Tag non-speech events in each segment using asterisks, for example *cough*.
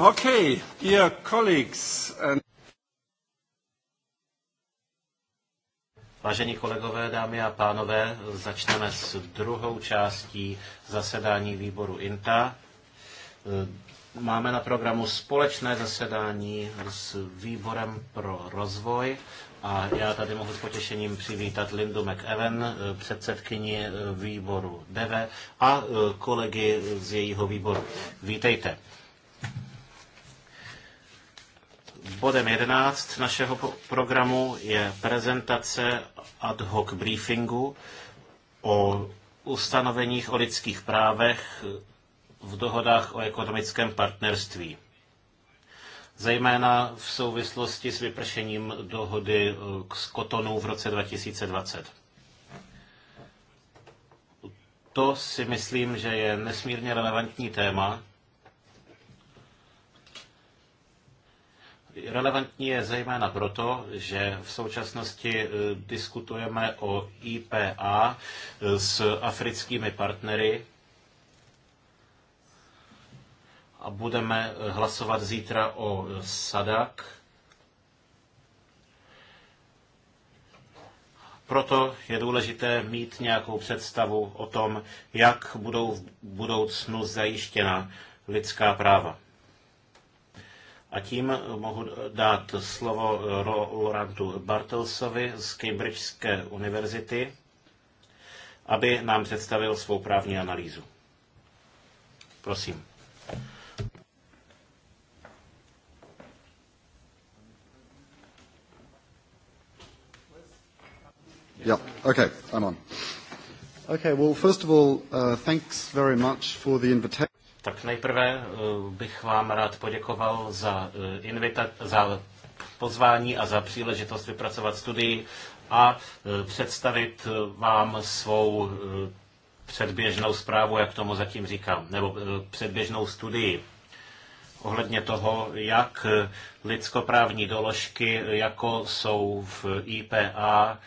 Okay, dear colleagues and... Vážení kolegové, dámy a pánové, začneme s druhou částí zasedání výboru INTA. Eh, máme na programu společné zasedání s výborem pro rozvoj a já tady mohu s potěšením přivítat Lindu McEwen, eh, předsedkyni eh, výboru DEVE a kolegy z jejího výboru. Vítejte. Bodem 11 našeho programu je prezentace ad hoc briefingu o ustanoveních o lidských právech v dohodách o ekonomickém partnerství. Zejména v souvislosti s vypršením dohody k eh, Skotonu v roce 2020. To si myslím, že je nesmírně relevantní téma, Relevantní je zejména proto, že v současnosti eh, diskutujeme o IPA eh, s africkými partnery a budeme eh, hlasovat zítra o SADAK. Proto je důležité mít nějakou představu o tom, jak budou v budoucnu zajištěna lidská práva. A tím mohu dát slovo Laurentu Bartelsovi z Cambridgeské univerzity, aby nám představil svou právní analýzu. Prosím. Yeah, okay, I'm on. Okay, well, first of all, uh, thanks very much for the invitation. Tak nejprve eh, bych vám rád poděkoval za, eh, invita- za pozvání a za příležitost vypracovat studii a eh, představit vám svou předběžnou zprávu, jak tomu zatím říkám, nebo předběžnou studii ohledně toho, jak lidskoprávní doložky, jako jsou v IPA,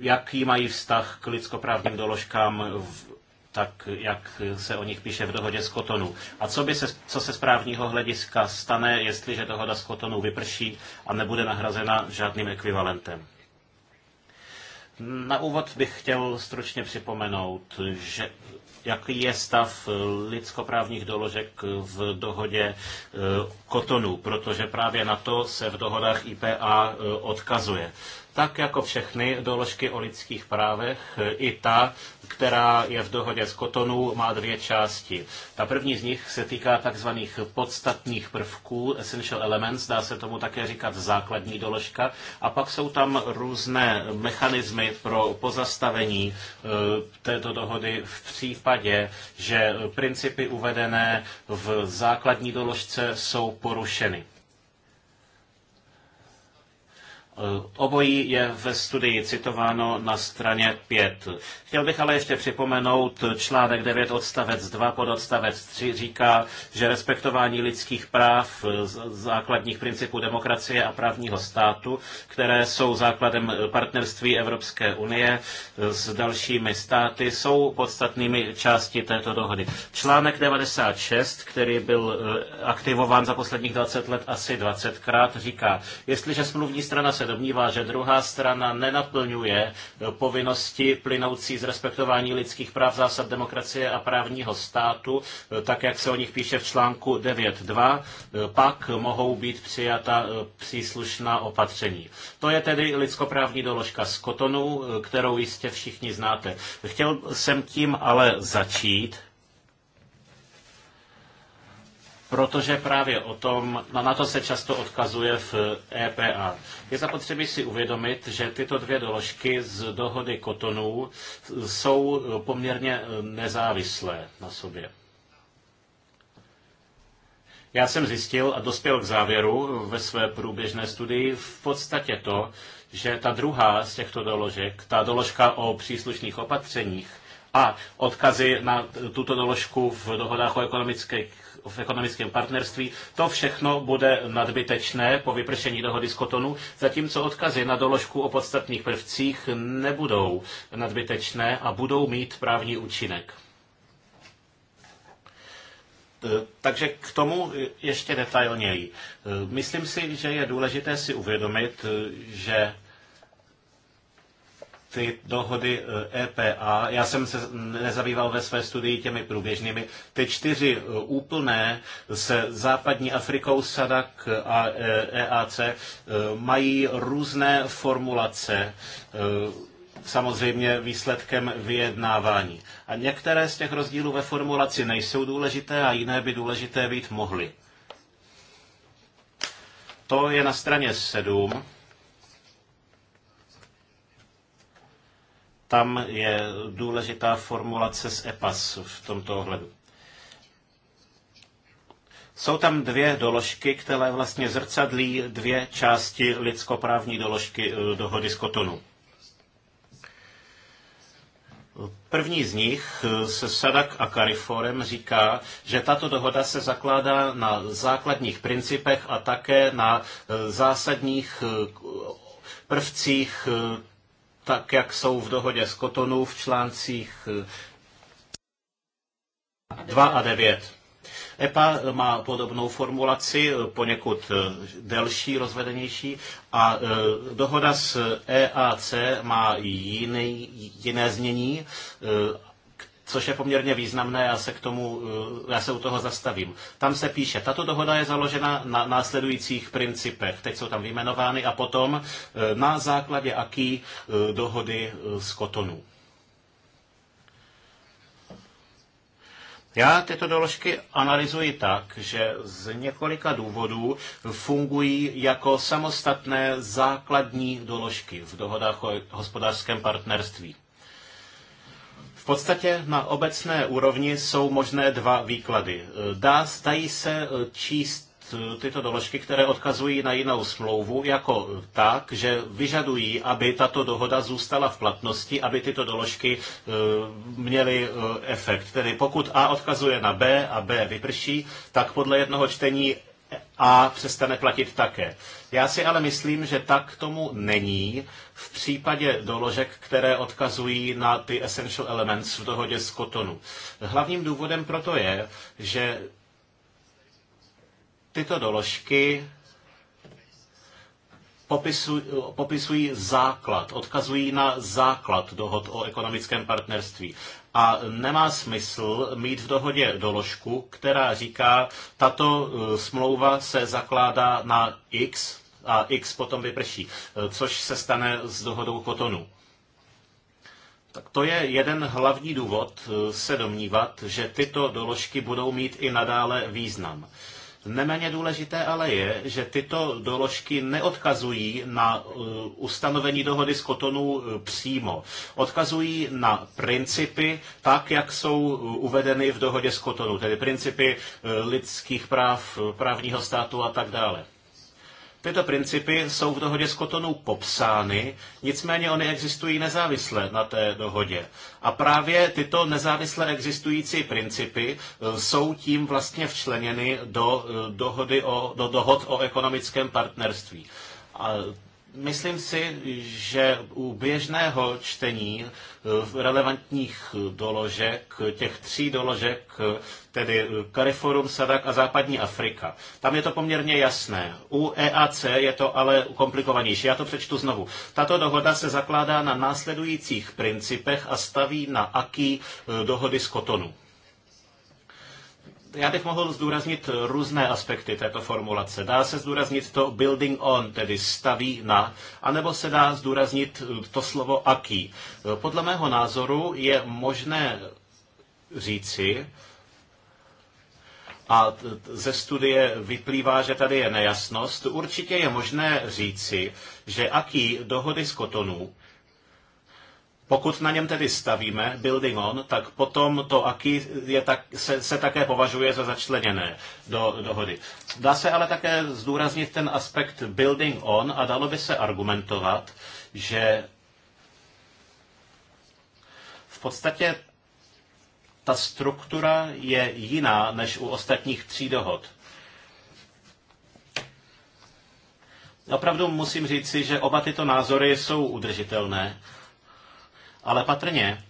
jaký mají vztah k lidskoprávním doložkám v tak jak se o nich píše v dohodě z Kotonu. A co, by se, co se z právního hlediska stane, jestliže dohoda z Kotonu vyprší a nebude nahrazena žádným ekvivalentem? Na úvod bych chtěl stručně připomenout, že jaký je stav lidskoprávních doložek v dohodě eh, Kotonu, protože právě na to se v dohodách IPA eh, odkazuje tak jako všechny doložky o lidských právech, i ta, která je v dohodě s Kotonou, má dvě části. Ta první z nich se týká takzvaných podstatných prvků, essential elements, dá se tomu také říkat základní doložka, a pak jsou tam různé mechanismy pro pozastavení e, této dohody v případě, že principy uvedené v základní doložce jsou porušeny. Eh, obojí je ve studii citováno na straně 5. Chtěl bych ale ještě připomenout článek 9 odstavec 2 pod odstavec 3 říká, že respektování lidských práv, eh, základních principů demokracie a právního státu, které jsou základem partnerství Evropské unie eh, s dalšími státy, jsou podstatnými části této dohody. Článek 96, který byl aktivován za posledních 20 let asi 20krát, říká, jestliže smluvní strana se se domnívá, že druhá strana nenaplňuje povinnosti plynoucí z respektování lidských práv, zásad demokracie a právního státu, tak jak se o nich píše v článku 9.2, pak mohou být přijata příslušná opatření. To je tedy lidskoprávní doložka z Kotonu, kterou jistě všichni znáte. Chtěl jsem tím ale začít, protože právě o tom, na to se často odkazuje v EPA. Je zapotřebí si uvědomit, že tyto dvě doložky z dohody kotonů jsou poměrně nezávislé na sobě. Já jsem zjistil a dospěl k závěru ve své průběžné studii v podstatě to, že ta druhá z těchto doložek, ta doložka o příslušných opatřeních a odkazy na tuto doložku v dohodách o ekonomických v ekonomickém partnerství, to všechno bude nadbytečné po vypršení dohody z Kotonu, zatímco odkazy na doložku o podstatných prvcích nebudou nadbytečné a budou mít právní účinek. E, takže k tomu ještě detailněji. E, myslím si, že je důležité si uvědomit, e, že ty dohody EPA, eh, e já jsem se nezabýval ve své studii těmi průběžnými, ty čtyři eh, úplné se západní Afrikou, SADAC a EAC eh, e mají různé formulace, samozřejmě výsledkem vyjednávání. A některé z těch rozdílů ve formulaci nejsou důležité a jiné by důležité být mohly. To je na straně 7. Tam je důležitá formulace z EPAS v tomto ohledu. Jsou tam dvě doložky, které vlastně zrcadlí dvě části lidskoprávní doložky eh, dohody z Kotonu. První z nich eh, se Sadak a Kariforem říká, že tato dohoda se zakládá na základních principech a také na eh, zásadních prvcích tak jak jsou v dohodě s Kotonou v článcích 2 eh, a 9. EPA má podobnou formulaci, eh, poněkud eh, delší, rozvedenější a dohoda s EAC má jiný, jiné znění což je poměrně významné, já se, k tomu, eh, já se u toho zastavím. Tam se píše, tato dohoda je založena na následujících principech, teď jsou tam vyjmenovány, a potom eh, na základě aký eh, dohody z Kotonu. Já tyto doložky analyzuji tak, že z několika důvodů fungují jako samostatné základní doložky v dohodách o hospodářském partnerství podstatě na obecné úrovni jsou možné dva výklady. Dá, stají se eh, číst eh, tyto doložky, které odkazují na jinou smlouvu, jako eh, tak, že vyžadují, aby tato dohoda zůstala v platnosti, aby tyto doložky měly efekt. Tedy pokud A odkazuje na B a B vyprší, tak podle jednoho čtení a přestane platit také. Já si ale myslím, že tak tomu není v případě doložek, které odkazují na ty essential elements v dohodě z kotonu. Hlavním důvodem proto je, že tyto doložky popisují, základ, odkazují na základ dohod o ekonomickém partnerství. A nemá smysl mít v dohodě doložku, která říká, tato eh, smlouva se zakládá na X a X potom vyprší, eh, což se stane s dohodou kotonu. Tak to je jeden hlavní důvod eh, se domnívat, že tyto doložky budou mít i nadále význam. Neméně důležité ale je, že tyto doložky neodkazují na eh, ustanovení dohody z Kotonu eh, přímo. Odkazují na principy tak, jak jsou eh, uvedeny v dohodě z Kotonu, tedy principy lidských práv, právního státu a tak dále. Tyto principy jsou v dohodě s Kotonou popsány, nicméně oni existují nezávisle na té dohodě. A právě tyto nezávisle existující principy e, jsou tím vlastně včleněny do, e, dohody o, do dohod o ekonomickém partnerství. A Myslím si, že u běžného čtení eh, relevantních doložek, těch tří doložek, eh, tedy Cariforum, eh, Sadak a Západní Afrika, tam je to poměrně jasné. U EAC je to ale komplikovanější. Já to přečtu znovu. Tato dohoda se zakládá na následujících principech a staví na aký dohody z Kotonu. Já bych mohl zdůraznit různé aspekty této formulace. Dá se zdůraznit to building on, tedy staví na, anebo se dá zdůraznit to slovo aký. Podle mého názoru je možné říci, a ze studie vyplývá, že tady je nejasnost, určitě je možné říci, že aký dohody z kotonu pokud na něm tedy stavíme building on, tak potom to AKI je tak, se, se také považuje za začleněné do dohody. Dá se ale také zdůraznit ten aspekt building on a dalo by se argumentovat, že v podstatě ta struktura je jiná než u ostatních tří dohod. Opravdu musím říci, že oba tyto názory jsou udržitelné ale patrně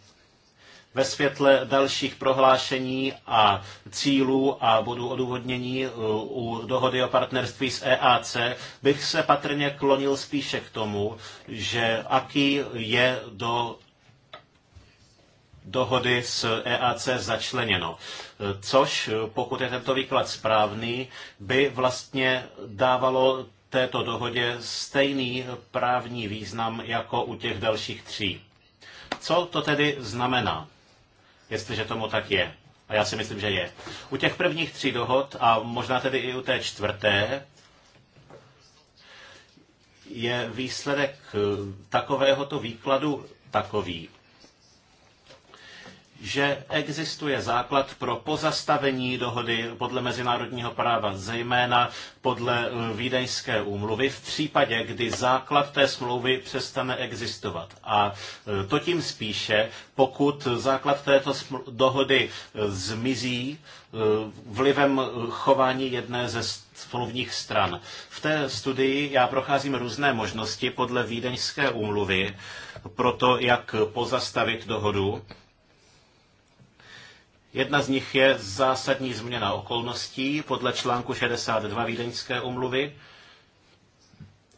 ve světle dalších prohlášení a cílů a bodů odůvodnění uh, u dohody o partnerství s EAC bych se patrně klonil spíše k tomu, že aký je do dohody s EAC začleněno. Což, pokud je tento výklad správný, by vlastně dávalo této dohodě stejný právní význam jako u těch dalších tří. Co to tedy znamená, jestliže tomu tak je? A já si myslím, že je. U těch prvních tří dohod a možná tedy i u té čtvrté je výsledek takovéhoto výkladu takový, že existuje základ pro pozastavení dohody podle mezinárodního práva, zejména podle eh, Vídeňské úmluvy, v případě, kdy základ té smlouvy přestane existovat. A eh, to tím spíše, pokud základ této dohody eh, zmizí vlivem chování jedné ze smluvních stran. V té studii já procházím různé možnosti podle Vídeňské úmluvy pro to, jak pozastavit dohodu Jedna z nich je zásadní změna okolností podle článku 62 Vídeňské umluvy.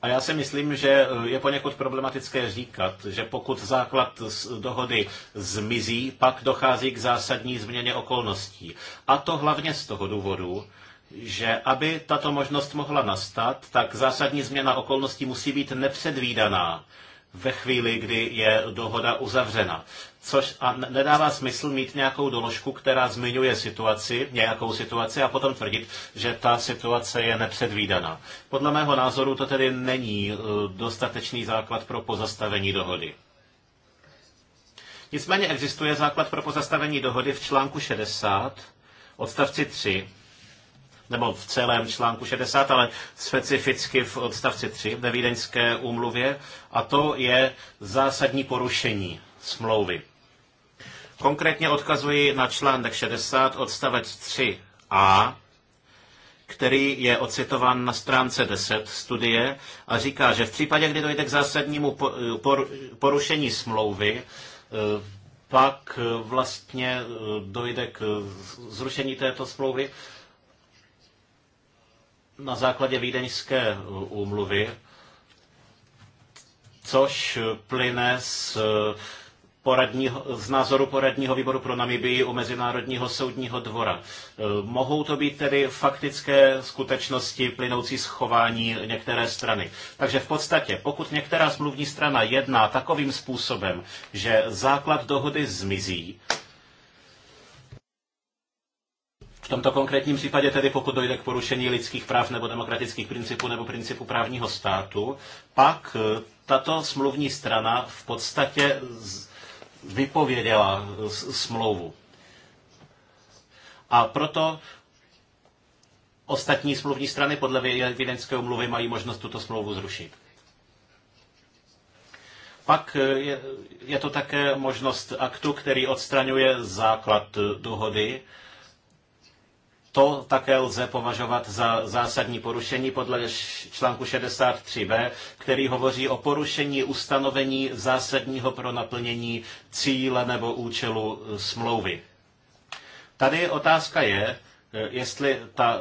A já si myslím, že eh, je poněkud problematické říkat, že pokud základ dohody zmizí, pak dochází k zásadní změně okolností. A to hlavně z toho důvodu, že aby tato možnost mohla nastat, tak zásadní změna okolností musí být nepředvídaná ve chvíli, kdy je dohoda uzavřena což a nedává smysl mít nějakou doložku, která zmiňuje situaci, nějakou situaci a potom tvrdit, že ta situace je nepředvídaná. Podle mého názoru to tedy není e, dostatečný základ pro pozastavení dohody. Nicméně existuje základ pro pozastavení dohody v článku 60, odstavci 3, nebo v celém článku 60, ale specificky v odstavci 3 ve Vídeňské úmluvě, a to je zásadní porušení smlouvy. Konkrétně odkazuji na článek 60 odstavec 3a, který je ocitován na stránce 10 studie a říká, že v případě, kdy dojde k zásadnímu porušení smlouvy, e, pak e, vlastně e, dojde k zrušení této smlouvy na základě vídeňské úmluvy, což plyne z poradního, z názoru poradního výboru pro Namibii u Mezinárodního soudního dvora. E, mohou to být tedy faktické skutečnosti plynoucí schování některé strany. Takže v podstatě, pokud některá smluvní strana jedná takovým způsobem, že základ dohody zmizí, v tomto konkrétním případě tedy pokud dojde k porušení lidských práv nebo demokratických principů nebo principu právního státu, pak e, tato smluvní strana v podstatě vypověděla eh, smlouvu. A proto ostatní smluvní strany podle Vídeňské umluvy mají možnost tuto smlouvu zrušit. Pak eh, je, je to také možnost aktu, který odstraňuje základ eh, dohody, to také lze považovat za zásadní porušení podle článku 63b, který hovoří o porušení ustanovení zásadního pro naplnění cíle nebo účelu eh, smlouvy. Tady otázka je, eh, jestli ta,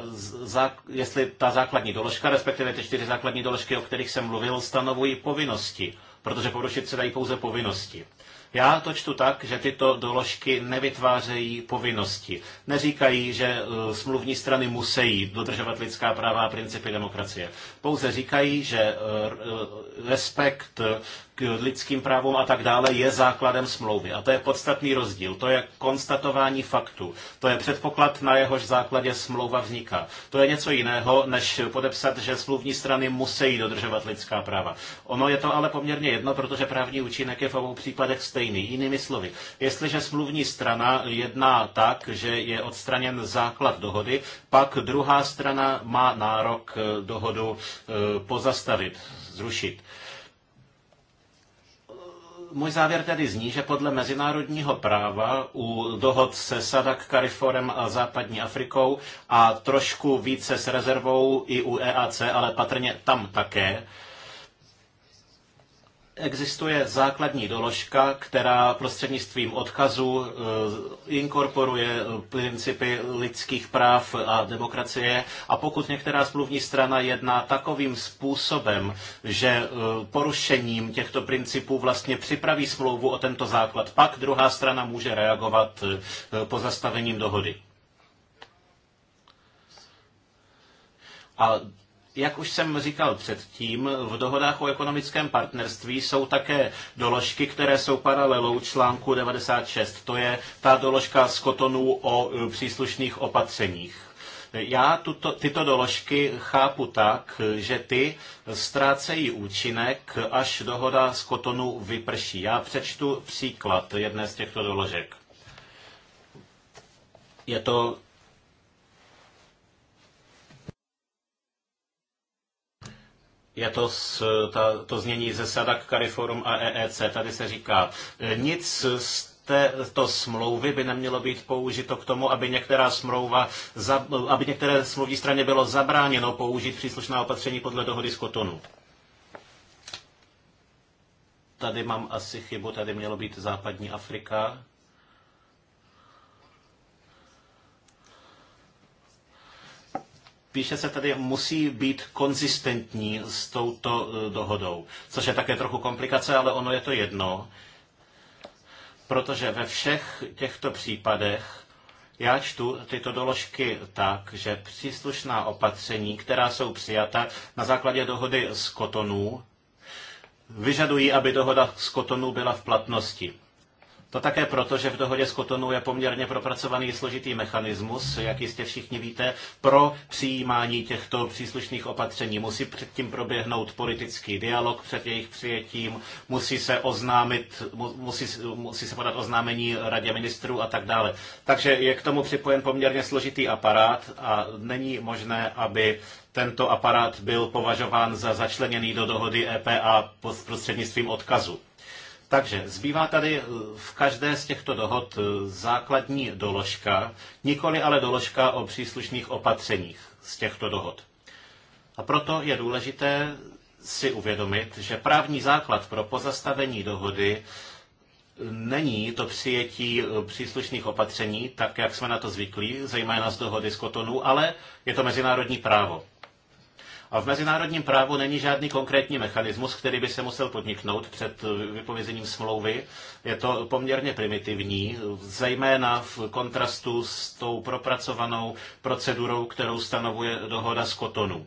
jestli ta základní doložka, respektive ty čtyři základní doložky, o kterých jsem mluvil, stanovují povinnosti, protože porušit se dají pouze povinnosti. Já to čtu tak, že tyto doložky nevytvářejí povinnosti. Neříkají, že e, smluvní strany musí dodržovat lidská práva a principy demokracie. Pouze říkají, že e, e, respekt k lidským právům a tak dále je základem smlouvy. A to je podstatný rozdíl. To je konstatování faktu. To je předpoklad, na jehož základě smlouva vzniká. To je něco jiného, než podepsat, že smluvní strany musí dodržovat lidská práva. Ono je to ale poměrně jedno, protože právní účinek je v obou případech stejný. Jinými slovy, jestliže smluvní strana jedná tak, že je odstraněn základ dohody, pak druhá strana má nárok dohodu eh, pozastavit, zrušit můj závěr tedy zní, že podle mezinárodního práva u dohod se Sadak, Kariforem a Západní Afrikou a trošku více s rezervou i u EAC, ale patrně tam také, existuje základní doložka, která prostřednictvím odkazu eh, inkorporuje eh, principy lidských práv a demokracie a pokud některá smluvní strana jedná takovým způsobem, že eh, porušením těchto principů vlastně připraví smlouvu o tento základ, pak druhá strana může reagovat pozastavením dohody. A jak už jsem říkal předtím, v dohodách o ekonomickém partnerství jsou také doložky, které jsou paralelou článku 96. To je ta doložka z kotonů o e, příslušných opatřeních. Já tuto, tyto doložky chápu tak, že ty ztrácejí účinek, až dohoda z kotonu vyprší. Já přečtu příklad jedné z těchto doložek. Je to Je to, z, ta, to znění ze Sadak CARIFORUM a EEC. Tady se říká, e, nic z této smlouvy by nemělo být použito k tomu, aby, některá smlouva, aby některé smlouvní straně bylo zabráněno použít příslušná opatření podle dohody z Kotonu. Tady mám asi chybu, tady mělo být západní Afrika. Píše se tady, musí být konzistentní s touto eh, dohodou, což je také trochu komplikace, ale ono je to jedno, protože ve všech těchto případech já čtu tyto doložky tak, že příslušná opatření, která jsou přijata na základě dohody z Kotonu, vyžadují, aby dohoda z Kotonu byla v platnosti. To také proto, že v dohodě s Kotonou je poměrně propracovaný složitý mechanismus, jak jistě všichni víte, pro přijímání těchto příslušných opatření. Musí předtím proběhnout politický dialog před jejich přijetím, musí se oznámit, musí, musí se podat oznámení radě ministrů a tak dále. Takže je k tomu připojen poměrně složitý aparát a není možné, aby tento aparát byl považován za začleněný do dohody EPA prostřednictvím odkazu. Takže zbývá tady eh, v každé z těchto dohod eh, základní doložka, nikoli ale doložka o příslušných opatřeních z těchto dohod. A proto je důležité si uvědomit, že právní základ pro pozastavení dohody není to přijetí eh, příslušných opatření, tak jak jsme na to zvyklí, zejména z dohody z Kotonu, ale je to mezinárodní právo. A v mezinárodním právu není žádný konkrétní mechanismus, který by se musel podniknout před vypovězením smlouvy. Je to poměrně primitivní, zejména v kontrastu s tou propracovanou procedurou, kterou stanovuje dohoda z Kotonu.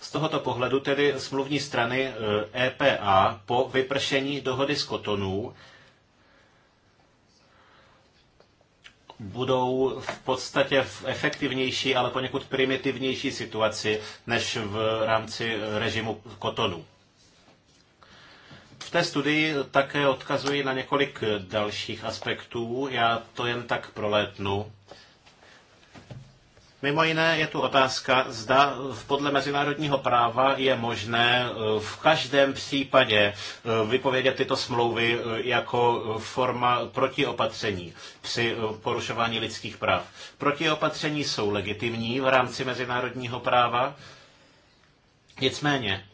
Z tohoto pohledu tedy smluvní strany EPA eh, e po vypršení dohody z Kotonu budou v podstatě v efektivnější, ale poněkud primitivnější situaci než v rámci režimu kotonu. V té studii také odkazuji na několik dalších aspektů, já to jen tak prolétnu. Mimo jiné je tu otázka, zda podle mezinárodního práva je možné eh, v každém případě eh, vypovědět tyto smlouvy eh, jako forma protiopatření při porušování lidských práv. Protiopatření jsou legitimní v rámci mezinárodního práva, nicméně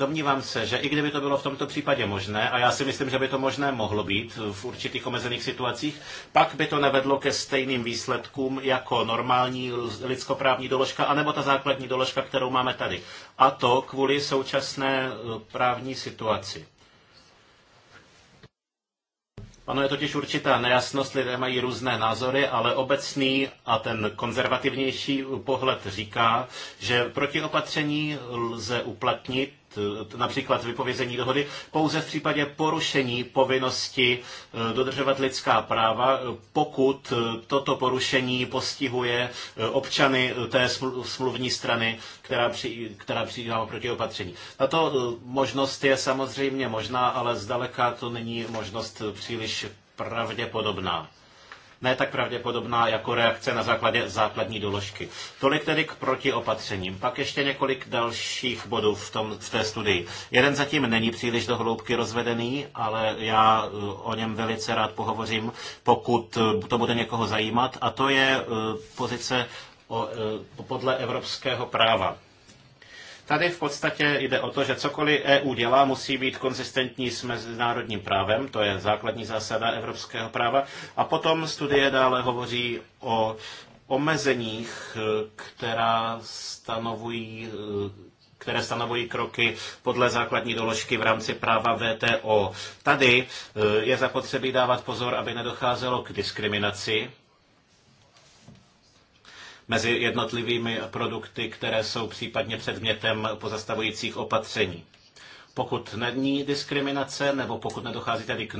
Domnívám se, že i kdyby to bylo v tomto případě možné, a já si myslím, že by to možné mohlo být v určitých omezených situacích, pak by to nevedlo ke stejným výsledkům jako normální lidskoprávní doložka, anebo ta základní doložka, kterou máme tady. A to kvůli současné eh, právní situaci. Ono je totiž určitá nejasnost, lidé mají různé názory, ale obecný a ten konzervativnější pohled říká, že protiopatření lze uplatnit Eh, například vypovězení dohody, pouze v případě porušení povinnosti eh, dodržovat lidská práva, eh, pokud toto porušení postihuje občany té smluvní strany, která, při, která přijímá proti opatření. Tato možnost je samozřejmě možná, ale zdaleka to není možnost příliš pravděpodobná ne tak pravděpodobná jako reakce na základě základní doložky. Tolik tedy k protiopatřením. Pak ještě několik dalších bodů v, tom, v té studii. Jeden zatím není příliš do hloubky rozvedený, ale já eh, o něm velice rád pohovořím, pokud eh, to bude někoho zajímat. A to je eh, pozice o, podle evropského práva. Tady v podstatě jde o to, že cokoliv EU dělá, musí být konzistentní s mezinárodním právem, to je základní zásada evropského práva. A potom studie dále hovoří o omezeních, která stanovují které stanovují kroky podle základní doložky v rámci práva VTO. Tady eh, je zapotřebí dávat pozor, aby nedocházelo k diskriminaci mezi jednotlivými produkty, které jsou případně předmětem pozastavujících opatření. Pokud není diskriminace, nebo pokud nedochází tedy k,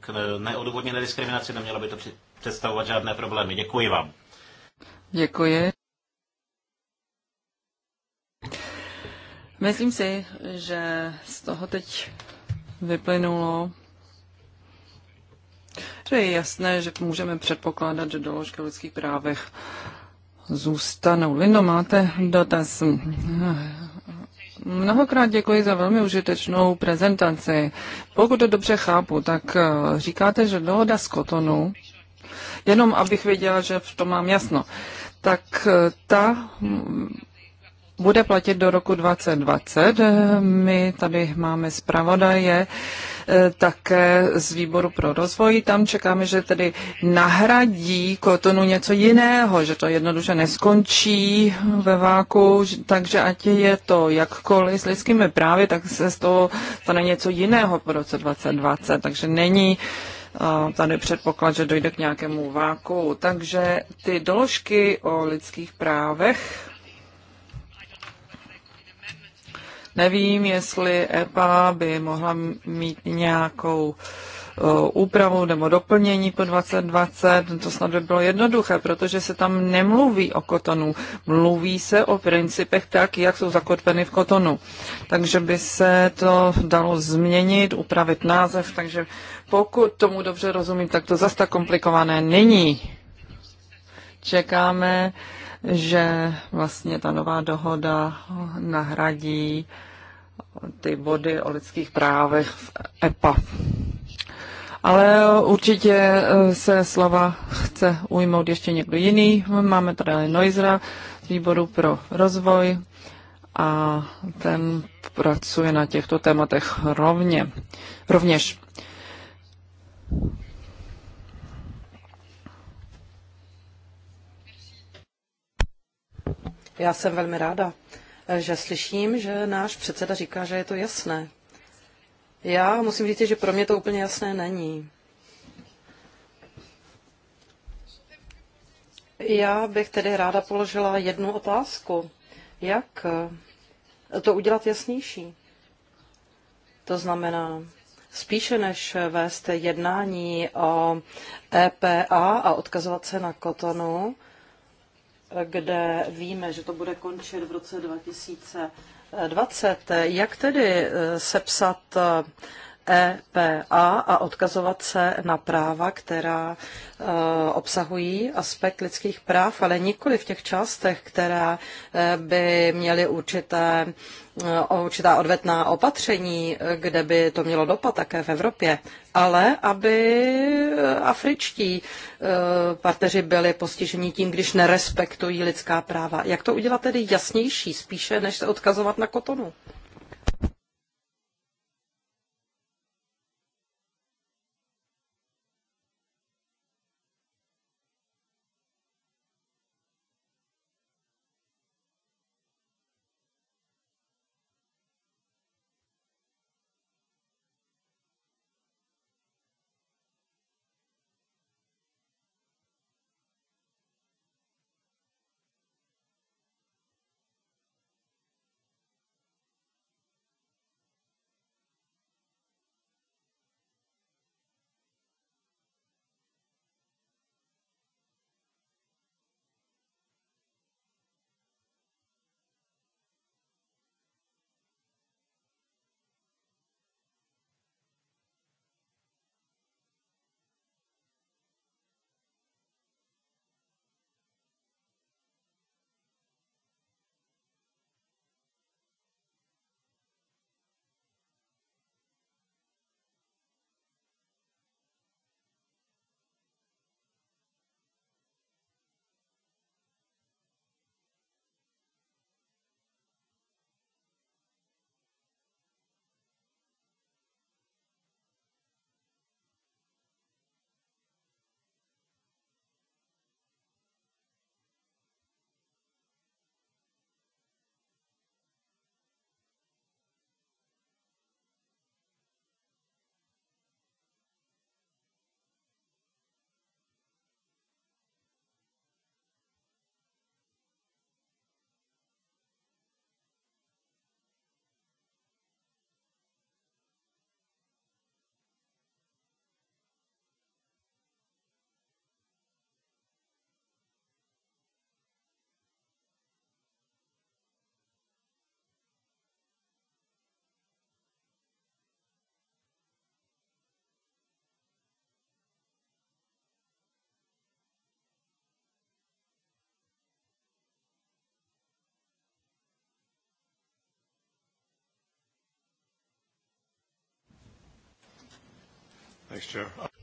k neodůvodněné diskriminaci, nemělo by to představovat žádné problémy. Děkuji vám. Děkuji. Myslím si, že z toho teď vyplynulo, to je jasné, že můžeme předpokládat, že doložky o lidských právech zůstanou. Lindo, máte dotaz? Mnohokrát děkuji za velmi užitečnou prezentaci. Pokud to dobře chápu, tak eh, říkáte, že dohoda z Kotonu, jenom abych věděla, že v tom mám jasno, tak eh, ta mm, bude platit do roku 2020. My tady máme zpravodaje E, také z výboru pro rozvoj. Tam čekáme, že tedy nahradí kotonu něco jiného, že to jednoduše neskončí ve váku, takže ať je to jakkoliv s lidskými právy, tak se z toho stane něco jiného po roce 2020. Takže není tady předpoklad, že dojde k nějakému váku. Takže ty doložky o lidských právech Nevím, jestli EPA by mohla mít nějakou e, úpravu nebo doplnění po 2020, to snad by bylo jednoduché, protože se tam nemluví o kotonu, mluví se o principech tak, jak jsou zakotveny v kotonu. Takže by se to dalo změnit, upravit název, takže pokud tomu dobře rozumím, tak to zase tak komplikované není. Čekáme že vlastně ta nová dohoda nahradí ty body o lidských právech v EPA. Ale určitě eh, se slova chce ujmout ještě někdo jiný. Máme tady Noizra z výboru pro rozvoj a ten pracuje na těchto tématech rovně, rovněž. Já jsem velmi ráda, eh, že slyším, že náš předseda říká, že je to jasné. Já musím říct, že pro mě to úplně jasné není. Já bych tedy ráda položila jednu otázku. Jak eh, to udělat jasnější? To znamená, spíše než vést jednání o EPA a odkazovat se na kotonu, kde víme, že to bude končit v roce 2020, jak tedy eh, sepsat eh, EPA a odkazovat se na práva, která e, obsahují aspekt lidských práv, ale nikoli v těch částech, které e, by měly určité, e, určitá odvetná opatření, kde by to mělo dopad také v Evropě, ale aby afričtí parteři byli postiženi tím, když nerespektují lidská práva. Jak to udělat tedy jasnější, spíše než se odkazovat na kotonu?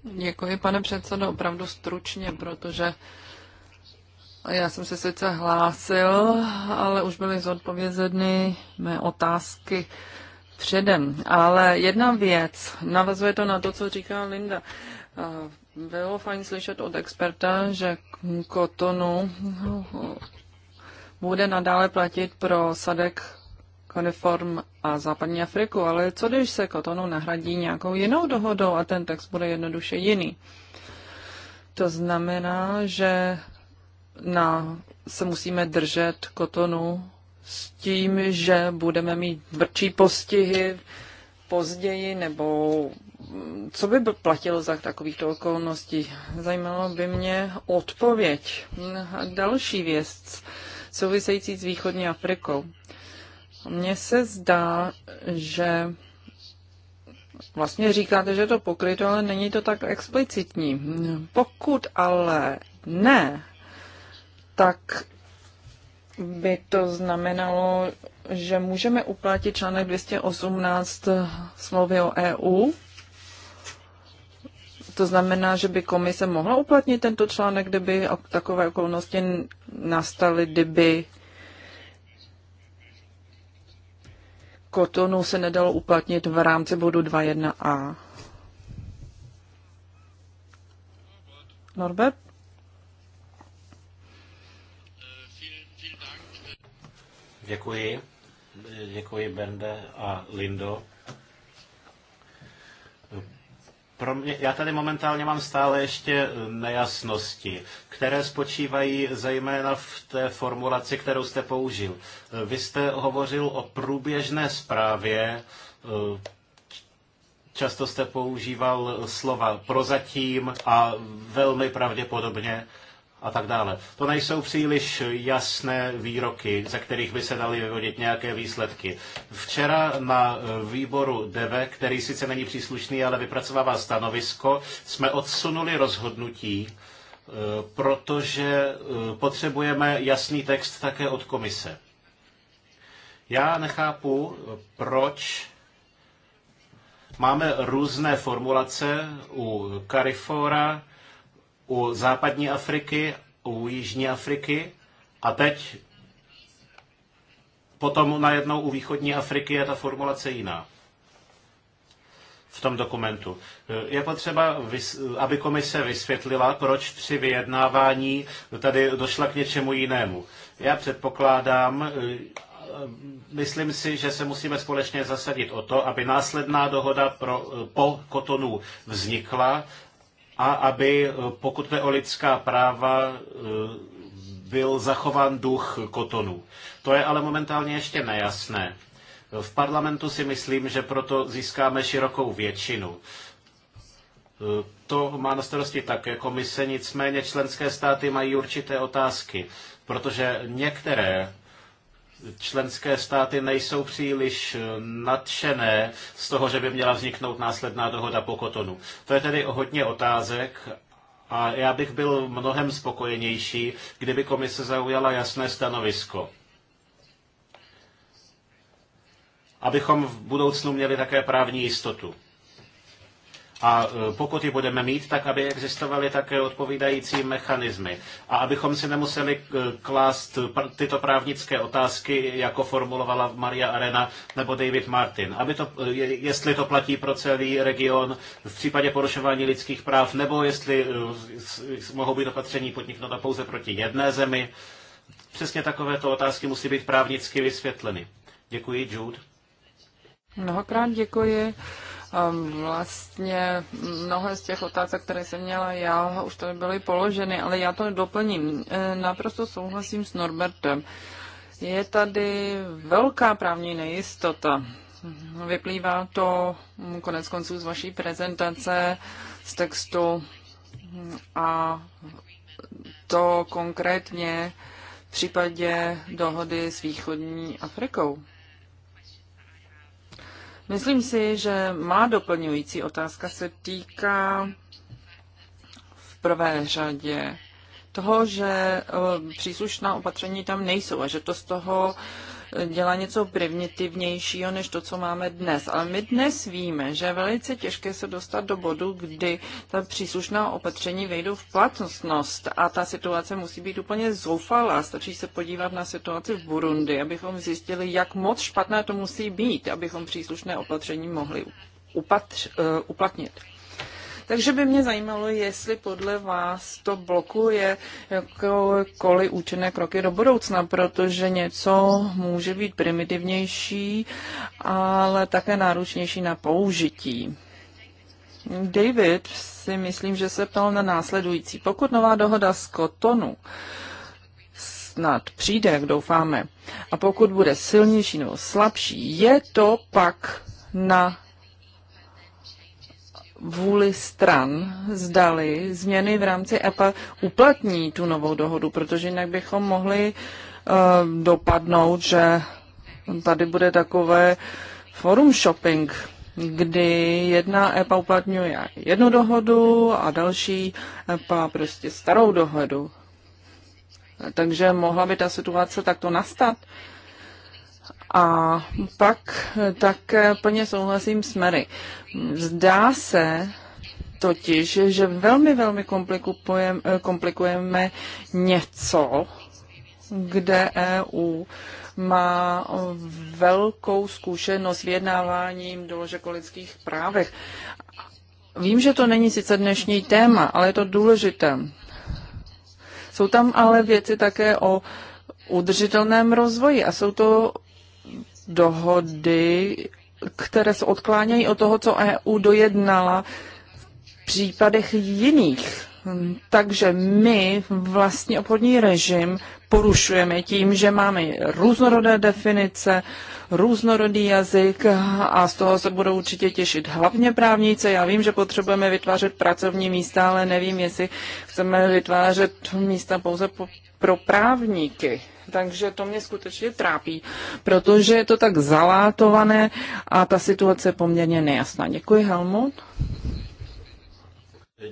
Děkuji, pane předsedo, opravdu stručně, protože já jsem se sice hlásil, ale už byly zodpovězeny mé otázky předem. Ale jedna věc, navazuje to na to, co říká Linda. Bylo fajn slyšet od experta, že kotonu bude nadále platit pro sadek Koniform a západní Afriku, ale co když se kotonu nahradí nějakou jinou dohodou a ten text bude jednoduše jiný? To znamená, že na, se musíme držet kotonu s tím, že budeme mít tvrdší postihy později, nebo co by platilo za takovýchto okolností? Zajímalo by mě odpověď. Další věc související s východní Afrikou. Mně se zdá, že vlastně říkáte, že je to pokryto, ale není to tak explicitní. Pokud ale ne, tak by to znamenalo, že můžeme uplatit článek 218 smlouvy o EU. To znamená, že by komise mohla uplatnit tento článek, kdyby takové okolnosti nastaly, kdyby kotonu se nedalo uplatnit v rámci bodu 2.1a. Norbert? Děkuji. Děkuji Bende a Lindo pro mě, já tady momentálně mám stále ještě eh, nejasnosti, které spočívají zejména v té formulaci, kterou jste použil. Eh, vy jste hovořil o průběžné zprávě, eh, často jste používal slova prozatím a velmi pravděpodobně a tak dále. To nejsou příliš jasné výroky, ze kterých by se daly vyvodit nějaké výsledky. Včera na výboru DEVE, který sice není příslušný, ale vypracovává stanovisko, jsme odsunuli rozhodnutí, e, protože e, potřebujeme jasný text také od komise. Já nechápu, proč máme různé formulace u Carifora, u západní Afriky, u jižní Afriky a teď potom najednou u východní Afriky je ta formulace jiná v tom dokumentu. Je potřeba, aby komise vysvětlila, proč při vyjednávání tady došla k něčemu jinému. Já předpokládám, eh, myslím si, že se musíme společně zasadit o to, aby následná dohoda pro, eh, po Kotonu vznikla a aby, eh, pokud jde o lidská práva, eh, byl zachován duch kotonu. To je ale momentálně ještě nejasné. V parlamentu si myslím, že proto získáme širokou většinu. Eh, to má na starosti také komise, nicméně členské státy mají určité otázky, protože některé členské státy nejsou příliš eh, nadšené z toho, že by měla vzniknout následná dohoda po Kotonu. To je tedy hodně otázek a já bych byl mnohem spokojenější, kdyby komise zaujala jasné stanovisko. Abychom v budoucnu měli také právní jistotu. A e, pokud ji budeme mít, tak aby existovaly také odpovídající mechanismy. A abychom si nemuseli e, klást tyto právnické otázky, jako formulovala Maria Arena nebo David Martin. Aby to, e, jestli to platí pro celý region v případě porušování lidských práv, nebo jestli mohou být opatření podniknuta pouze proti jedné zemi. Přesně takovéto otázky musí být právnicky vysvětleny. Děkuji, Jude. Mnohokrát děkuji. Ehm, vlastně mnohé z těch otázek, které jsem měla já, už tady byly položeny, ale já to doplním. E, naprosto souhlasím s Norbertem. Je tady velká právní nejistota. Vyplývá to konec konců z vaší prezentace, z textu a to konkrétně v případě dohody s východní Afrikou. Myslím si, že má doplňující otázka se týká v prvé řadě toho, že eh, příslušná opatření tam nejsou a že to z toho dělá něco primitivnějšího než to, co máme dnes. Ale my dnes víme, že je velice těžké se dostat do bodu, kdy ta příslušná opatření vejdou v platnost a ta situace musí být úplně zoufalá. Stačí se podívat na situaci v Burundi, abychom zjistili, jak moc špatné to musí být, abychom příslušné opatření mohli upatř, uh, uplatnit. Takže by mě zajímalo, jestli podle vás to blokuje jakoukoliv účinné kroky do budoucna, protože něco může být primitivnější, ale také náročnější na použití. David si myslím, že se ptal na následující. Pokud nová dohoda z Kotonu snad přijde, jak doufáme, a pokud bude silnější nebo slabší, je to pak na vůli stran, zdali změny v rámci EPA uplatní tu novou dohodu, protože jinak bychom mohli uh, dopadnout, že tady bude takové forum shopping, kdy jedna EPA uplatňuje jednu dohodu a další EPA prostě starou dohodu. Takže mohla by ta situace takto nastat. Uh, a pak tak plně souhlasím s Mary. Zdá se totiž, že velmi, velmi komplikujeme něco, kde EU má velkou zkušenost s vyjednáváním doložek o lidských právech. Vím, že to není sice dnešní téma, ale je to důležité. Jsou tam ale věci také o udržitelném rozvoji a jsou to dohody, které se odklánějí od toho, co EU dojednala v případech jiných. Takže my vlastně obchodní režim porušujeme tím, že máme různorodé definice, různorodý jazyk a z toho se budou určitě těšit hlavně právníci. Já vím, že potřebujeme vytvářet pracovní místa, ale nevím, jestli chceme vytvářet místa pouze pro právníky takže to mě skutečně trápí, protože je to tak zalátované a ta situace je poměrně nejasná. Děkuji, Helmut.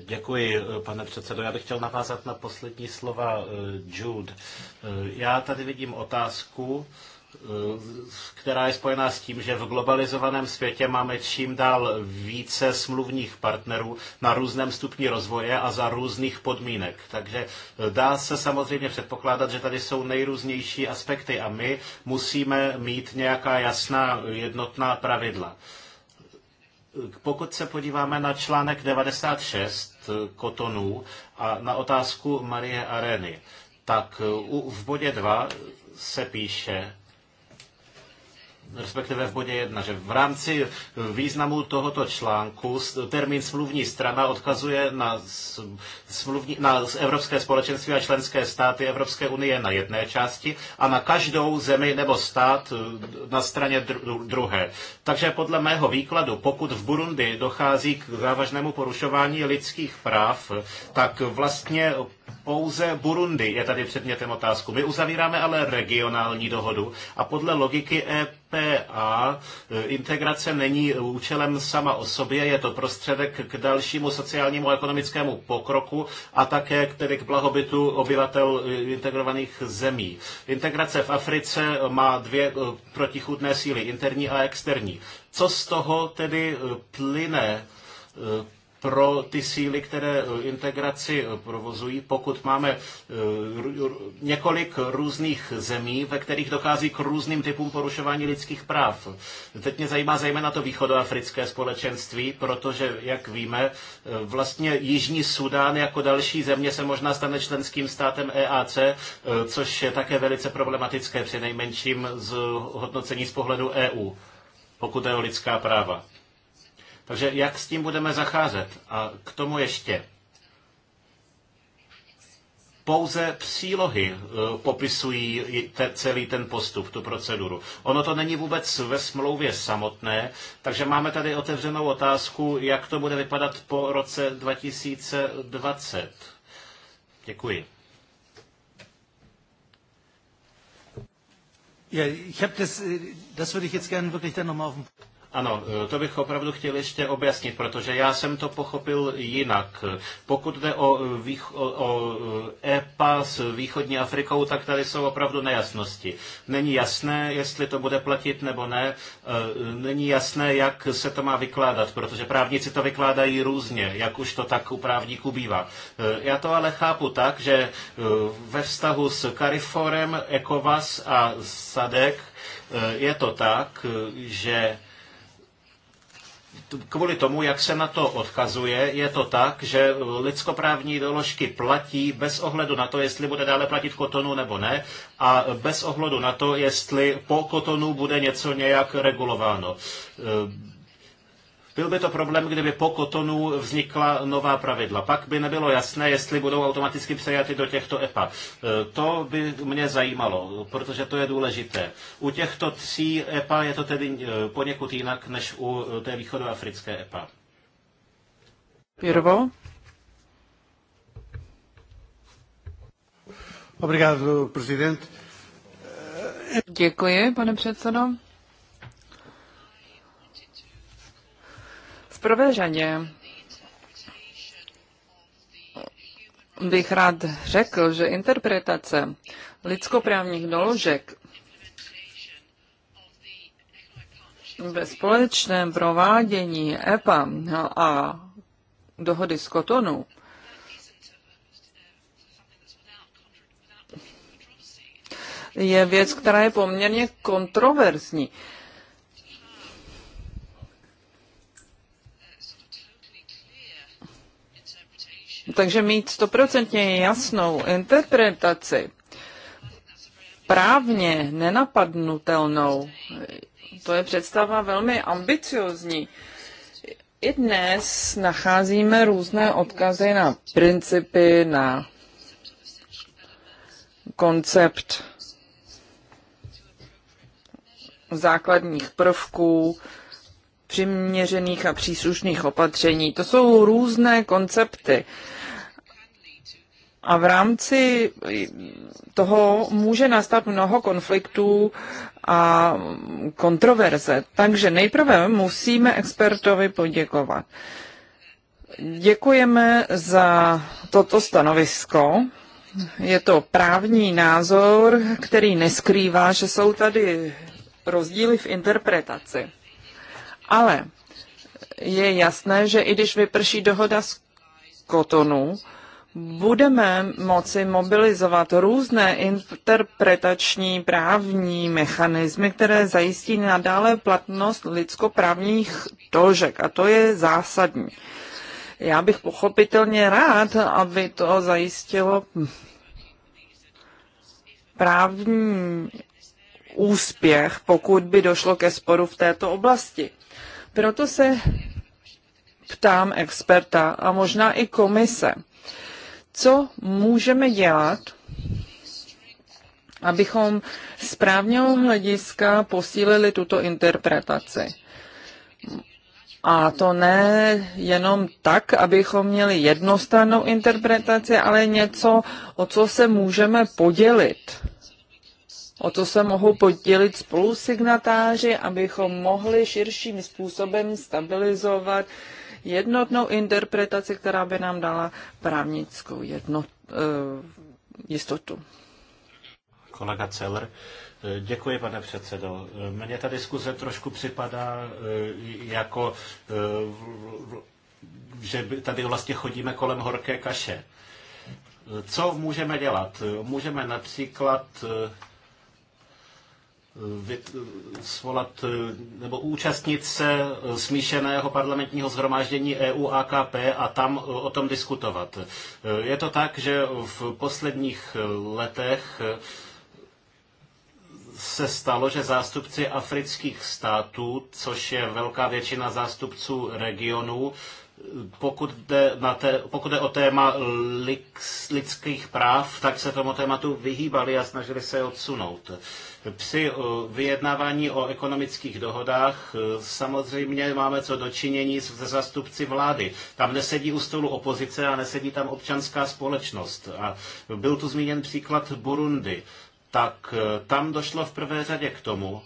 Děkuji, pane předsedo. Já bych chtěl navázat na poslední slova eh, Jude. Eh, já tady vidím otázku, která je spojená s tím, že v globalizovaném světě máme čím dál více smluvních partnerů na různém stupni rozvoje a za různých podmínek. Takže eh, dá se samozřejmě předpokládat, že tady jsou nejrůznější aspekty a my musíme mít nějaká jasná jednotná pravidla. Eh, pokud se podíváme na článek 96 eh, Kotonů a na otázku Marie Areny, tak v bodě 2 se píše, respektive v bodě jedna, že v rámci významu tohoto článku termín smluvní strana odkazuje na, smluvní, na Evropské společenství a členské státy Evropské unie na jedné části a na každou zemi nebo stát eh, na straně druhé. Takže podle mého výkladu, pokud v Burundi dochází k závažnému porušování lidských práv, tak vlastně pouze Burundi je tady předmětem otázku. My uzavíráme ale regionální dohodu a podle logiky EPA e, integrace není účelem sama o sobě, je to prostředek k dalšímu sociálnímu a ekonomickému pokroku a také tedy k blahobytu obyvatel e, integrovaných zemí. Integrace v Africe má dvě e, protichůdné síly, interní a externí. Co z toho tedy plyne? pro ty síly, které eh, integraci eh, provozují, pokud máme eh, několik různých zemí, ve kterých dochází k různým typům porušování lidských práv. Teď mě zajímá zejména to východoafrické společenství, protože, jak víme, vlastně Jižní Sudán jako další země se možná stane členským státem EAC, což je také velice problematické při nejmenším z hodnocení z pohledu EU, pokud je o lidská práva. Takže jak s tím budeme zacházet? A k tomu ještě. Pouze přílohy e, popisují te, celý ten postup, tu proceduru. Ono to není vůbec ve smlouvě samotné, takže máme tady otevřenou otázku, jak to bude vypadat po roce 2020. Děkuji. Ja, ich habe das, äh, das würde ich jetzt gerne wirklich dann nochmal auf den ano, eh, to bych opravdu chtěl ještě objasnit, protože já jsem to pochopil jinak. Pokud jde o, eh, vých- o eh, EPA s východní Afrikou, tak tady jsou opravdu nejasnosti. Není jasné, jestli to bude platit nebo ne. Není jasné, jak se to má vykládat, protože právníci to vykládají různě, jak už to tak u právníků bývá. Já to ale chápu tak, že ve vztahu s Cariforem, ECOVAS a SADEC je to tak, že kvůli tomu, jak se na to odkazuje, je to tak, že lidskoprávní doložky platí bez ohledu na to, jestli bude dále platit kotonu nebo ne, a bez ohledu na to, jestli po kotonu bude něco nějak regulováno. Byl by to problém, kdyby po Kotonu vznikla nová pravidla. Pak by nebylo jasné, jestli budou automaticky přejaty do těchto EPA. E, to by mě zajímalo, protože to je důležité. U těchto tří EPA je to tedy e, poněkud jinak než u e, té východoafrické EPA. Pirvo? Obrigado, prezident. Děkuji, pane předsedo. řadě bych rád řekl, že interpretace lidskoprávních doložek ve společném provádění EPA a dohody z Kotonu je věc, která je poměrně kontroverzní. Takže mít stoprocentně jasnou interpretaci, právně nenapadnutelnou, to je představa velmi ambiciozní. I dnes nacházíme různé odkazy na principy, na koncept základních prvků, přiměřených a příslušných opatření. To jsou různé koncepty. A v rámci toho může nastat mnoho konfliktů a kontroverze. Takže nejprve musíme expertovi poděkovat. Děkujeme za toto stanovisko. Je to právní názor, který neskrývá, že jsou tady rozdíly v interpretaci. Ale je jasné, že i když vyprší dohoda z kotonu, budeme moci mobilizovat různé interpretační právní mechanismy, které zajistí nadále platnost lidskoprávních tožek. A to je zásadní. Já bych pochopitelně rád, aby to zajistilo právní úspěch, pokud by došlo ke sporu v této oblasti. Proto se ptám experta a možná i komise, co můžeme dělat, abychom z právního hlediska posílili tuto interpretaci. A to ne jenom tak, abychom měli jednostrannou interpretaci, ale něco, o co se můžeme podělit o to se mohou podělit spolusignatáři, abychom mohli širším způsobem stabilizovat jednotnou interpretaci, která by nám dala právnickou jednot, eh, jistotu. Kolega Celer, eh, Děkuji, pane předsedo. Mně ta diskuze trošku připadá eh, jako, že tady vlastně chodíme kolem horké kaše. Co můžeme dělat? Můžeme například svolat nebo účastnit se smíšeného parlamentního zhromáždění EU AKP a tam e, o tom diskutovat. E, je to tak, že v posledních letech e, se stalo, že zástupci afrických států, což je velká většina zástupců regionů, pokud jde, na té, pokud jde o téma lidských práv, tak se tomu tématu vyhýbali a snažili se odsunout. Při eh, vyjednávání o ekonomických dohodách eh, samozřejmě máme co dočinění se zastupci vlády. Tam nesedí u stolu opozice a nesedí tam občanská společnost. A byl tu zmíněn příklad Burundi. Tak eh, tam došlo v prvé řadě k tomu,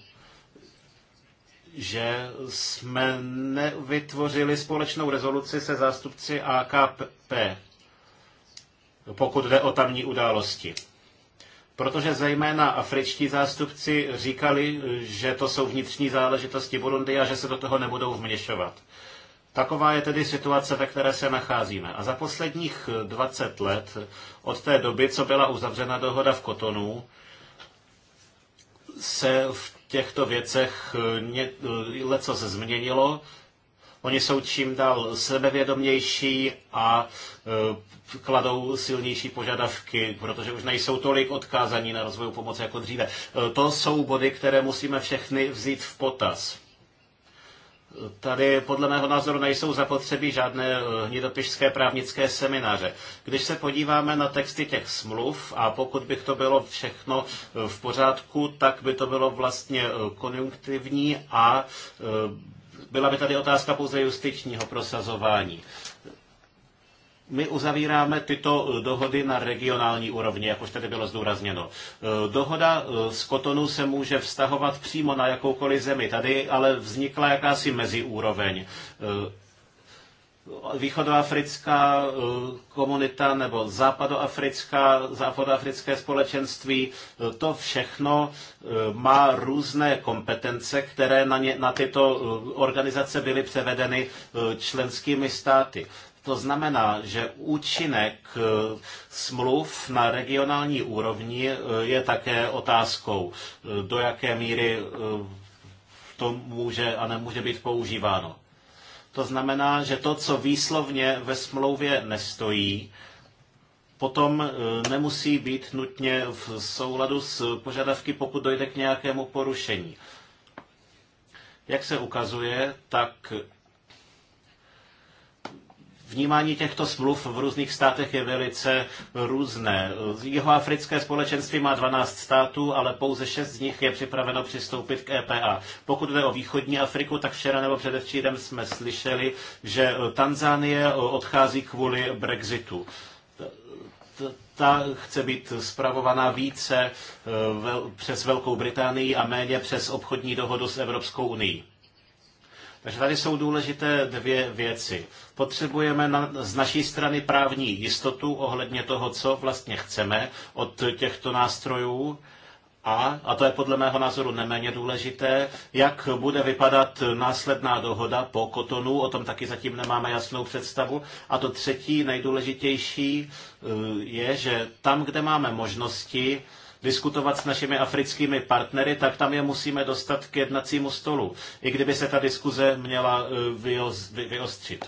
že jsme nevytvořili společnou rezoluci se zástupci AKP, pokud jde o tamní události. Protože zejména afričtí zástupci říkali, že to jsou vnitřní záležitosti Burundi a že se do toho nebudou vměšovat. Taková je tedy situace, ve které se nacházíme. A za posledních 20 let, od té doby, co byla uzavřena dohoda v Kotonu, se v těchto věcech eh, ně, eh, leco se změnilo. Oni jsou čím dál sebevědomější a eh, kladou silnější požadavky, protože už nejsou tolik odkázaní na rozvoj pomoci jako dříve. To jsou body, které musíme všechny vzít v potaz. Tady podle mého názoru nejsou zapotřebí žádné eh, hnidopišské právnické semináře. Když se podíváme na texty těch smluv a pokud by to bylo všechno eh, v pořádku, tak by to bylo vlastně eh, konjunktivní a byla by tady otázka pouze justičního prosazování my uzavíráme tyto eh, dohody na regionální úrovni, jak už tady bylo zdůrazněno. Eh, dohoda eh, z Kotonu se může vztahovat přímo na jakoukoliv zemi. Tady ale vznikla jakási meziúroveň východoafrická komunita nebo západoafrická, západoafrické společenství, to všechno má různé kompetence, které na, ně, na tyto organizace byly převedeny členskými státy. To znamená, že účinek eh, smluv na regionální úrovni eh, je také otázkou, eh, do jaké míry to může a nemůže být používáno. To znamená, že to, co výslovně ve smlouvě nestojí, potom nemusí být nutně v souladu s požadavky, pokud dojde k nějakému porušení. Jak se ukazuje, tak Vnímání těchto smluv v různých státech je velice různé. Jihoafrické společenství má 12 států, ale pouze 6 z nich je připraveno přistoupit k EPA. Pokud jde o východní Afriku, tak včera nebo předevčírem jsme slyšeli, že Tanzánie odchází kvůli Brexitu ta chce být zpravovaná více eh, přes Velkou Británii a méně přes obchodní dohodu s Evropskou unii. Takže tady jsou důležité dvě věci. Potřebujeme na, z naší strany právní jistotu ohledně toho, co vlastně chceme od těchto nástrojů. A, a to je podle mého názoru neméně důležité, jak bude vypadat následná dohoda po Kotonu, o tom taky zatím nemáme jasnou představu. A to třetí nejdůležitější eh, je, že tam, kde máme možnosti, diskutovat s našimi africkými partnery, tak tam je musíme dostat k jednacímu stolu, i kdyby se ta diskuze měla eh, vyostřit.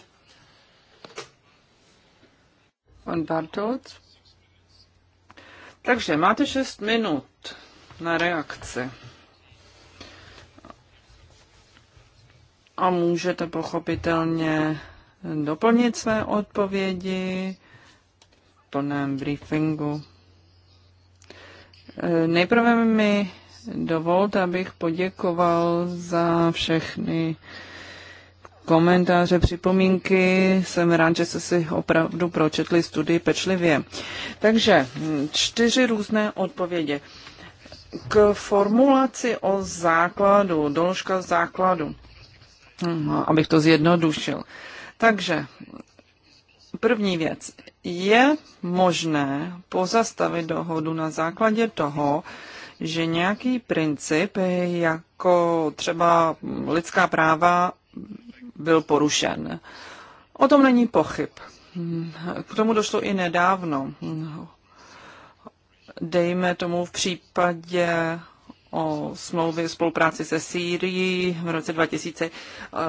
Pan Bartolt. Takže máte 6 minut na reakci. A můžete pochopitelně doplnit své odpovědi v plném briefingu. Nejprve mi dovolte, abych poděkoval za všechny komentáře, připomínky. Jsem rád, že jste si opravdu pročetli studii pečlivě. Takže čtyři různé odpovědi. K formulaci o základu, doložka základu, abych to zjednodušil. Takže první věc je možné pozastavit dohodu na základě toho, že nějaký princip, jako třeba lidská práva, byl porušen. O tom není pochyb. K tomu došlo i nedávno. Dejme tomu v případě o smlouvy spolupráci se Sýrií v roce 2000,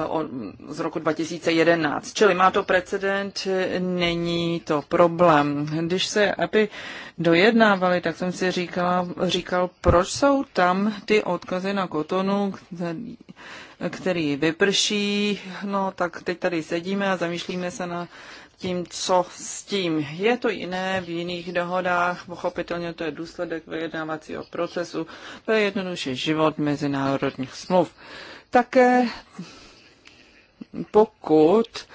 o, z roku 2011. Čili má to precedent, není to problém. Když se aby dojednávali, tak jsem si říkala, říkal, proč jsou tam ty odkazy na kotonu, který, který vyprší. No tak teď tady sedíme a zamýšlíme se na tím, co s tím. Je to jiné v jiných dohodách, pochopitelně to je důsledek vyjednávacího procesu, to je jednoduše život mezinárodních smluv. Také pokud uh,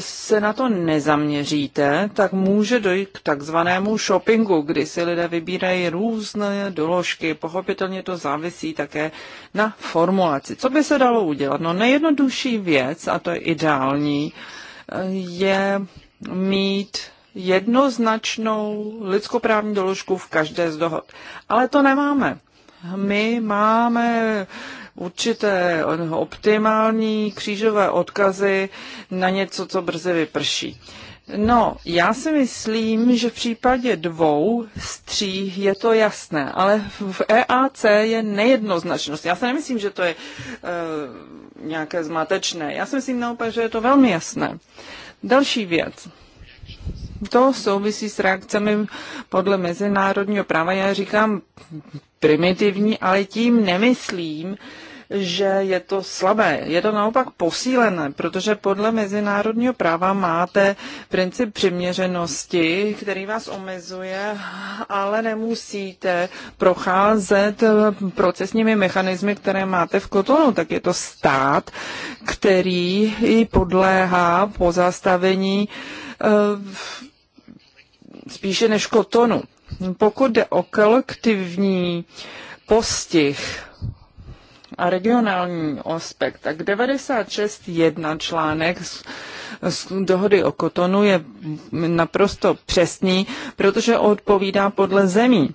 se na to nezaměříte, tak může dojít k takzvanému shoppingu, kdy si lidé vybírají různé doložky. Pochopitelně to závisí také na formulaci. Co by se dalo udělat? No nejjednodušší věc, a to je ideální, je mít jednoznačnou lidskoprávní doložku v každé z dohod. Ale to nemáme. My máme určité eh, optimální křížové odkazy na něco, co brzy vyprší. No, já si myslím, že v případě dvou z tří je to jasné, ale v EAC je nejednoznačnost. Já si nemyslím, že to je e, nějaké zmatečné. Já si myslím naopak, že je to velmi jasné. Další věc. To souvisí s reakcemi podle mezinárodního práva. Já říkám primitivní, ale tím nemyslím, že je to slabé. Je to naopak posílené, protože podle mezinárodního práva máte princip přiměřenosti, který vás omezuje, ale nemusíte procházet procesními mechanismy, které máte v kotonu. Tak je to stát, který i podléhá pozastavení eh, spíše než kotonu. Pokud jde o kolektivní postih a regionální aspekt, tak 96.1 článek z dohody o kotonu je naprosto přesný, protože odpovídá podle zemí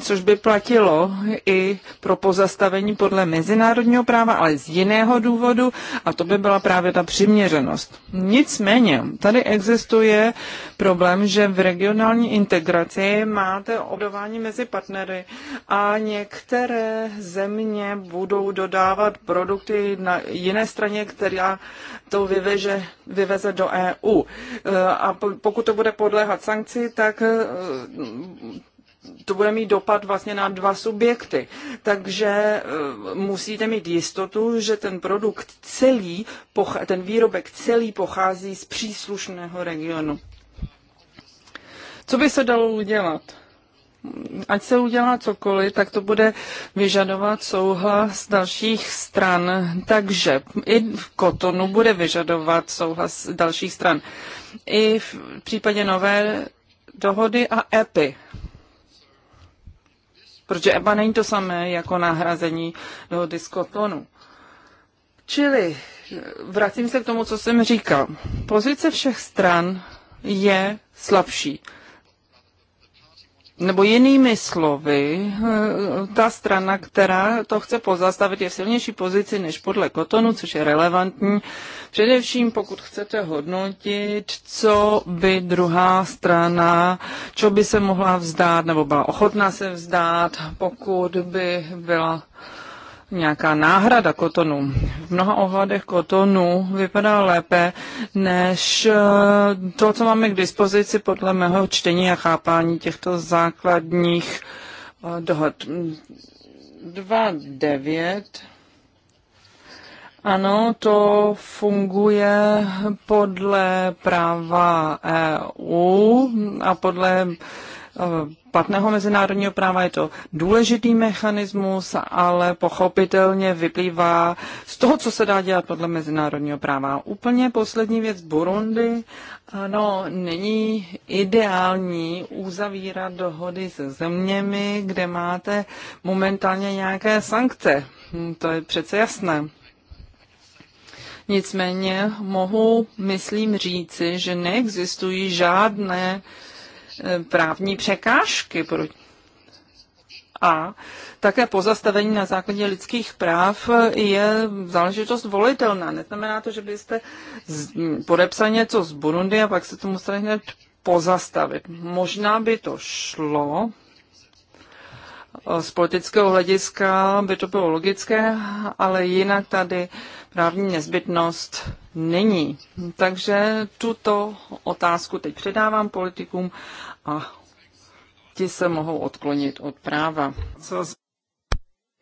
což by platilo i pro pozastavení podle mezinárodního práva, ale z jiného důvodu, a to by byla právě ta přiměřenost. Nicméně, tady existuje problém, že v regionální integraci máte obdování mezi partnery a některé země budou dodávat produkty na jiné straně, která to vyveže, vyveze do EU. E, a pokud to bude podléhat sankci, tak e, to bude mít dopad vlastně na dva subjekty. Takže eh, musíte mít jistotu, že ten produkt celý, ten výrobek celý pochází z příslušného regionu. Co by se dalo udělat? ať se udělá cokoliv, tak to bude vyžadovat souhlas dalších stran. Takže i v kotonu bude vyžadovat souhlas dalších stran. I v případě nové dohody a EPI protože EBA není to samé jako náhrazení do diskotonu. Čili vracím se k tomu, co jsem říkal. Pozice všech stran je slabší. Nebo jinými slovy, ta strana, která to chce pozastavit, je v silnější pozici než podle Kotonu, což je relevantní. Především pokud chcete hodnotit, co by druhá strana, co by se mohla vzdát nebo byla ochotná se vzdát, pokud by byla nějaká náhrada kotonu. V mnoha ohledech kotonu vypadá lépe než eh, to, co máme k dispozici podle mého čtení a chápání těchto základních eh, dohod. 2.9. Ano, to funguje podle práva EU a podle uh, Eh, platného mezinárodního práva. Je to důležitý mechanismus, ale pochopitelně vyplývá z toho, co se dá dělat podle mezinárodního práva. Úplně poslední věc Burundi. Ano, není ideální uzavírat dohody se zeměmi, kde máte momentálně nějaké sankce. Hm, to je přece jasné. Nicméně mohu, myslím, říci, že neexistují žádné uh, Eh, právní překážky a také pozastavení na základě lidských práv eh, je záležitost volitelná. Neznamená to, že byste hm, podepsali něco z Burundi a pak se to museli hned pozastavit. Možná by to šlo, eh, z politického hlediska by to bylo logické, ale jinak tady právní nezbytnost není. Takže tuto otázku teď předávám politikům a ti se mohou odklonit od práva. Co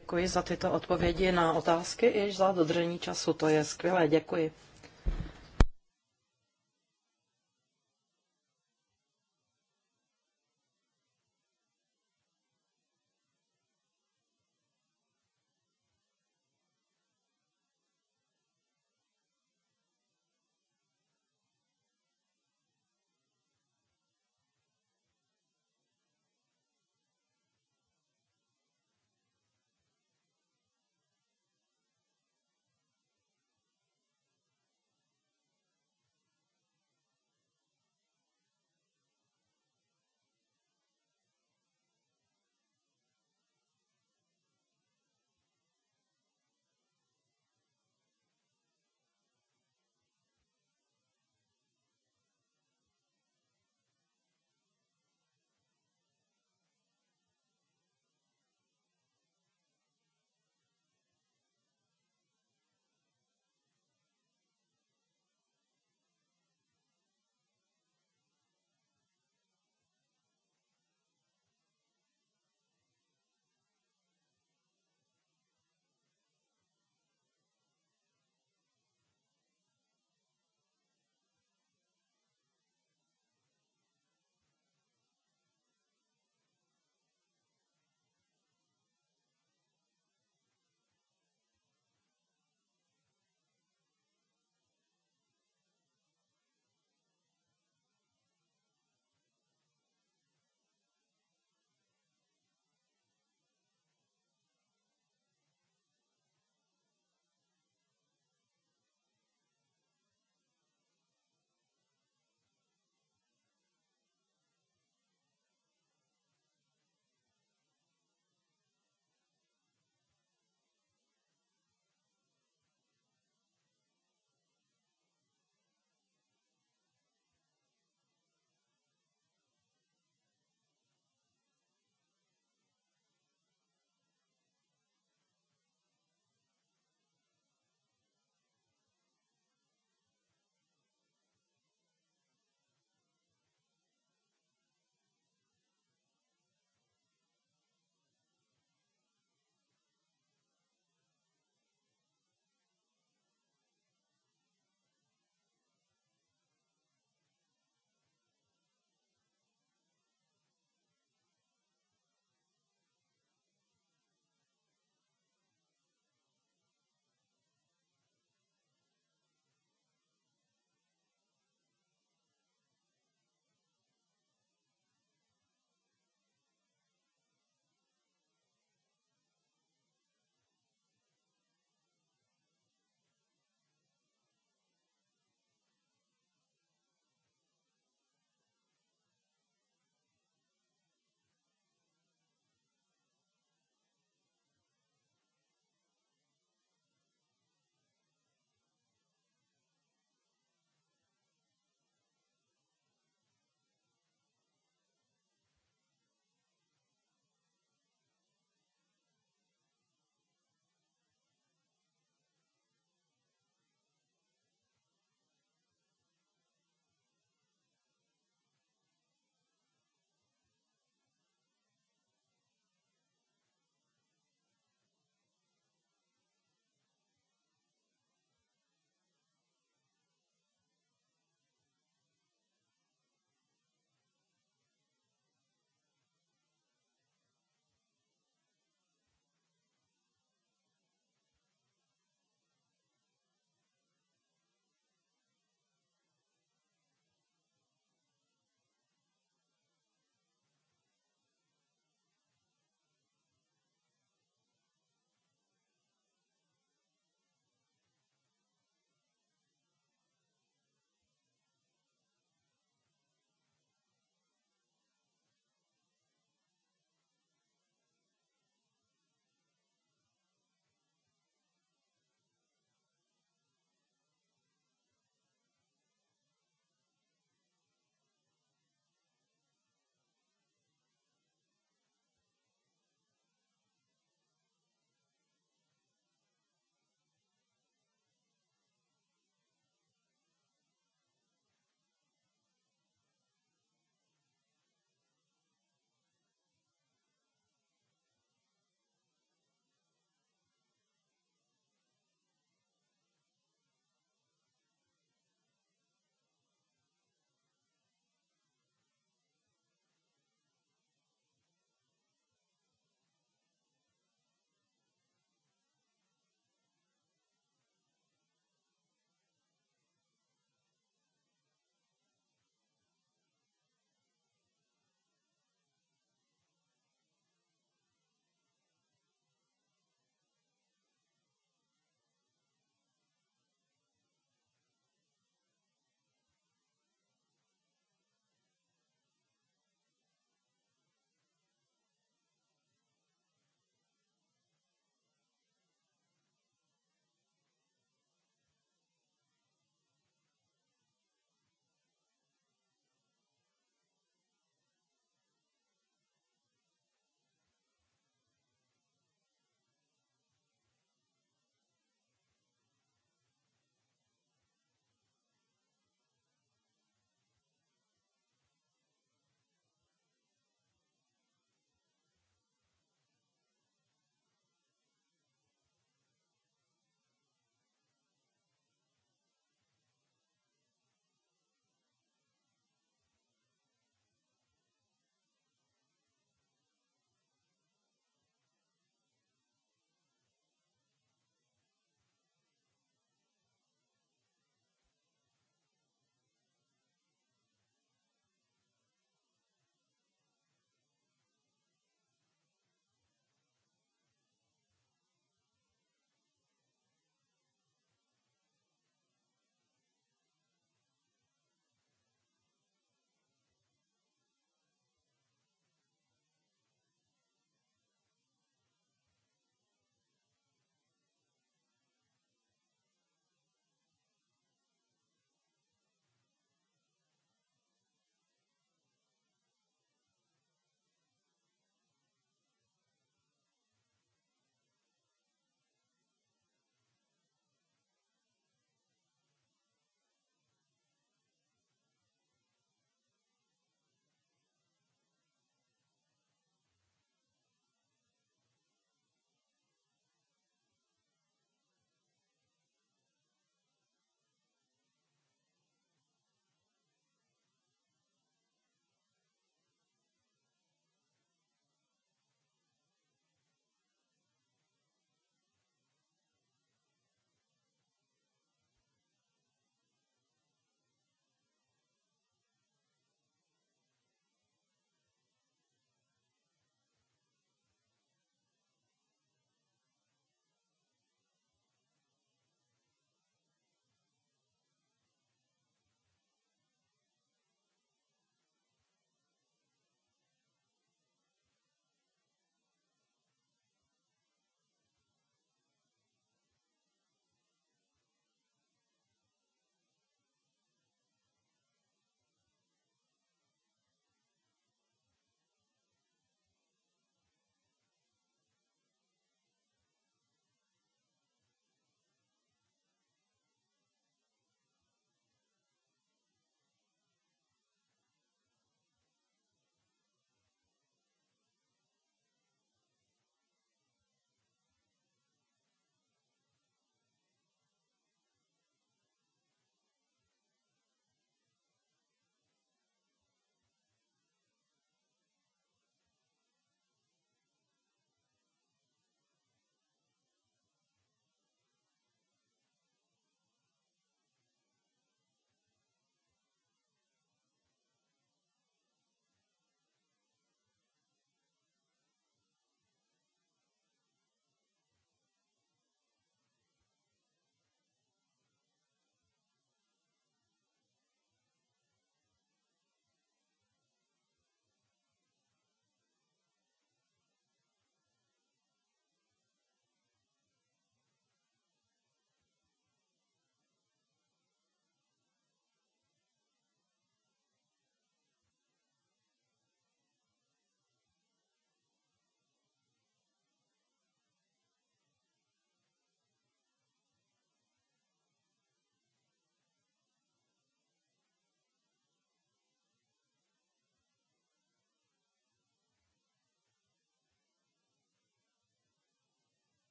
Děkuji za tyto odpovědi na otázky i za dodržení času. To je skvělé. Děkuji.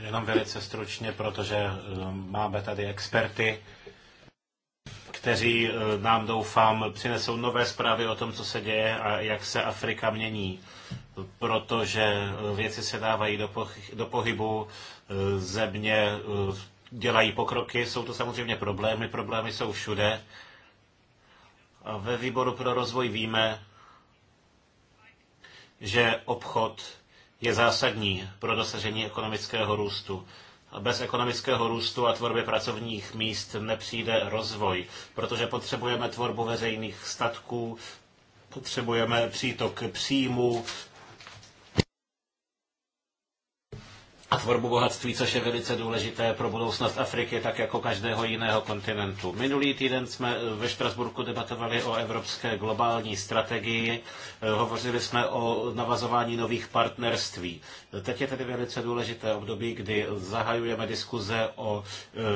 Jenom velice stručně, protože eh, máme tady experty, kteří eh, nám doufám přinesou nové zprávy o tom, co se děje a jak se Afrika mění. Protože eh, věci se dávají do, poch- do pohybu, země dělají pokroky, jsou to samozřejmě problémy, problémy jsou všude. A ve výboru pro rozvoj víme, že obchod je zásadní pro dosažení ekonomického růstu. bez ekonomického růstu a tvorby pracovních míst nepřijde rozvoj, protože potřebujeme tvorbu veřejných statků, potřebujeme přítok příjmů, a tvorbu bohatství, což je velice důležité pro budoucnost Afriky, tak jako každého jiného kontinentu. Minulý týden jsme eh, ve Štrasburku debatovali o evropské globální strategii, eh, hovořili jsme o navazování nových partnerství. Eh, teď je tedy velice důležité období, kdy zahajujeme diskuze o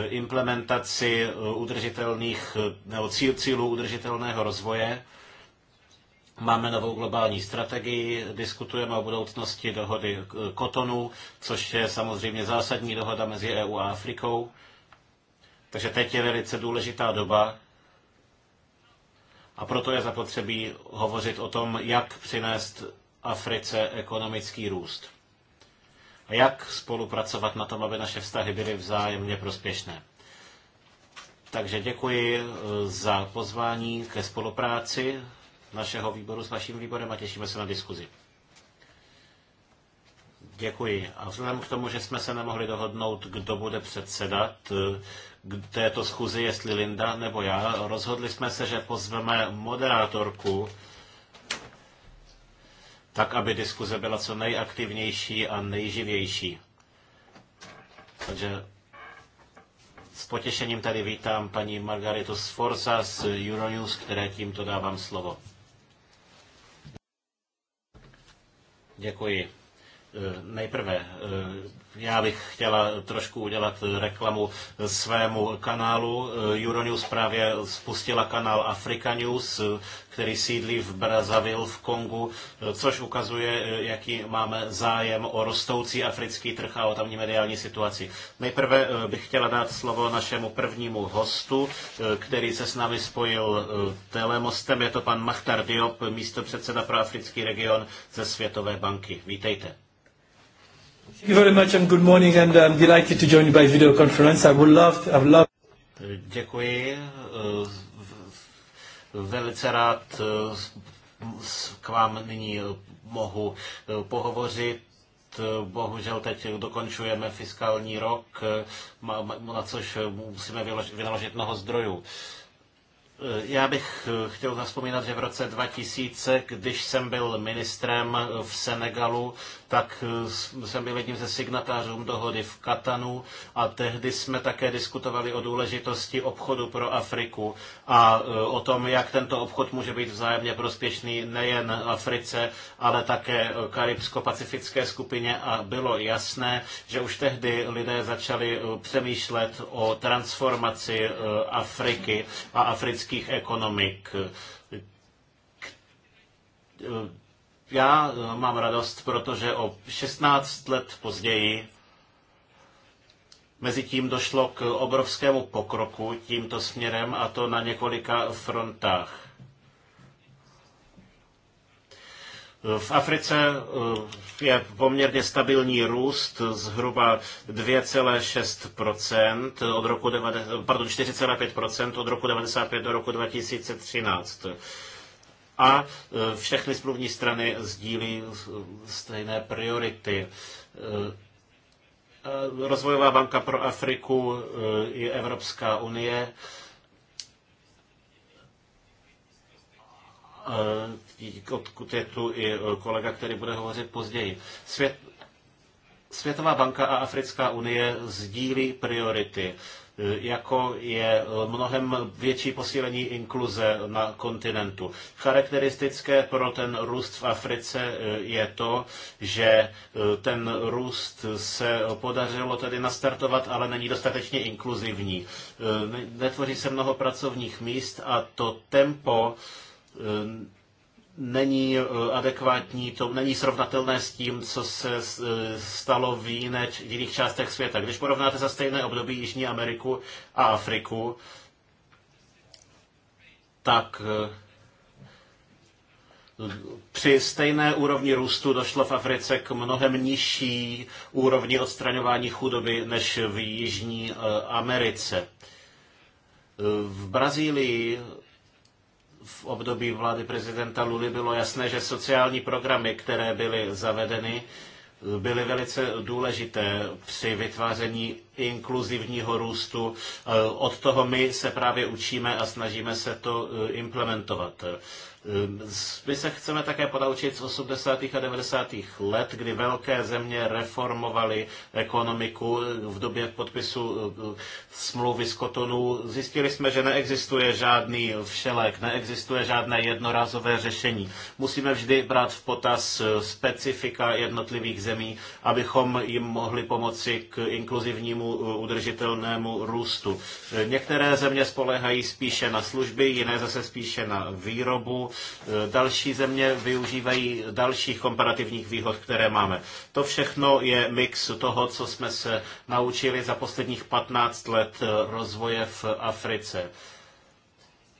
implementaci udržitelných, nebo cílů udržitelného rozvoje Máme novou globální strategii, diskutujeme o budoucnosti dohody Kotonu, což je samozřejmě zásadní dohoda mezi EU a Afrikou. Takže teď je velice důležitá doba a proto je zapotřebí hovořit o tom, jak přinést Africe ekonomický růst. A jak spolupracovat na tom, aby naše vztahy byly vzájemně prospěšné. Takže děkuji eh, za pozvání ke spolupráci našeho výboru s vaším výborem a těšíme se na diskuzi. Děkuji. A vzhledem k tomu, že jsme se nemohli dohodnout, kdo bude předsedat eh, k této schůzi, jestli Linda nebo já, rozhodli jsme se, že pozveme moderátorku, tak aby diskuze byla co nejaktivnější a nejživější. Takže s potěšením tady vítám paní Margaritu Sforza z Euronews, které tímto dávám slovo. Děkuji. Eh, nejprve, eh, já bych chtěla trošku udělat reklamu svému kanálu. Eh, Euronews právě spustila kanál Africa News, který sídlí v Brazzaville v Kongu, což ukazuje, jaký máme zájem o rostoucí africký trh a o tamní mediální situaci. Nejprve bych chtěla dát slovo našemu prvnímu hostu, který se s námi spojil telemostem. Je to pan Machtar Diop, místopředseda pro africký region ze Světové banky. Vítejte. Thank you very much and good morning and I'm delighted to join you by video conference. I would love, to, I would love... Děkuji. Eh, velice rád eh, k vám nyní eh, mohu pohovořit bohužel teď dokončujeme fiskální rok, na což musíme vynaložit mnoho zdrojů. Eh, já bych eh, chtěl zaspomínat, že v roce 2000, když jsem byl ministrem eh, v Senegalu, tak jsem byl jedním ze signatářů dohody v Katanu a tehdy jsme také diskutovali o důležitosti obchodu pro Afriku a o tom, jak tento obchod může být vzájemně prospěšný nejen Africe, ale také karibsko-pacifické skupině a bylo jasné, že už tehdy lidé začali přemýšlet o transformaci Afriky a africké dynamických ekonomik. Já mám radost, protože o 16 let později mezi tím došlo k obrovskému pokroku tímto směrem a to na několika frontách. V Africe eh, je poměrně stabilní růst zhruba 2,6 od roku pardon, 4,5 od roku 95 do roku 2013. A eh, všechny smluvní strany sdílí eh, stejné priority. Rozvojová banka pro Afriku i Evropská unie odkud je tu i e, kolega, který bude hovořit později. Svět, Světová banka a Africká unie sdílí priority e, jako je e, mnohem větší posílení inkluze na kontinentu. Charakteristické pro ten růst v Africe je to, že ten růst se podařilo tedy nastartovat, ale není dostatečně inkluzivní. Netvoří se mnoho pracovních míst a to tempo, Ehm, není eh, adekvátní, to není srovnatelné s tím, co se eh, stalo v, jiné, v jiných částech světa. Když porovnáte za stejné období Jižní Ameriku a Afriku, tak eh, při stejné úrovni růstu došlo v Africe k mnohem nižší úrovni odstraňování chudoby než v Jižní Americe. V Brazílii v období vlády prezidenta Luly bylo jasné, že sociální programy, které byly zavedeny, byly velice důležité při vytváření inkluzivního růstu. Od toho my se právě učíme a snažíme se to eh, implementovat. Eh, my se chceme také podaučit z 80. a 90. let, kdy velké země reformovaly ekonomiku eh, v době podpisu eh, smlouvy z Kotonu. Zjistili jsme, že neexistuje žádný všelek, neexistuje žádné jednorázové řešení. Musíme vždy brát v potaz specifika jednotlivých zemí, abychom jim mohli pomoci k inkluzivnímu udržitelnému růstu. Některé země spolehají spíše na služby, jiné zase spíše na výrobu E, další země využívají dalších komparativních výhod, které máme. To všechno je mix toho, co jsme se naučili za posledních 15 let e, rozvoje v Africe.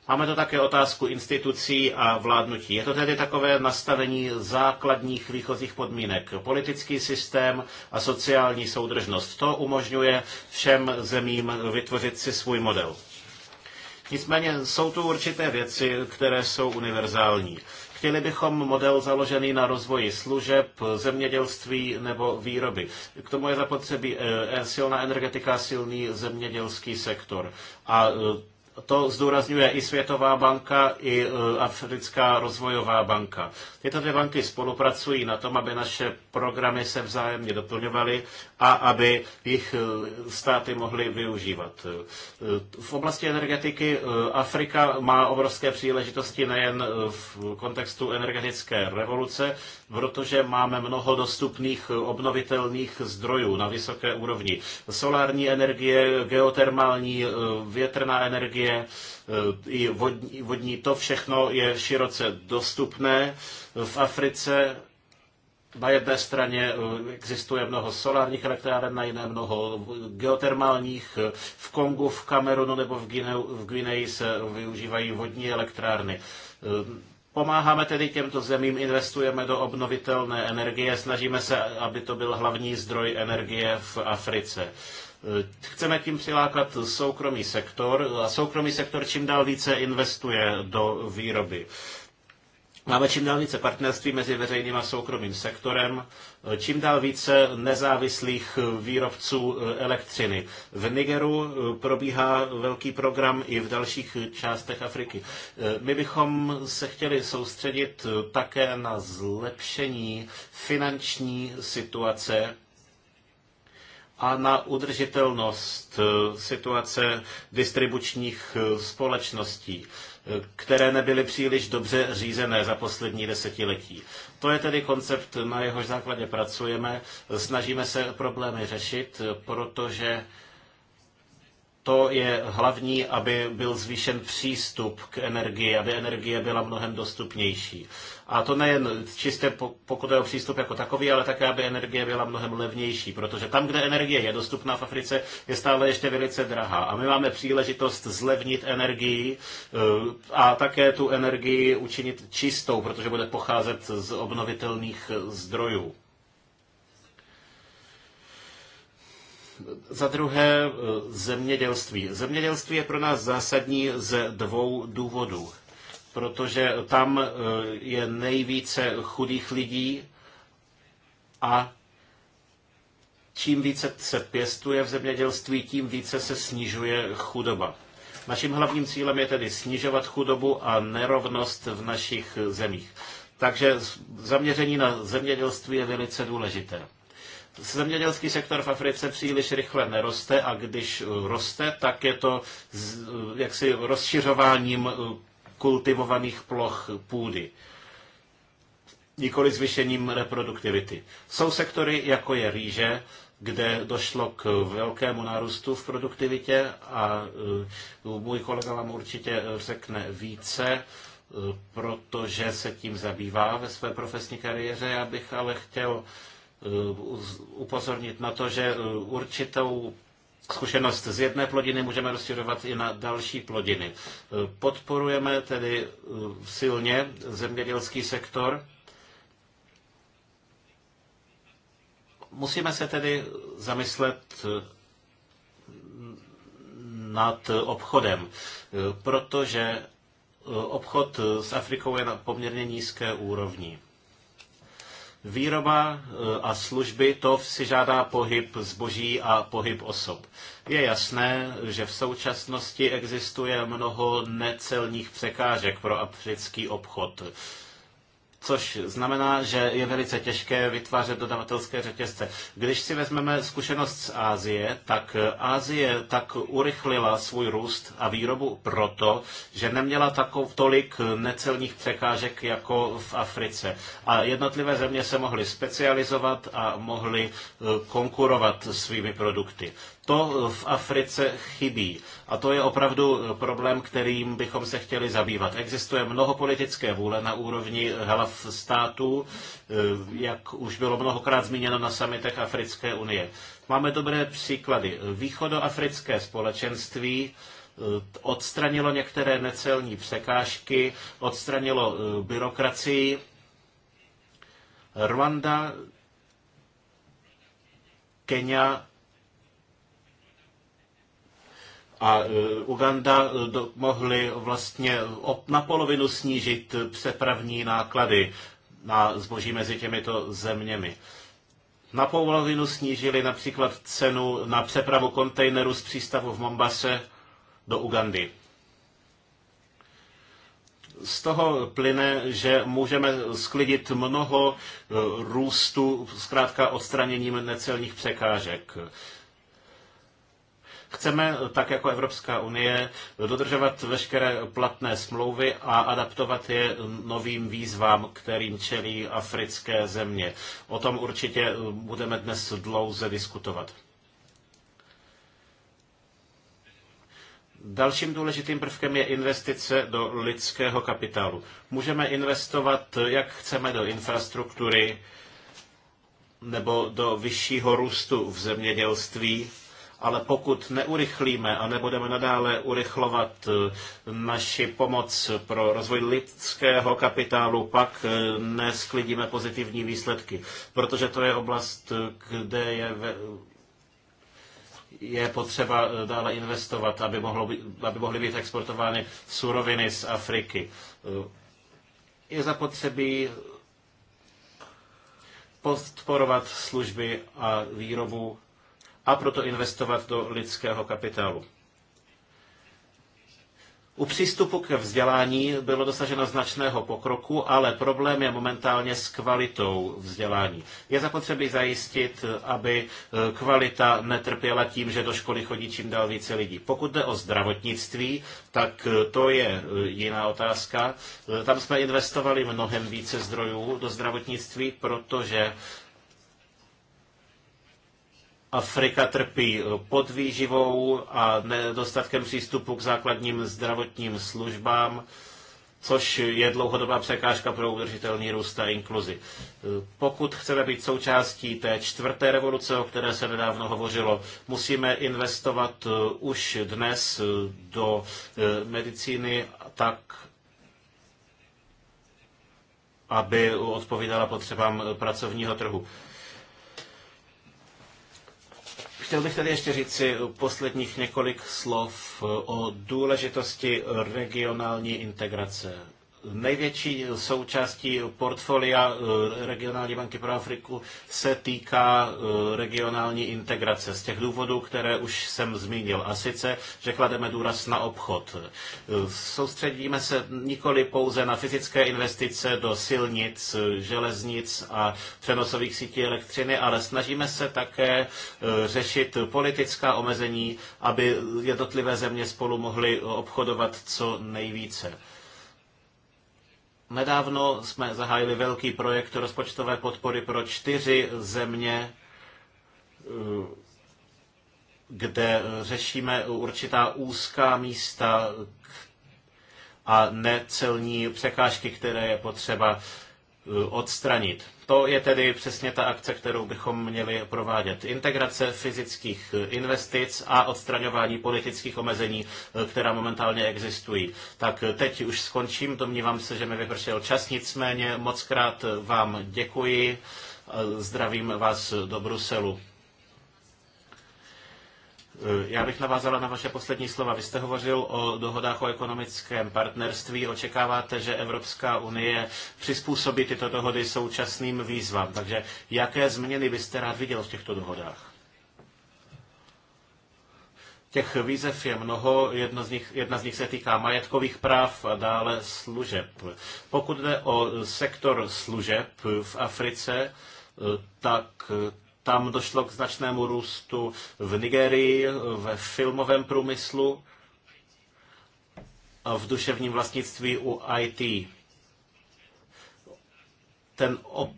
Máme to také otázku institucí a vládnutí. Je to tedy takové nastavení základních výchozích podmínek. Politický systém a sociální soudržnost. To umožňuje všem zemím vytvořit si svůj model. Nicméně jsou tu určité věci, které jsou univerzální. Chtěli bychom model založený na rozvoji služeb, zemědělství nebo výroby. K tomu je zapotřebí eh, eh, silná energetika, silný zemědělský sektor. A eh, to zdůrazňuje i Světová banka, i Africká rozvojová banka. Tyto dvě banky spolupracují na tom, aby naše programy se vzájemně doplňovaly a aby jich eh, státy mohly využívat. Eh, v oblasti energetiky eh, Afrika má obrovské příležitosti nejen v kontextu energetické revoluce, protože máme mnoho dostupných obnovitelných zdrojů na vysoké úrovni. Solární energie, geotermální, větrná energie, i vodní, vodní, to všechno je široce dostupné v Africe na jedné straně eh, existuje mnoho solárních elektráren, na jiné mnoho geotermálních. V Kongu, v Kamerunu nebo v, Guineu, v Guineji se využívají vodní elektrárny. Eh, pomáháme tedy těmto zemím, investujeme do obnovitelné energie, snažíme se, aby to byl hlavní zdroj energie v Africe. Eh, chceme tím přilákat soukromý sektor a soukromý sektor čím dál více investuje do výroby. Máme čím dál více partnerství mezi veřejným a soukromým sektorem, čím dál více nezávislých výrobců eh, elektřiny. V Nigeru eh, probíhá velký program i v dalších částech Afriky. Eh, my bychom se chtěli soustředit také na zlepšení finanční situace a na udržitelnost situace distribučních společností které nebyly příliš dobře řízené za poslední desetiletí. To je tedy koncept, na jehož základě pracujeme. Snažíme se problémy řešit, protože to je hlavní, aby byl zvýšen přístup k energii, aby energie byla mnohem dostupnější. A to nejen čistě pokud je o přístup jako takový, ale také, aby energie byla mnohem levnější, protože tam, kde energie je dostupná v Africe, je stále ještě velice drahá. A my máme příležitost zlevnit energii eh, a také tu energii učinit čistou, protože bude pocházet z obnovitelných zdrojů. Za druhé, eh, zemědělství. Zemědělství je pro nás zásadní ze dvou důvodů protože tam e, je nejvíce chudých lidí a čím více se pěstuje v zemědělství, tím více se snižuje chudoba. Naším hlavním cílem je tedy snižovat chudobu a nerovnost v našich zemích. Takže zaměření na zemědělství je velice důležité. Zemědělský sektor v Africe příliš rychle neroste a když roste, tak je to jaksi rozšiřováním kultivovaných ploch půdy nikoli zvyšením reproduktivity. Jsou sektory, jako je rýže, kde došlo k velkému nárůstu v produktivitě a e, můj kolega vám určitě řekne více, e, protože se tím zabývá ve své profesní kariéře. Já bych ale chtěl e, upozornit na to, že určitou zkušenost z jedné plodiny můžeme rozšiřovat i na další plodiny. Podporujeme tedy eh, silně zemědělský sektor. Musíme se tedy zamyslet eh, nad obchodem, eh, protože obchod s Afrikou je na poměrně nízké úrovni. Výroba eh, a služby to si žádá pohyb zboží a pohyb osob. Je jasné, že v současnosti existuje mnoho necelních překážek pro africký obchod což znamená, že je velice těžké vytvářet dodavatelské řetězce. Když si vezmeme zkušenost z Ázie, tak Ázie tak urychlila svůj růst a výrobu proto, že neměla takov, tolik necelních překážek jako v Africe. A jednotlivé země se mohly specializovat a mohly eh, konkurovat svými produkty. To v Africe chybí. A to je opravdu eh, problém, kterým bychom se chtěli zabývat. Existuje mnoho politické vůle na úrovni hlav států, eh, jak už bylo mnohokrát zmíněno na samitech Africké unie. Máme dobré příklady. Východoafrické společenství eh, odstranilo některé necelní překážky, odstranilo byrokracii. Rwanda, Kenya a e, Uganda e, mohli vlastně na polovinu snížit přepravní náklady na zboží mezi těmito zeměmi. Na polovinu snížili například cenu na přepravu kontejneru z přístavu v Mombase do Ugandy. Z toho plyne, že můžeme sklidit mnoho e, růstu, zkrátka odstraněním necelních překážek. Chceme, eh, tak jako Evropská unie, dodržovat veškeré platné smlouvy a adaptovat je mm, novým výzvám, kterým čelí africké země. O tom určitě eh, budeme dnes dlouze diskutovat. Dalším důležitým prvkem je investice do lidského kapitálu. Můžeme investovat, eh, jak chceme, do infrastruktury nebo do vyššího růstu v zemědělství ale pokud neurychlíme a nebudeme nadále urychlovat eh, naši pomoc pro rozvoj lidského kapitálu, pak eh, nesklidíme pozitivní výsledky, protože to je oblast, eh, kde je ve je potřeba dále investovat, aby, mohlo být, aby mohly být exportovány suroviny z Afriky. Je zapotřebí podporovat služby a výrobu a proto investovat do lidského kapitálu. U přístupu k vzdělání bylo dosaženo značného pokroku, ale problém je momentálně s kvalitou vzdělání. Je zapotřebí zajistit, aby eh, kvalita netrpěla tím, že do školy chodí čím dál více lidí. Pokud jde o zdravotnictví, tak eh, to je eh, jiná otázka. Tam jsme investovali mnohem více zdrojů do zdravotnictví, protože Afrika trpí eh, podvýživou a nedostatkem přístupu k základním zdravotním službám, což je dlouhodobá překážka pro udržitelný růst a inkluzi. Eh, pokud chceme být součástí té čtvrté revoluce, o které se nedávno hovořilo, musíme investovat eh, už dnes do medicíny tak, aby odpovídala potřebám pracovního trhu. Chtěl bych tady ještě říci posledních několik slov eh, o důležitosti regionální integrace Největší součástí portfolia eh, Regionální banky pro Afriku se týká eh, regionální integrace z těch důvodů, které už jsem zmínil. A sice, že klademe důraz na obchod. Eh, soustředíme se nikoli pouze na fyzické investice do silnic, železnic a přenosových sítí elektřiny, ale snažíme se také řešit politická omezení, aby jednotlivé země spolu mohly obchodovat co nejvíce. Nedávno jsme zahájili velký projekt rozpočtové podpory pro čtyři země, eh, kde řešíme určitá úzká místa a necelní překážky, které je potřeba Eh, odstranit. To je tedy přesně ta akce, kterou bychom měli provádět. Integrace fyzických eh, investic a odstraňování politických omezení, eh, která momentálně existují. Tak teď už skončím, domnívám se, že mi vypršel čas, nicméně moc krát vám děkuji. Zdravím vás do Bruselu. Eh, já bych navázala na vaše poslední slova. Vy jste hovořil o dohodách o ekonomickém partnerství. Očekáváte, že Evropská unie přizpůsobí tyto dohody současným výzvám. Takže jaké změny byste rád viděl v těchto dohodách? Těch výzev je mnoho, jedna z, nich, jedna z nich se týká majetkových práv a dále služeb. Pokud jde o sektor služeb v Africe, eh, tak eh, tam došlo k značnému růstu v Nigerii, ve filmovém průmyslu a v duševním vlastnictví u IT. Ten op-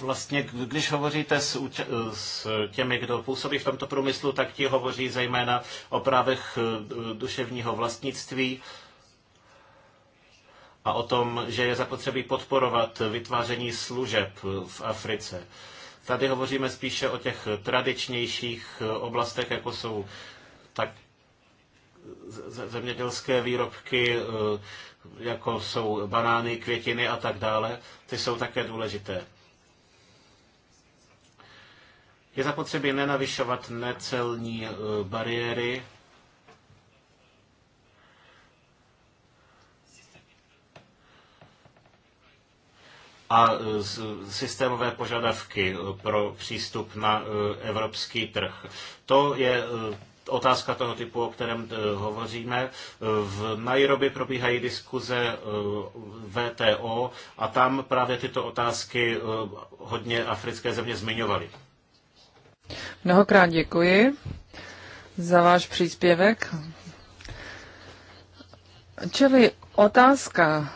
vlastně, když hovoříte s, s těmi, kdo působí v tomto průmyslu, tak ti hovoří zejména o právech eh, duševního vlastnictví a o tom, že je zapotřebí podporovat vytváření služeb v Africe. Tady hovoříme spíše o těch tradičnějších eh, oblastech, jako jsou tak zemědělské výrobky, eh, jako jsou banány, květiny a tak dále. Ty jsou také důležité. Je zapotřebí nenavyšovat necelní eh, bariéry, a e, systémové požadavky e, pro přístup na e, evropský trh. To je otázka toho typu, o kterém hovoříme. V Nairobi probíhají diskuze VTO a tam právě tyto otázky hodně africké země zmiňovaly. Mnohokrát děkuji za váš příspěvek. Čili otázka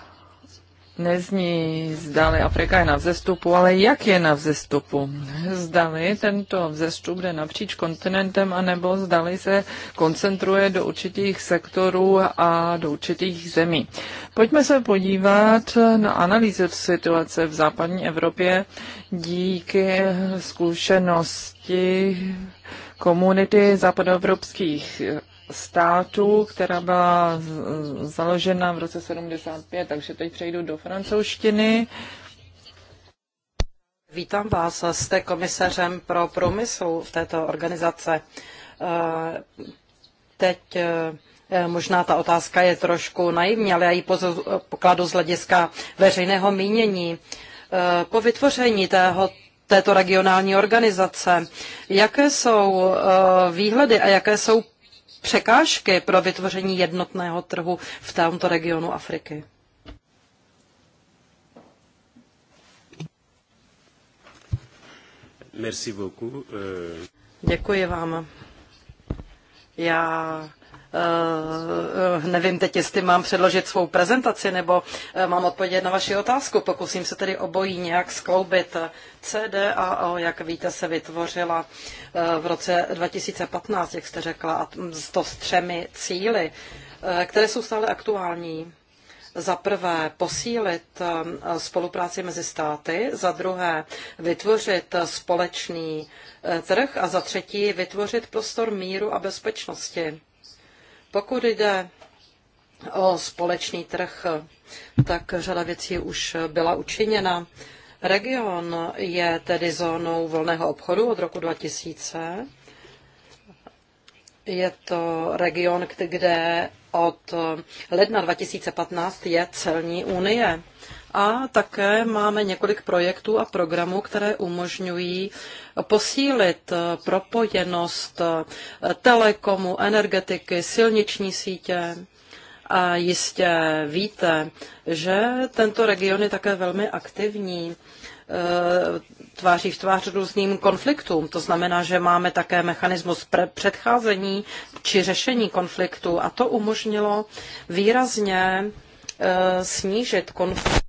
nezní, zdali Afrika je na vzestupu, ale jak je na vzestupu. Zdali tento vzestup jde napříč kontinentem, anebo zdali se koncentruje do určitých sektorů a do určitých zemí. Pojďme se podívat na analýzu situace v západní Evropě díky zkušenosti komunity západoevropských státu, která byla založena v roce 75, takže teď přejdu do francouzštiny. Vítám vás, jste komisařem pro průmysl v této organizace. Eh, teď eh, Možná ta otázka je trošku naivní, ale já ji pokladu z hlediska veřejného mínění. Eh, po vytvoření tého, této regionální organizace, jaké jsou výhledy a jaké jsou překážky pro vytvoření jednotného trhu v tomto regionu Afriky? Merci beaucoup. Euh. Děkuji vám. Já Eh, nevím teď, jestli mám předložit svou prezentaci nebo eh, mám odpovědět na vaši otázku. Pokusím se tedy obojí nějak skloubit. o, jak víte, se vytvořila eh, v roce 2015, jak jste řekla, a to s třemi cíly, které jsou stále aktuální. Za prvé posílit spolupráci mezi státy, za druhé vytvořit společný trh a za třetí vytvořit prostor míru a bezpečnosti. Pokud jde o společný trh, tak řada věcí už byla učiněna. Region je tedy zónou volného obchodu od roku 2000. Je to region, kde od ledna 2015 je celní unie a také máme několik projektů a programů, které umožňují posílit propojenost telekomu, energetiky, silniční sítě. A jistě víte, že tento region je také velmi aktivní e, tváří v tvář různým konfliktům. To znamená, že máme také mechanismus předcházení či řešení konfliktu a to umožnilo výrazně e, snížit konflikt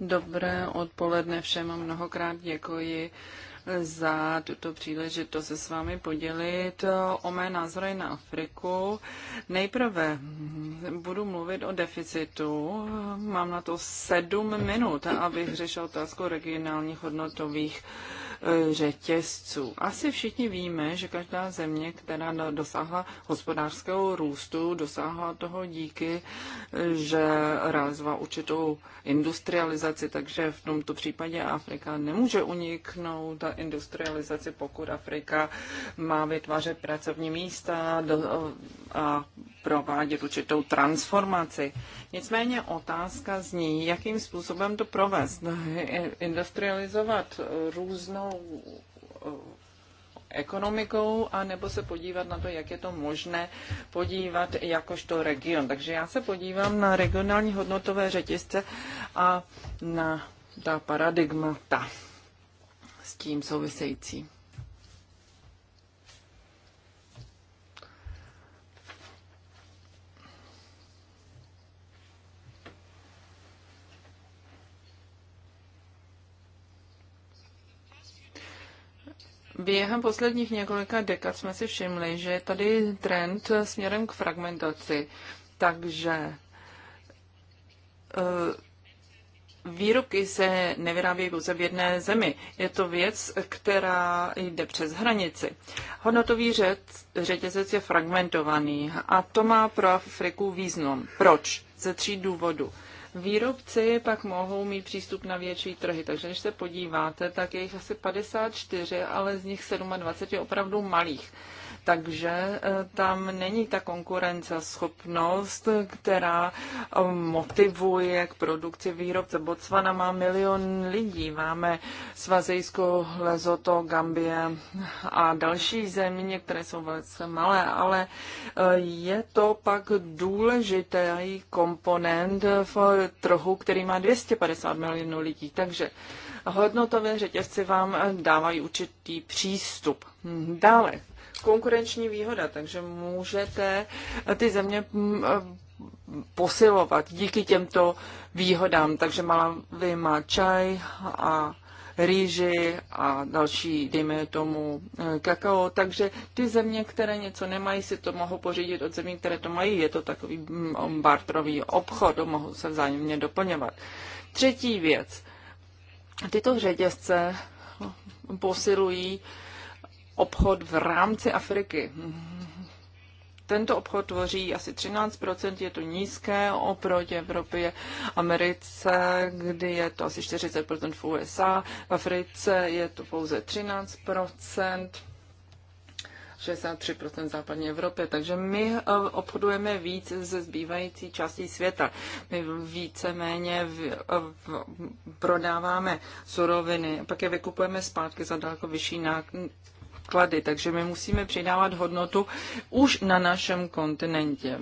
Dobré odpoledne všem a mnohokrát děkuji za tuto příležitost se s vámi podělit o mé názory na Afriku. Nejprve budu mluvit o deficitu. Mám na to sedm minut, abych řešil otázku regionálních hodnotových uh, řetězců. Asi všichni víme, že každá země, která dosáhla hospodářského růstu, dosáhla toho díky, že razva určitou industrializaci, takže v tomto případě Afrika nemůže uniknout ta industrializaci, pokud Afrika má vytvářet pracovní místa a provádět určitou transformaci. Nicméně otázka zní, jakým způsobem to provést. Industrializovat různou reálnou eh, ekonomikou, a nebo se podívat na to, jak je to možné podívat jakožto region. Takže já se podívám na regionální hodnotové řetězce a na ta paradigmata s tím souvisejícím. Během posledních několika dekad jsme si všimli, že je tady trend směrem k fragmentaci. Takže eh, výrobky se nevyrábějí pouze v jedné zemi. Je to věc, která jde přes hranici. Hodnotový řet, řetězec je fragmentovaný a to má pro Afriku význam. Proč? Ze tří důvodů. Výrobci pak mohou mít přístup na větší trhy, takže když se podíváte, tak je jich asi 54, ale z nich 27 je opravdu malých. Takže e, tam není ta konkurenceschopnost, která e, motivuje k produkci výrobce. Botswana má milion lidí, máme Svazejsko, Lesoto, Gambie a další země, které jsou velice malé, ale e, je to pak důležitý komponent v trhu, který má 250 milionů lidí. Takže hodnotové řetězci vám dávají určitý přístup. Dále konkurenční výhoda, takže můžete ty země mm, eh, posilovat díky těmto výhodám. Takže Malawi má čaj a rýži a další, dejme tomu, eh, kakao. Takže ty země, které něco nemají, si to mohou pořídit od zemí, které to mají. Je to takový mm, bartrový obchod, mohou se vzájemně doplňovat. Třetí věc. Tyto řetězce posilují uh, obchod v rámci Afriky. Tento obchod tvoří asi 13%, je to nízké oproti Evropě, Americe, kdy je to asi 40% v USA, v Africe je to pouze 13%. 63% západní Evropě. Takže my eh, obchodujeme víc ze zbývající částí světa. My víceméně v, eh, v, prodáváme suroviny, pak je vykupujeme zpátky za daleko vyšší odklady, takže my musíme přidávat hodnotu už na našem kontinentě.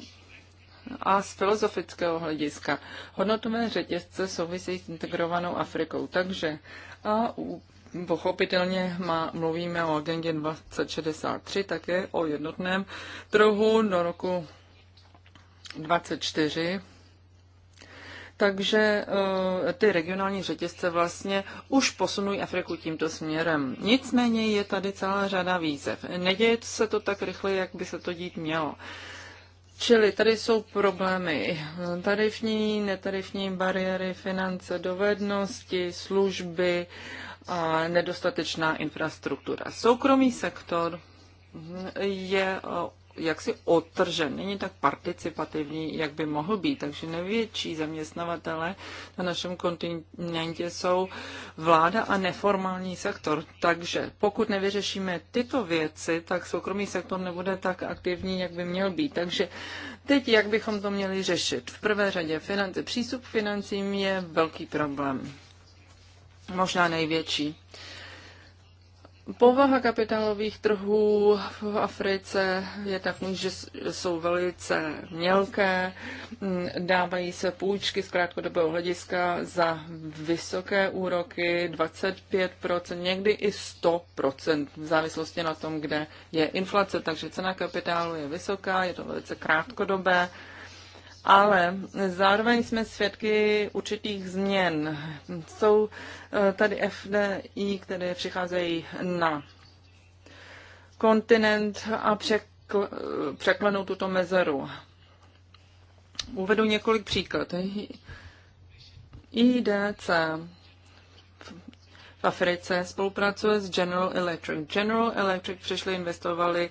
A z filozofického hlediska hodnotové řetězce souvisí s integrovanou Afrikou. Takže a u, pochopitelně má, mluvíme o agendě 2063, také o jednotném trhu do roku 24 takže eh, ty regionální řetězce vlastně už posunují Afriku tímto směrem. Nicméně je tady celá řada výzev. Neděje se to tak rychle, jak by se to dít mělo. Čili tady jsou problémy tarifní, netarifní bariéry, finance, dovednosti, služby a nedostatečná infrastruktura. Soukromý sektor je eh, jaksi otržen, není tak participativní, jak by mohl být. Takže největší zaměstnavatele na našem kontinentě jsou vláda a neformální sektor. Takže pokud nevyřešíme tyto věci, tak soukromý sektor nebude tak aktivní, jak by měl být. Takže teď, jak bychom to měli řešit? V prvé řadě finance. Přístup k financím je velký problém. Možná největší. Povaha kapitálových trhů v Africe je takový, že jsou velice mělké, mm, dávají se půjčky z krátkodobého hlediska za vysoké úroky 25%, někdy i 100% v závislosti na tom, kde je inflace. Takže cena kapitálu je vysoká, je to velice krátkodobé ale zároveň jsme svědky určitých změn. Jsou eh, tady FDI, které přicházejí na kontinent a překl, překlenou tuto mezeru. Uvedu několik příkladů. IDC v Africe spolupracuje s General Electric. General Electric přišli, investovali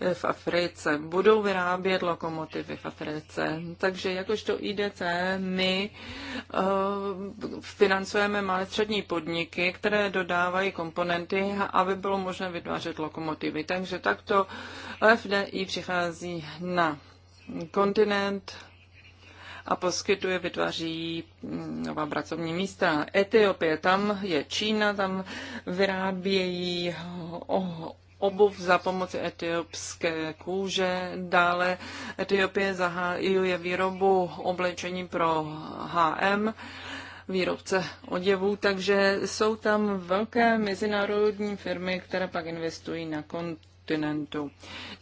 eh, v Africe, budou vyrábět lokomotivy v Africe. Takže jakožto IDC my uh, financujeme malé střední podniky, které dodávají komponenty, aby bylo možné vytvářet lokomotivy. Takže takto FDI přichází na kontinent a poskytuje, vytváří mm, nová pracovní místa. Etiopie, tam je Čína, tam vyrábějí obuv za pomoci etiopské kůže. Dále Etiopie zahájuje výrobu oblečení pro HM výrobce oděvů, takže jsou tam velké mezinárodní firmy, které pak investují na kontinentu.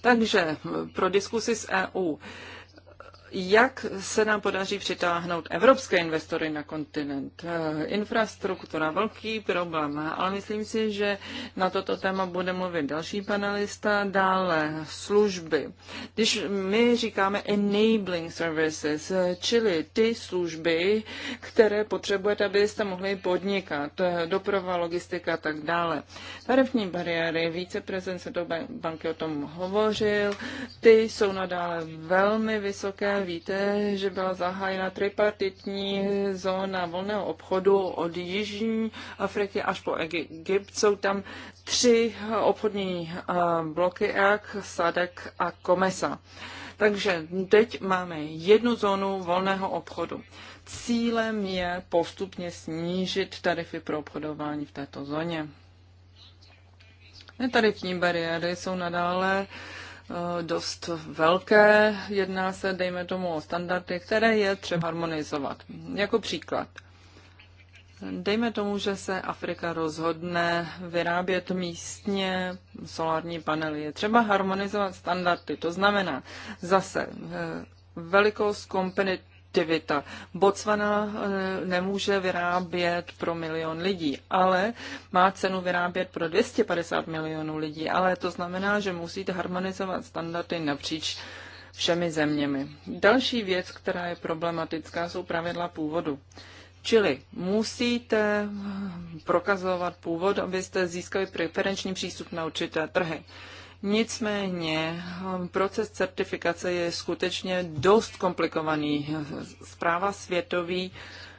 Takže pro diskusi s EU jak se nám podaří přitáhnout evropské investory na kontinent. Eh, infrastruktura, velký problém, ale myslím si, že na toto téma bude mluvit další panelista. Dále služby. Když my říkáme enabling services, eh, čili ty služby, které potřebujete, abyste mohli podnikat, eh, doprava, logistika a tak dále. Tarifní bariéry, do Banky o tom hovořil, ty jsou nadále velmi vysoké víte, že byla zahájena tripartitní zóna volného obchodu od Jižní Afriky až po Egypt. Jsou tam tři obchodní bloky, jak Sadek a Komesa. Takže teď máme jednu zónu volného obchodu. Cílem je postupně snížit tarify pro obchodování v této zóně. tarifní bariéry jsou nadále uh, Eh, dost velké. Jedná se, dejme tomu, o standardy, které je třeba harmonizovat. Jako příklad. Dejme tomu, že se Afrika rozhodne vyrábět místně solární panely. Je třeba harmonizovat standardy. To znamená zase eh, velikost, kompetitivní produktivita. Botswana eh, nemůže vyrábět pro milion lidí, ale má cenu vyrábět pro 250 milionů lidí, ale to znamená, že musíte harmonizovat standardy napříč všemi zeměmi. Další věc, která je problematická, jsou pravidla původu. Čili musíte prokazovat původ, abyste získali preferenční přístup na určité trhy. Nicméně hm, proces certifikace je skutečně dost komplikovaný. Zpráva světový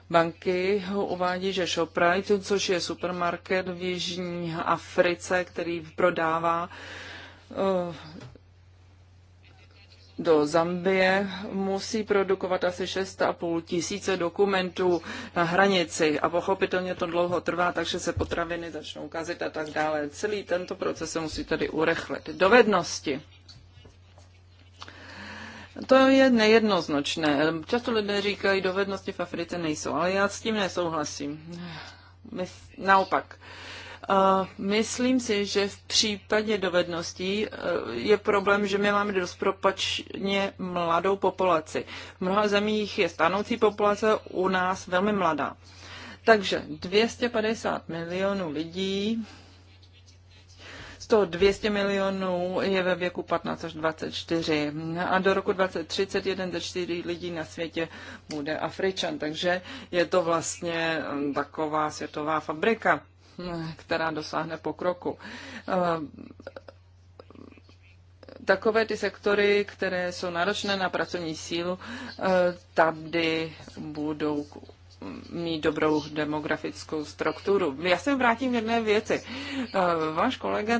banky ho uvádí, že Shoprite, což je supermarket v Jižní Africe, který prodává eh, do Zambie, musí produkovat asi 6,5 tisíce dokumentů na hranici a pochopitelně to dlouho trvá, takže se potraviny začnou kazit a tak dále. Celý tento proces se musí tady urechlit. Dovednosti. To je nejednoznačné. Často lidé říkají, dovednosti v Africe nejsou, ale já s tím nesouhlasím. My, naopak, Myslím si, že v případě dovedností e, je problém, že my máme propačně mladou populaci. V mnoha zemích je stanoucí populace, u nás velmi mladá. Takže 250 milionů lidí, z toho 200 milionů je ve věku 15 až 24 a do roku 2030 jeden ze čtyři lidí na světě bude Afričan, takže je to vlastně taková světová fabrika která dosáhne pokroku. Ehm, takové ty sektory, které jsou náročné na pracovní sílu, eh, tady budou mít dobrou demografickou strukturu. Já se vrátím k jedné věci. Eh, váš kolega,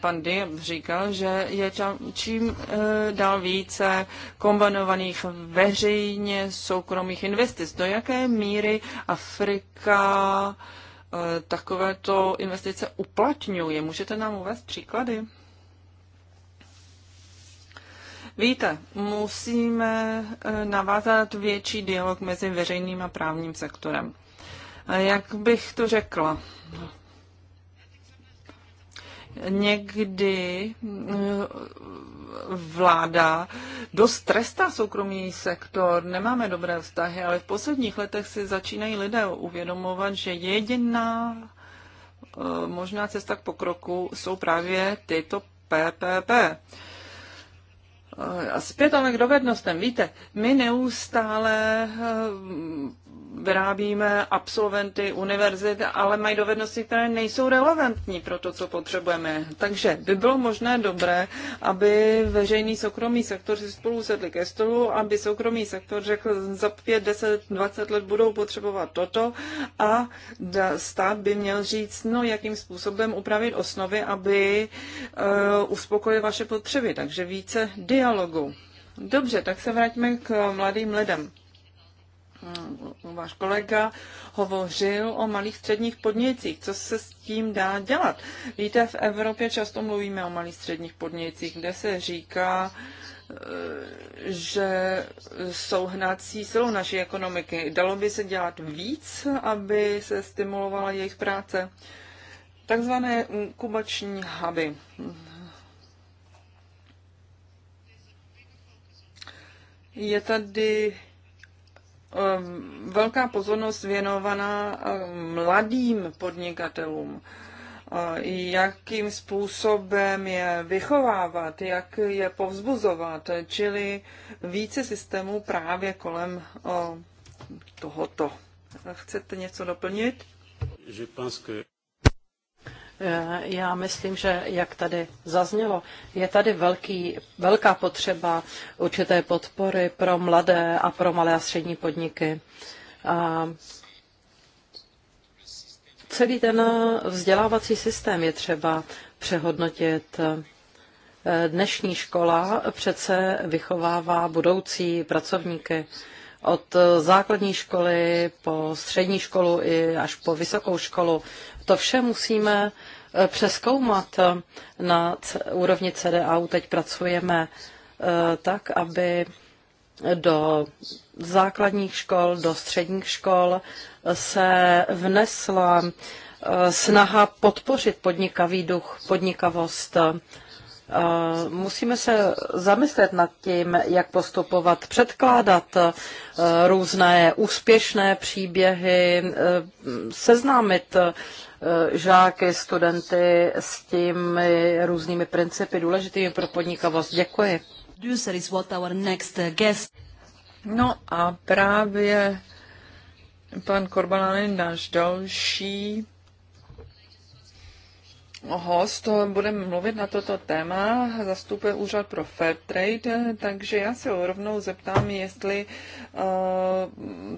pan Diem, říkal, že je čím eh, dál více kombinovaných veřejně soukromých investic. Do jaké míry Afrika Eh, takovéto investice uplatňuje. Můžete nám uvést příklady? Víte, musíme eh, navázat větší dialog mezi veřejným a právním sektorem. Jak bych to řekla? někdy eh, vláda dost trestá soukromý sektor, nemáme dobré vztahy, ale v posledních letech si začínají lidé uvědomovat, že jediná eh, možná cesta k pokroku jsou právě tyto PPP. Eh, zpět ale k dovednostem. Víte, my neustále vyrábíme absolventy univerzit, ale mají dovednosti, které nejsou relevantní pro to, co potřebujeme. Takže by bylo možné dobré, aby veřejný soukromý sektor si spolu sedli ke stolu, aby soukromý sektor řekl, za 5, 10, 20 let budou potřebovat toto a stát by měl říct, no jakým způsobem upravit osnovy, aby uh, uspokojil vaše potřeby. Takže více dialogu. Dobře, tak se vrátíme k mladým lidem. Eh, váš kolega hovořil o malých středních podnicích. Co se s tím dá dělat? Víte, v Evropě často mluvíme o malých středních podnicích, kde se říká, eh, že jsou hnací silou naší ekonomiky. Dalo by se dělat víc, aby se stimulovala jejich práce? Takzvané kubační huby. Je tady Ehm, velká pozornost věnovaná ehm, mladým podnikatelům. Ehm, jakým způsobem je vychovávat, jak je povzbuzovat, čili více systémů právě kolem tohoto. Chcete něco doplnit? Eh, já myslím, že jak tady zaznělo, je tady velký, velká potřeba určité podpory pro mladé a pro malé a střední podniky. A celý ten vzdělávací systém je třeba přehodnotit. Eh, dnešní škola přece vychovává budoucí pracovníky od základní školy po střední školu i až po vysokou školu. To vše musíme eh, přeskoumat eh, na úrovni CDAU. Teď pracujeme eh, tak, aby do základních škol, do středních škol se vnesla snaha podpořit podnikavý duch, podnikavost. Musíme se zamyslet nad tím, jak postupovat, předkládat různé úspěšné příběhy, seznámit E, žáky, studenty s těmi různými principy důležitými pro podnikavost. Děkuji. Uh, no a právě pan Korbalán, je náš další host, budeme mluvit na toto téma, zastupuje úřad pro fair trade, takže já se rovnou zeptám, jestli uh,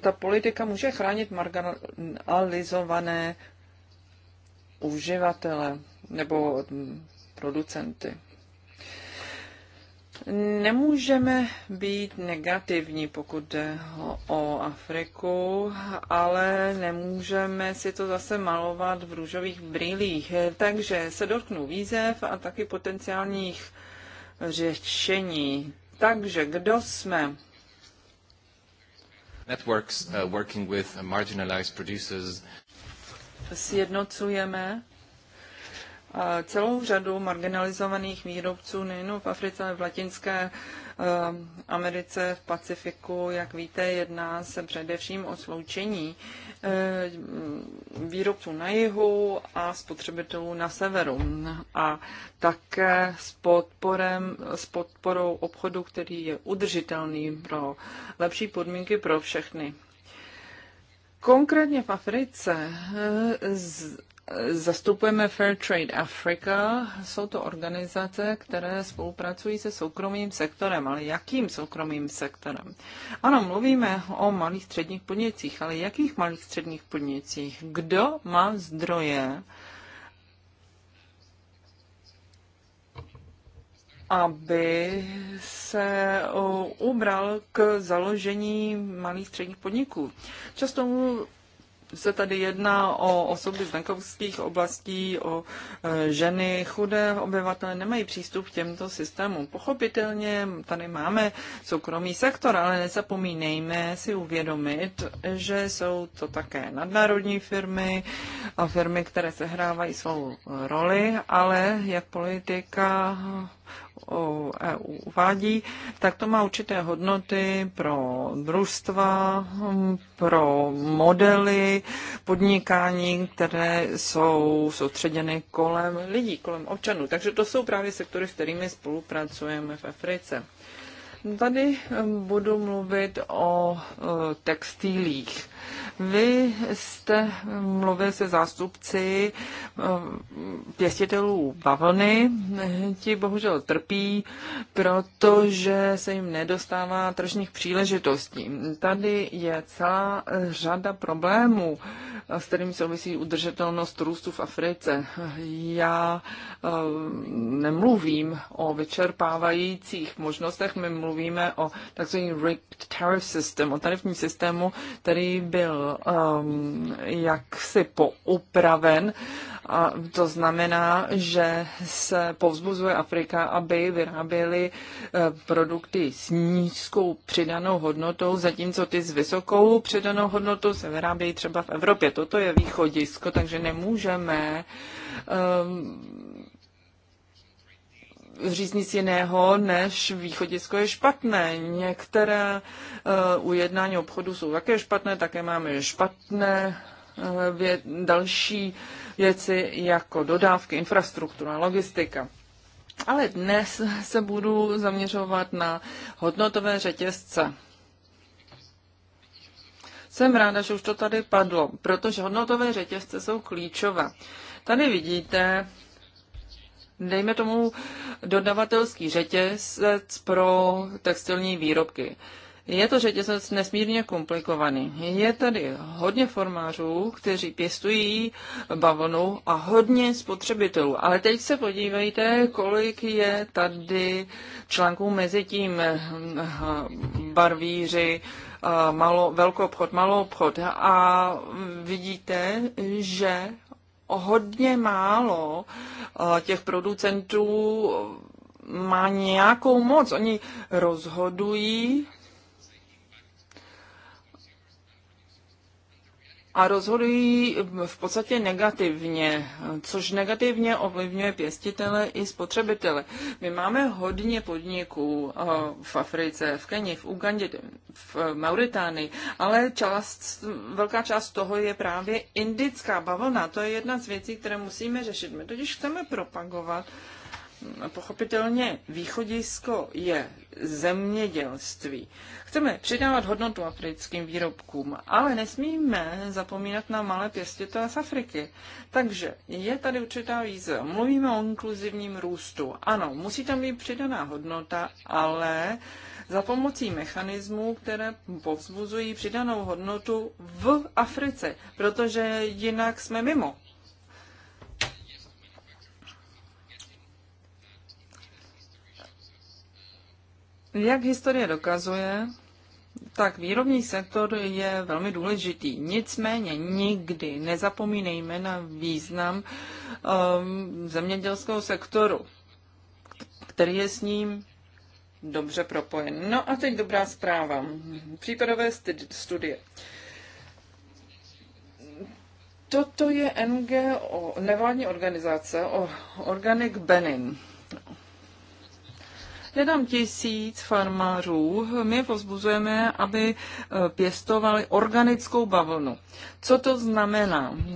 ta politika může chránit marginalizované uživatele nebo mm, producenty. Nemůžeme být negativní, pokud jde o Afriku, ale nemůžeme si to zase malovat v růžových brýlích. Takže se dotknu výzev a taky potenciálních řešení. Takže kdo jsme? Networks uh, working with marginalized producers sjednocujeme celou řadu marginalizovaných výrobců nejen v Africe, ale v Latinské ehm, Americe, v Pacifiku. Jak víte, jedná se především o sloučení ehm, výrobců na jihu a spotřebitelů na severu. A také s, podporem, s podporou obchodu, který je udržitelný pro lepší podmínky pro všechny. Konkrétně v Africe eh, eh, zastupujeme Fair Trade Africa. Jsou to organizace, které spolupracují se soukromým sektorem. Ale jakým soukromým sektorem? Ano, mluvíme o malých středních podnicích, ale jakých malých středních podnicích? Kdo má zdroje aby se ubral k založení malých středních podniků. Často se tady jedná o osoby z venkovských oblastí, o e, ženy, chudé obyvatele nemají přístup k těmto systémům. Pochopitelně tady máme soukromý sektor, ale nezapomínejme si uvědomit, že jsou to také nadnárodní firmy a firmy, které sehrávají svou roli, ale jak politika EU uvádí, tak to má určité hodnoty pro družstva, hm, pro modely podnikání, které jsou soustředěny kolem lidí, kolem občanů. Takže to jsou právě sektory, s kterými spolupracujeme v Africe. Tady eh, budu mluvit o eh, textilích. Vy jste mluvil se zástupci eh, pěstitelů bavlny. Ti bohužel trpí, protože se jim nedostává tržních příležitostí. Tady je celá řada problémů, s kterými souvisí udržitelnost růstu v Africe. Já nemluvím o vyčerpávajících možnostech, my mluvíme o takzvaný rigged tariff system, o tarifním systému, který byl um, jaksi poupraven. A to znamená, že se povzbuzuje Afrika, aby vyráběly eh, produkty s nízkou přidanou hodnotou, zatímco ty s vysokou přidanou hodnotou se vyrábějí třeba v Evropě. Toto je východisko, takže nemůžeme um, říct nic jiného, než východisko je špatné. Některé uh, ujednání obchodu jsou také špatné, také máme špatné uh, vě- další věci jako dodávky, infrastruktura, logistika. Ale dnes se budu zaměřovat na hodnotové řetězce. Jsem ráda, že už to tady padlo, protože hodnotové řetězce jsou klíčové. Tady vidíte dejme tomu, dodavatelský řetězec pro textilní výrobky. Je to řetězec nesmírně komplikovaný. Je tady hodně formářů, kteří pěstují bavlnu a hodně spotřebitelů. Ale teď se podívejte, kolik je tady článků mezi tím hm, barvíři, malo, velký obchod, malou obchod. A vidíte, že hodně málo eh, těch producentů má nějakou moc. Oni rozhodují a rozhodují v podstatě negativně, což negativně ovlivňuje pěstitele i spotřebitele. My máme hodně podniků eh, v Africe, v Keni, v Ugandě, v Mauritánii, ale část, velká část toho je právě indická bavlna. To je jedna z věcí, které musíme řešit. My totiž chceme propagovat uh, pochopitelně východisko je zemědělství. Chceme přidávat hodnotu africkým výrobkům, ale nesmíme zapomínat na malé pěstitele z Afriky. Takže je tady určitá výzva. Mluvíme o inkluzivním růstu. Ano, musí tam být přidaná hodnota, ale za pomocí mechanismů, které povzbuzují přidanou hodnotu v Africe, protože jinak jsme mimo. Jak historie dokazuje, tak výrobní sektor je velmi důležitý. Nicméně nikdy nezapomínejme na význam um, zemědělského sektoru, který je s ním dobře propojen. No a teď dobrá zpráva. Případové studie. Toto je NGO, nevládní organizace o Organic Benin. Jenom tisíc farmářů my pozbuzujeme, aby e, pěstovali organickou bavlnu. Co to znamená? E,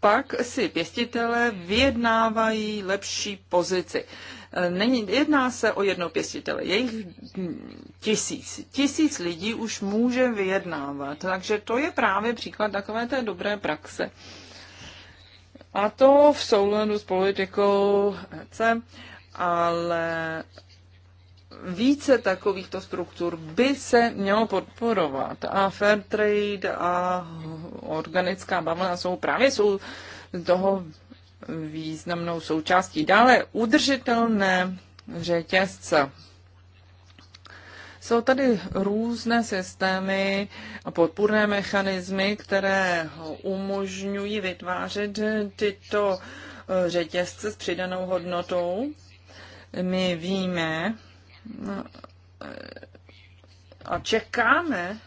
pak si pěstitele vyjednávají lepší pozici. E, není, jedná se o jedno pěstitele, je jich tisíc. Tisíc lidí už může vyjednávat, takže to je právě příklad takové té dobré praxe. A to v souladu s politikou EC ale více takovýchto struktur by se mělo podporovat. A fair trade a organická bavlna jsou právě jsou z toho významnou součástí. Dále udržitelné řetězce. Jsou tady různé systémy a podpůrné mechanismy, které umožňují vytvářet tyto řetězce s přidanou hodnotou my víme no, a čekáme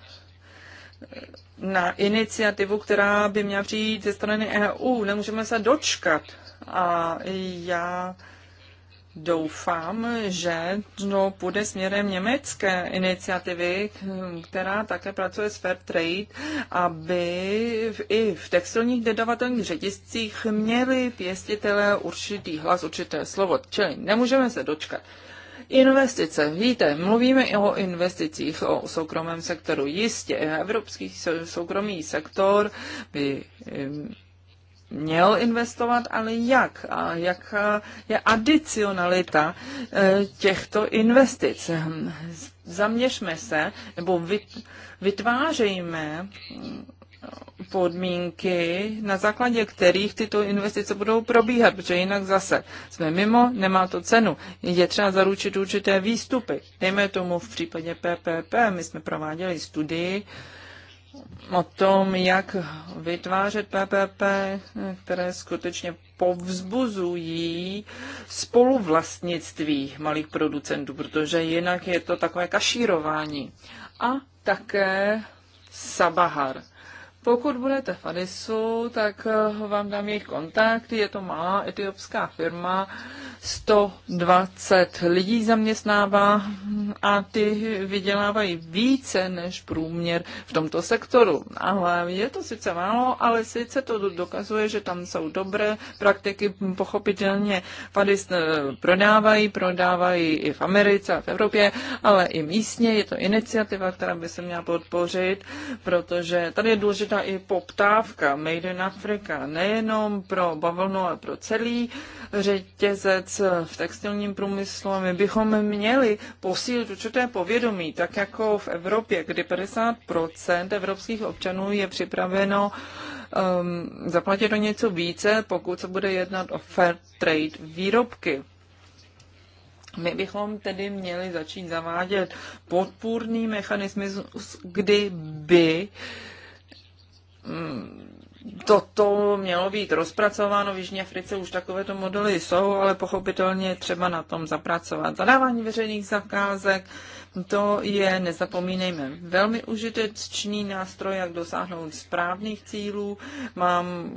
na iniciativu, která by měla přijít ze strany EU. Nemůžeme se dočkat. A já Doufám, že to půjde směrem německé iniciativy, která také pracuje s Fair Trade, aby i v textilních dodavatelných řetězcích měli pěstitelé určitý hlas, určité slovo. Čili nemůžeme se dočkat. Investice. Víte, mluvíme i o investicích, o soukromém sektoru. Jistě, evropský soukromý sektor by měl investovat, ale jak? A jaká je adicionalita eh, těchto investic? Hm, zaměřme se nebo vytvářejme mm, podmínky, na základě kterých tyto investice budou probíhat, protože jinak zase jsme mimo, nemá to cenu. Je třeba zaručit určité výstupy. Dejme tomu v případě PPP, my jsme prováděli studii, uh, o tom, jak vytvářet PPP, které skutečně povzbuzují spoluvlastnictví malých producentů, protože jinak je to takové kašírování. A také Sabahar. Pokud budete v Adisu, tak eh, vám dám jejich kontakt. Je to malá etiopská firma, 120 lidí zaměstnává a ty vydělávají více než průměr v tomto sektoru. Ale je to sice málo, ale sice to dokazuje, že tam jsou dobré praktiky. Pochopitelně fady eh, prodávají, prodávají i v Americe a v Evropě, ale i místně je to iniciativa, která by se měla podpořit, protože tady je důležitá i poptávka Made in Africa, nejenom pro bavlnu, ale pro celý řetězec v textilním průmyslu a my bychom měli posílit určité povědomí, tak jako v Evropě, kdy 50% evropských občanů je připraveno um, zaplatit o něco více, pokud se bude jednat o fair trade výrobky. My bychom tedy měli začít zavádět podpůrný mechanismus, kdyby um, toto mělo být rozpracováno. V Jižní Africe už takovéto modely jsou, ale pochopitelně třeba na tom zapracovat. Zadávání veřejných zakázek, to je, nezapomínejme, velmi užitečný nástroj, jak dosáhnout správných cílů. Mám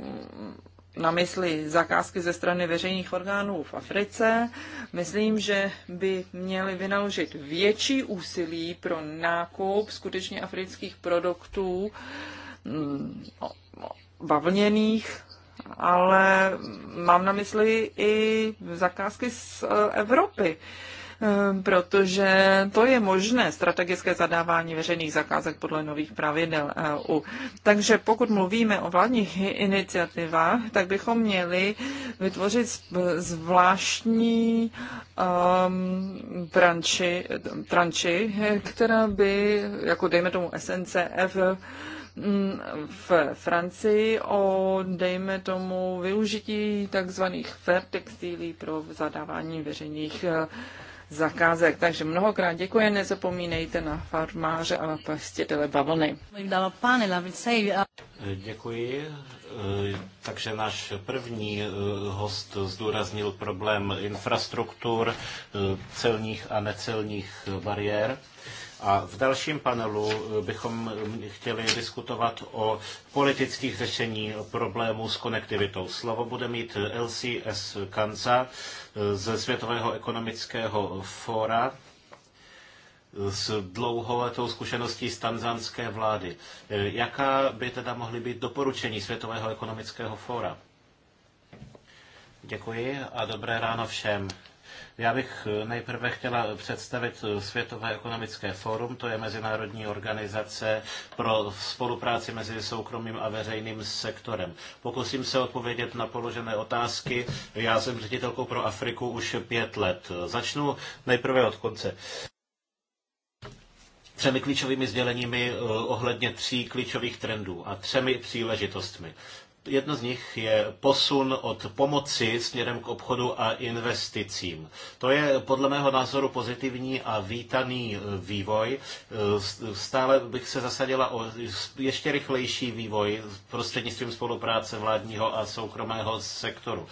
na mysli zakázky ze strany veřejných orgánů v Africe. Myslím, že by měli vynaložit větší úsilí pro nákup skutečně afrických produktů hmm, no, bavlněných, ale mám na mysli i zakázky z e, Evropy e, protože to je možné, strategické zadávání veřejných zakázek podle nových pravidel EU. Takže pokud mluvíme o vládních iniciativách, tak bychom měli vytvořit zvláštní um, branči, tranči, která by, jako dejme tomu SNCF, Mm, v Francii o, dejme tomu, využití takzvaných fair textilí pro zadávání veřejných eh, zakázek. Takže mnohokrát děkuji, nezapomínejte na farmáře a pěstitele bavlny. Děkuji. Eh, takže náš první eh, host zdůraznil problém infrastruktur, celních a necelních bariér. A v dalším panelu eh, bychom eh, chtěli diskutovat o politických řešení problémů s konektivitou. Slovo bude mít eh, LCS Kanca ze Světového ekonomického fóra s dlouholetou zkušeností z tanzanské vlády. Jaká by teda mohly být doporučení Světového ekonomického fóra? Děkuji a dobré ráno všem. Já bych eh, nejprve chtěla představit eh, Světové ekonomické fórum, to je mezinárodní organizace pro spolupráci mezi soukromým a veřejným sektorem. Pokusím se odpovědět na položené otázky. Já jsem ředitelkou pro Afriku už pět let. Začnu nejprve od konce třemi klíčovými sděleními eh, ohledně tří klíčových trendů a třemi příležitostmi. Jedno z nich je posun od pomoci směrem k obchodu a investicím. To je podle mého názoru pozitivní a vítaný e, vývoj. E, stále bych se zasadila o ještě rychlejší vývoj prostřednictvím spolupráce vládního a soukromého sektoru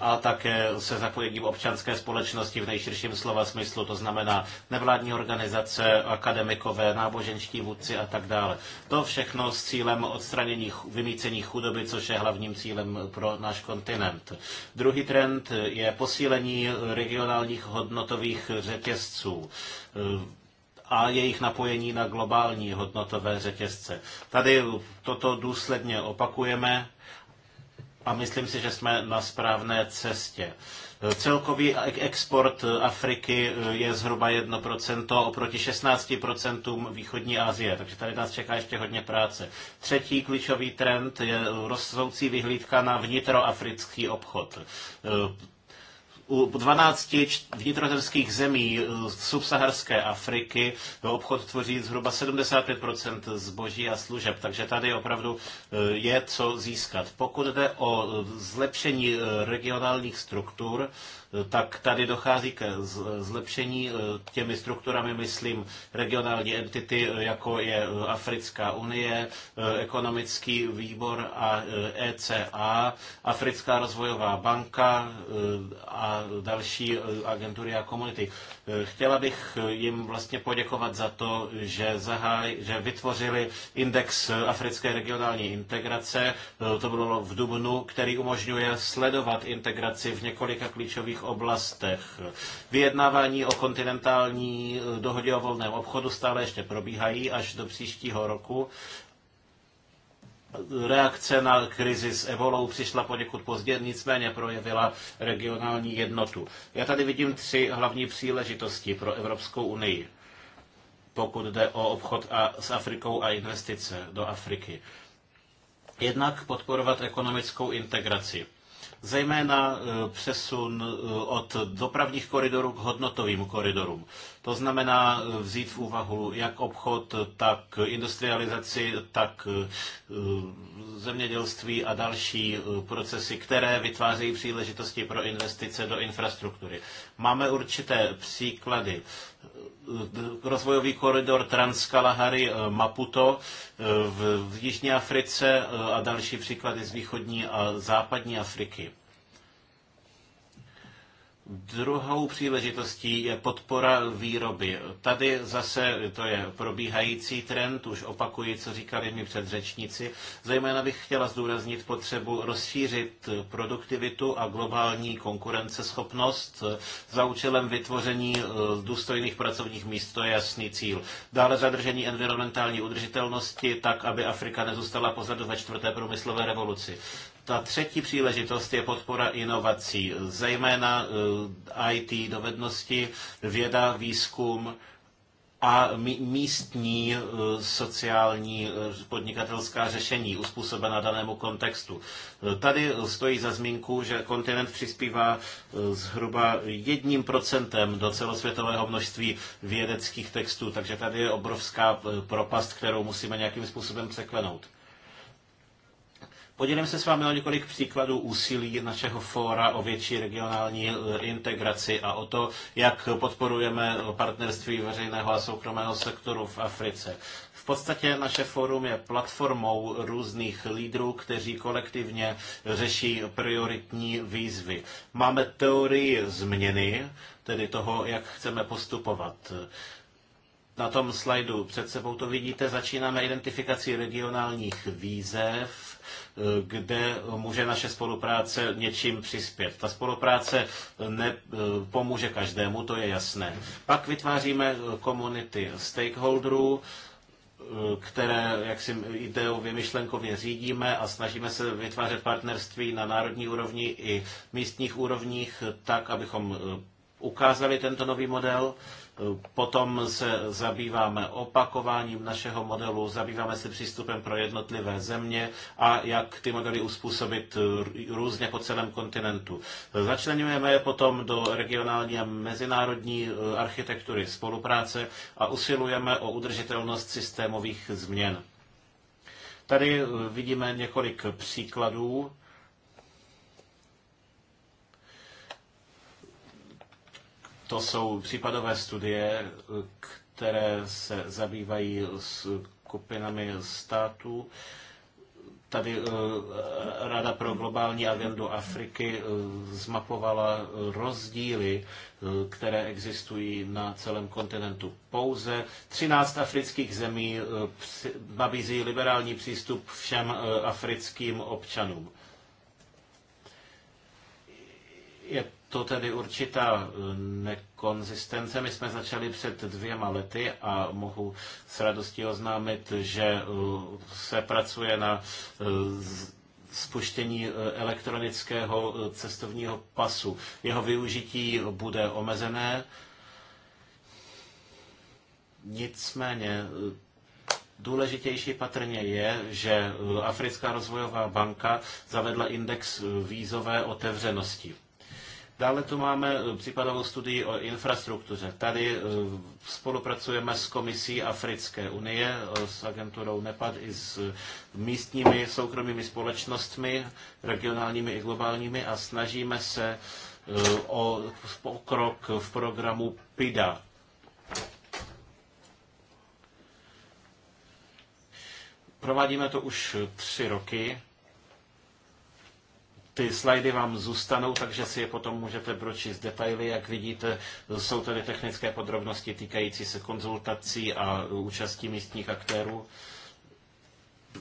a také se zapojením občanské společnosti v nejširším slova smyslu, to znamená nevládní organizace, akademikové, náboženští vůdci a tak dále. To všechno s cílem odstranění vymícení chudoby, což je hlavním cílem pro náš kontinent. Druhý trend je posílení regionálních hodnotových řetězců eh, a jejich napojení na globální hodnotové řetězce. Tady toto důsledně opakujeme a myslím si, že jsme na správné cestě. Celkový e- export Afriky e, je zhruba 1% oproti 16% východní Asie, takže tady nás čeká ještě hodně práce. Třetí klíčový trend je rostoucí vyhlídka na vnitroafrický obchod. E, u 12 vnitrozemských zemí eh, subsaharské Afriky eh, obchod tvoří zhruba 75 zboží a služeb, takže tady opravdu eh, je co získat. Pokud jde o zlepšení regionálních struktur, tak tady dochází k zlepšení e, těmi strukturami, myslím, regionální entity, e, jako je e, Africká unie, ekonomický výbor a ECA, Africká rozvojová banka a další agentury a komunity. Chtěla bych jim vlastně poděkovat za to, že, zahaj, že vytvořili index africké regionální integrace, to bylo v Dubnu, který umožňuje sledovat integraci v několika klíčových oblastech. Vyjednávání o kontinentální eh, dohodě o volném obchodu stále ještě probíhají až do příštího roku. Reakce na krizi s evolou přišla poněkud pozdě, nicméně projevila regionální jednotu. Já tady vidím tři hlavní příležitosti pro Evropskou unii, pokud jde o obchod a, s Afrikou a investice do Afriky. Jednak podporovat ekonomickou integraci Zejména e, přesun e, od dopravních koridorů k hodnotovým koridorům. To znamená e, vzít v úvahu jak obchod, tak industrializaci, tak zemědělství a další procesy, které vytvářejí příležitosti pro investice do infrastruktury. Máme určité příklady rozvojový koridor Transkalahary eh, Maputo eh, v Jižní Africe eh, a další příklady z východní a západní Afriky. Druhou příležitostí je podpora výroby. Tady zase to je probíhající trend, už opakuji, co říkali mi předřečníci. Zejména bych chtěla zdůraznit potřebu rozšířit produktivitu a globální konkurenceschopnost za účelem vytvoření eh, důstojných pracovních míst. To je jasný cíl. Dále zadržení environmentální udržitelnosti tak, aby Afrika nezůstala pozadu ve čtvrté průmyslové revoluci. Ta třetí příležitost je podpora inovací, zejména eh, IT dovednosti, věda, výzkum, a místní eh, sociální eh, podnikatelská řešení uspůsobená danému kontextu. Tady stojí za zmínku, že kontinent přispívá zhruba jedním procentem do celosvětového množství vědeckých textů, takže tady je obrovská propast, kterou musíme nějakým způsobem překlenout. Podělím se s vámi o několik příkladů úsilí našeho fóra o větší regionální e, integraci a o to, jak podporujeme partnerství veřejného a soukromého sektoru v Africe. V podstatě naše fórum je platformou různých lídrů, kteří kolektivně řeší prioritní výzvy. Máme teorii změny, tedy toho, jak chceme postupovat. Na tom slajdu před sebou to vidíte, začínáme identifikací regionálních výzev, kde může naše spolupráce něčím přispět. Ta spolupráce nepomůže každému, to je jasné. Pak vytváříme komunity stakeholderů, které jak si ideově myšlenkově řídíme a snažíme se vytvářet partnerství na národní úrovni i místních úrovních tak, abychom ukázali tento nový model Potom se zabýváme opakováním našeho modelu, zabýváme se přístupem pro jednotlivé země a jak ty modely uspůsobit různě po celém kontinentu. Začlenujeme je potom do regionální a mezinárodní eh, architektury spolupráce a usilujeme o udržitelnost systémových změn. Tady eh, vidíme několik příkladů To jsou případové studie, které se zabývají s kupinami států. Tady eh, Rada pro globální agendu Afriky eh, zmapovala rozdíly, eh, které existují na celém kontinentu. Pouze 13 afrických zemí nabízí liberální přístup všem africkým občanům. Je to tedy určitá eh, nekonzistence. My jsme začali před dvěma lety a mohu s radostí oznámit, že eh, se pracuje na eh, spuštění elektronického cestovního pasu. Jeho využití bude omezené. Nicméně Důležitější patrně je, že Africká rozvojová banka zavedla index vízové otevřenosti. Dále tu máme eh, případovou studii o infrastruktuře. Tady eh, spolupracujeme s Komisí Africké unie, eh, s agenturou NEPAD i s místními soukromými společnostmi, regionálními i globálními a snažíme se o pokrok v programu PIDA, Provádíme to už tři roky ty slajdy vám zůstanou, takže si je potom můžete pročíst detaily. Jak vidíte, jsou tady technické podrobnosti týkající se konzultací a účastí místních aktérů.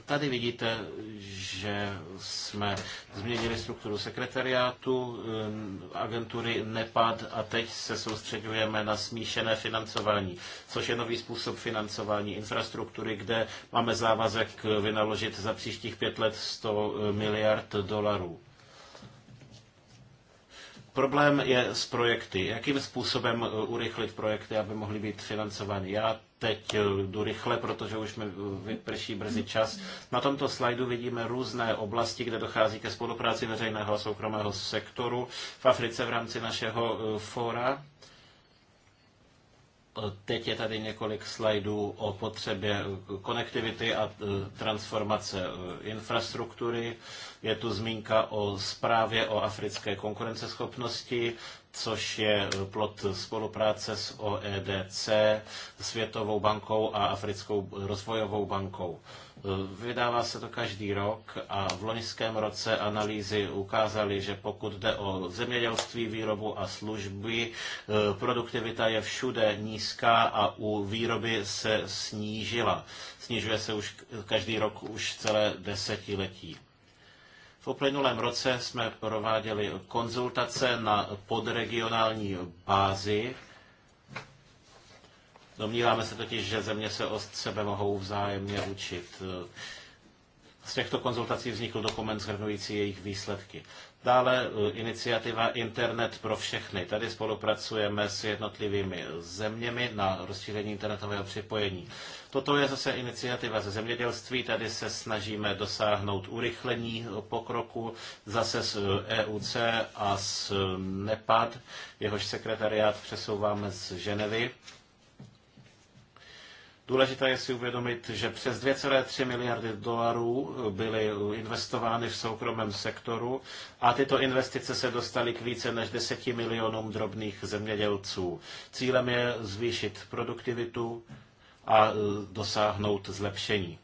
Tady vidíte, že jsme změnili strukturu sekretariátu eh, agentury NEPAD a teď se soustředujeme na smíšené financování, což je nový způsob financování infrastruktury, kde máme závazek vynaložit za příštích pět let 100 eh, miliard dolarů. Problém je s projekty. Jakým způsobem eh, urychlit projekty, aby mohly být financovány? Já teď eh, jdu rychle, protože už mi eh, vyprší brzy čas. Na tomto slajdu vidíme různé oblasti, kde dochází ke spolupráci veřejného a soukromého sektoru v Africe v rámci našeho fóra Teď je tady několik slajdů o potřebě konektivity a e, transformace e, infrastruktury. Je tu zmínka o zprávě o africké konkurenceschopnosti, což je e, plot spolupráce s OEDC, Světovou bankou a Africkou rozvojovou bankou. Vydává se to každý rok a v loňském roce analýzy ukázaly, že pokud jde o zemědělství, výrobu a služby, eh, produktivita je všude nízká a u výroby se snížila. Snižuje se už každý rok už celé desetiletí. V uplynulém roce jsme prováděli konzultace na podregionální bázi Domníváme se totiž, že země se od sebe mohou vzájemně učit. Z těchto konzultací vznikl dokument shrnující jejich výsledky. Dále eh, iniciativa Internet pro všechny. Tady spolupracujeme s jednotlivými zeměmi na rozšíření internetového připojení. Toto je zase iniciativa ze zemědělství. Tady se snažíme dosáhnout urychlení eh, pokroku zase s EUC eh, e a s NEPAD, jehož sekretariát přesouváme z Ženevy. Důležité je si uvědomit, že přes 2,3 miliardy dolarů byly investovány v soukromém sektoru a tyto investice se dostaly k více než 10 milionům drobných zemědělců. Cílem je zvýšit produktivitu a e, dosáhnout zlepšení.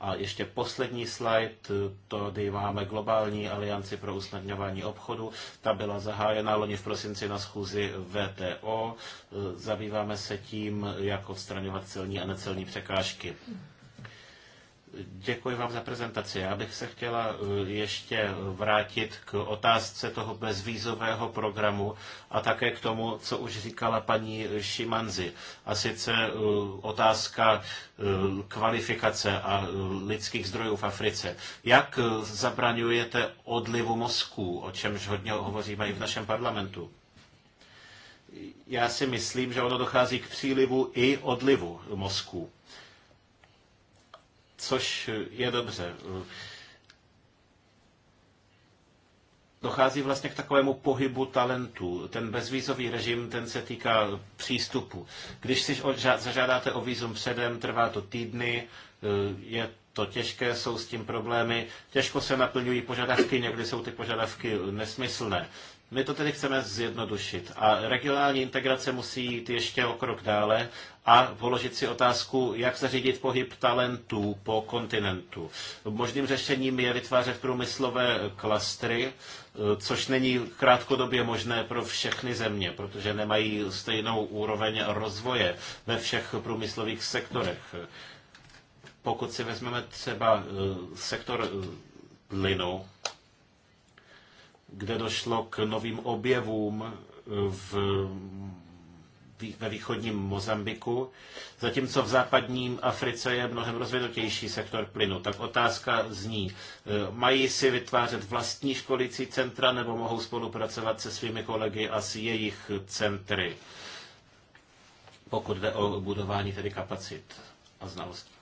A ještě poslední slide, to dejváme globální alianci pro usnadňování obchodu. Ta byla zahájena loni v prosinci na schůzi VTO. Zabýváme se tím, jak odstraňovat celní a necelní překážky. Děkuji vám za prezentaci. Já bych se chtěla eh, ještě vrátit k otázce toho bezvízového programu a také k tomu, co už říkala paní Šimanzi. A sice eh, otázka eh, kvalifikace a lidských zdrojů v Africe. Jak zabraňujete odlivu mozků, o čemž hodně hovoříme i v našem parlamentu? Já si myslím, že ono dochází k přílivu i odlivu mozků což je dobře. Dochází vlastně k takovému pohybu talentů. Ten bezvízový režim, ten se týká přístupu. Když si zažádáte o vízum předem, trvá to týdny, je to těžké, jsou s tím problémy, těžko se naplňují požadavky, někdy jsou ty požadavky nesmyslné. My to tedy chceme zjednodušit a regionální integrace musí jít ještě o krok dále a položit si otázku, jak zařídit pohyb talentů po kontinentu. Možným řešením je vytvářet průmyslové klastry, což není krátkodobě možné pro všechny země, protože nemají stejnou úroveň rozvoje ve všech průmyslových sektorech. Pokud si vezmeme třeba e, sektor e, plynu, kde došlo k novým objevům e, v ve východním Mozambiku, zatímco v západním Africe je mnohem rozvinutější sektor plynu. Tak otázka zní, eh, mají si vytvářet vlastní školicí centra nebo mohou spolupracovat se svými kolegy a s jejich centry, pokud jde o budování tedy kapacit a znalostí?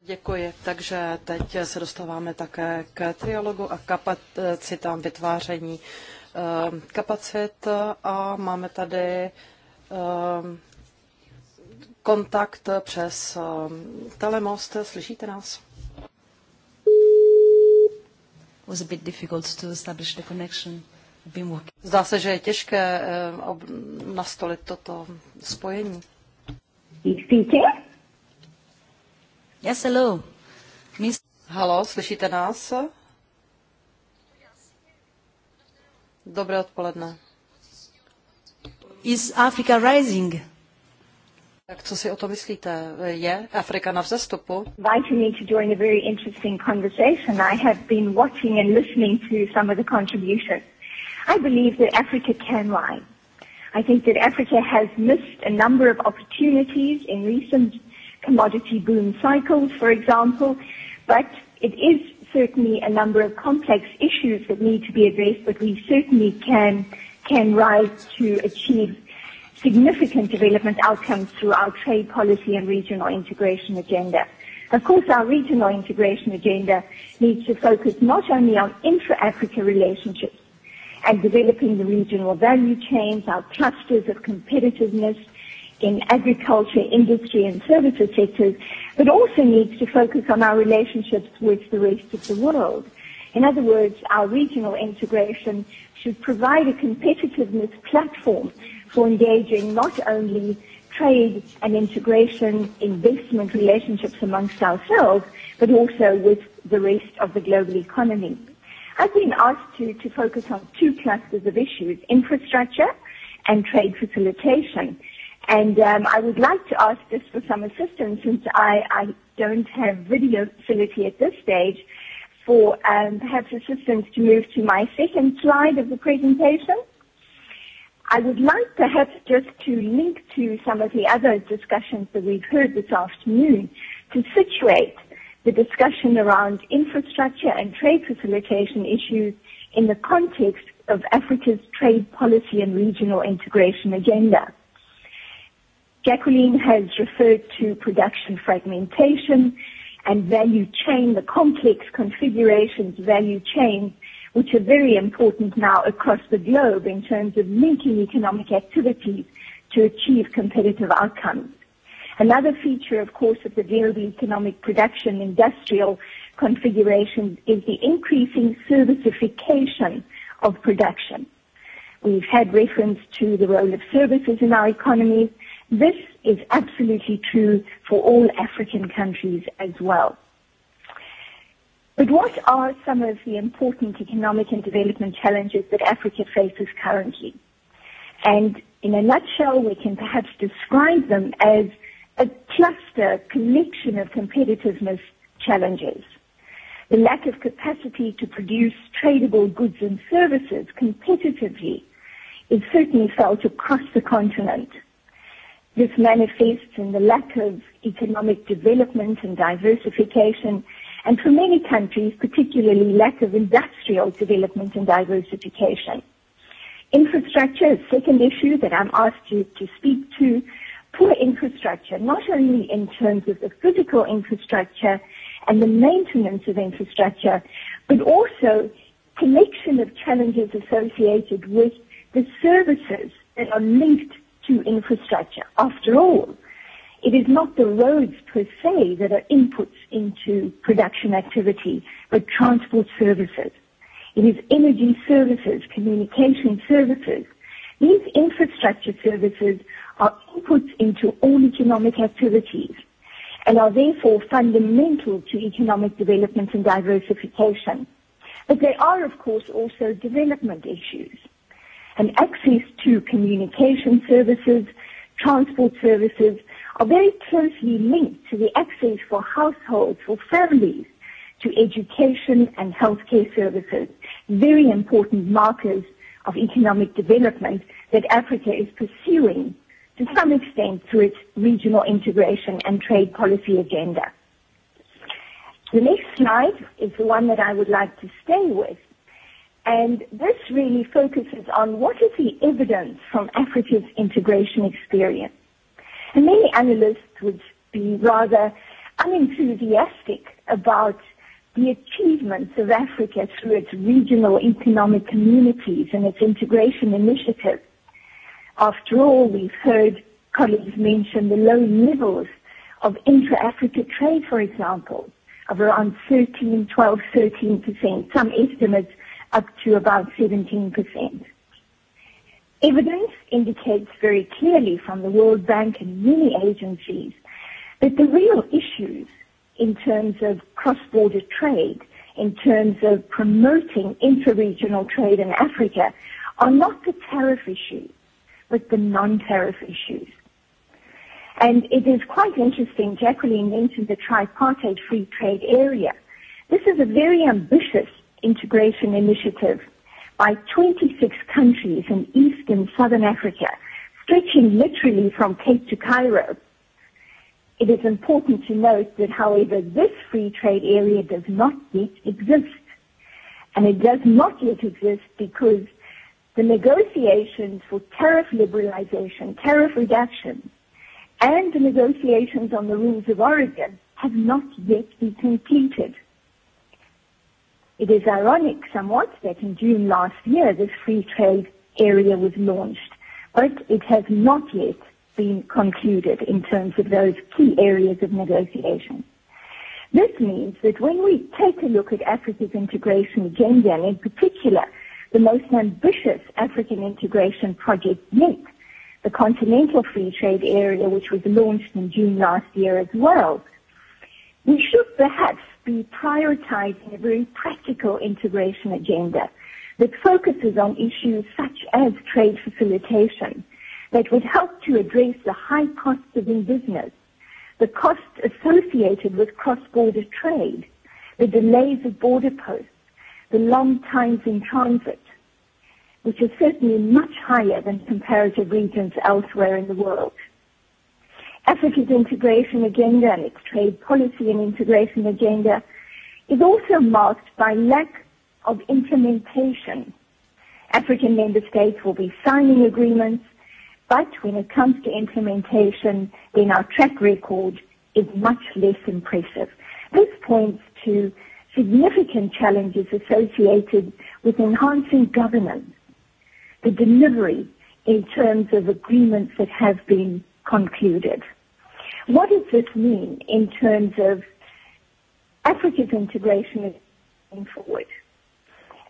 Děkuji. Takže teď se dostáváme také k trialogu a kapacitám vytváření Ehm, kapacit a máme tady ehm, kontakt přes ehm, telemost. Slyšíte nás? Was a bit difficult to establish the connection. Zdá se, že je těžké nastolit toto spojení. Yes, hello. Miss... Halo, slyšíte nás? Dobré odpoledne. Is Africa rising? Tak co si o to myslíte? Je Afrika na vzestupu? I believe that Africa can rise. I think that Africa has missed a number of opportunities in recent commodity boom cycles, for example, but it is certainly a number of complex issues that need to be addressed, but we certainly can, can rise to achieve significant development outcomes through our trade policy and regional integration agenda. Of course, our regional integration agenda needs to focus not only on intra-Africa relationships and developing the regional value chains, our clusters of competitiveness, in agriculture, industry, and services sectors, but also needs to focus on our relationships with the rest of the world. In other words, our regional integration should provide a competitiveness platform for engaging not only trade and integration, investment relationships amongst ourselves, but also with the rest of the global economy. I've been asked to focus on two clusters of issues, infrastructure and trade facilitation. And um, I would like to ask this for some assistance since I, I don't have video facility at this stage for um, perhaps assistance to move to my second slide of the presentation. I would like perhaps just to link to some of the other discussions that we've heard this afternoon to situate the discussion around infrastructure and trade facilitation issues in the context of Africa's trade policy and regional integration agenda. Jacqueline has referred to production fragmentation and value chain, the complex configurations value chain, which are very important now across the globe in terms of linking economic activities to achieve competitive outcomes. Another feature, of course, of the global economic production industrial configurations is the increasing servicification of production. We've had reference to the role of services in our economies, This is absolutely true for all African countries as well. But What are some of the important economic and development challenges that Africa faces currently? And In a nutshell, we can perhaps describe them as a cluster collection of competitiveness challenges. The lack of capacity to produce tradable goods and services competitively is certainly felt across the continent. This manifests in the lack of economic development and diversification, and for many countries, particularly lack of industrial development and diversification. Infrastructure is second issue that I'm asked you to speak to. Poor infrastructure, not only in terms of the physical infrastructure and the maintenance of infrastructure, but also collection of challenges associated with the services that are linked to infrastructure. After all, it is not the roads per se that are inputs into production activity, but transport services. It is energy services, communication services. These infrastructure services are inputs into all economic activities and are therefore fundamental to economic development and diversification. But they are, of course, also development issues and access to communication services, transport services are very closely linked to the access for households, for families to education and healthcare services, very important markers of economic development that Africa is pursuing to some extent through its regional integration and trade policy agenda. The next slide is the one that I would like to stay with And this really focuses on what is the evidence from Africa's integration experience. And many analysts would be rather unenthusiastic about the achievements of Africa through its regional economic communities and its integration initiatives. After all, we've heard colleagues mention the low levels of intra-Africa trade, for example, of around 13, 12, 13%. percent. Some estimates up to about 17%. Evidence indicates very clearly from the World Bank and many agencies that the real issues in terms of cross-border trade, in terms of promoting inter-regional trade in Africa, are not the tariff issues, but the non-tariff issues. And it is quite interesting, Jacqueline mentioned the tripartite free trade area. This is a very ambitious Integration Initiative by 26 countries in East and Southern Africa, stretching literally from Cape to Cairo. It is important to note that, however, this free trade area does not yet exist. And it does not yet exist because the negotiations for tariff liberalization, tariff reduction, and the negotiations on the rules of origin have not yet been completed. It is ironic somewhat that in June last year, this free trade area was launched, but it has not yet been concluded in terms of those key areas of negotiation. This means that when we take a look at Africa's integration agenda, and in particular, the most ambitious African integration project yet, the Continental Free Trade Area, which was launched in June last year as well, we should perhaps be prioritizing a very practical integration agenda that focuses on issues such as trade facilitation that would help to address the high costs of doing business, the costs associated with cross-border trade, the delays of border posts, the long times in transit, which is certainly much higher than comparative regions elsewhere in the world. Africa's integration agenda and its trade policy and integration agenda is also marked by lack of implementation. African member states will be signing agreements, but when it comes to implementation, then our track record is much less impressive. This points to significant challenges associated with enhancing governance, the delivery in terms of agreements that have been concluded. What does this mean in terms of Africa's integration going forward?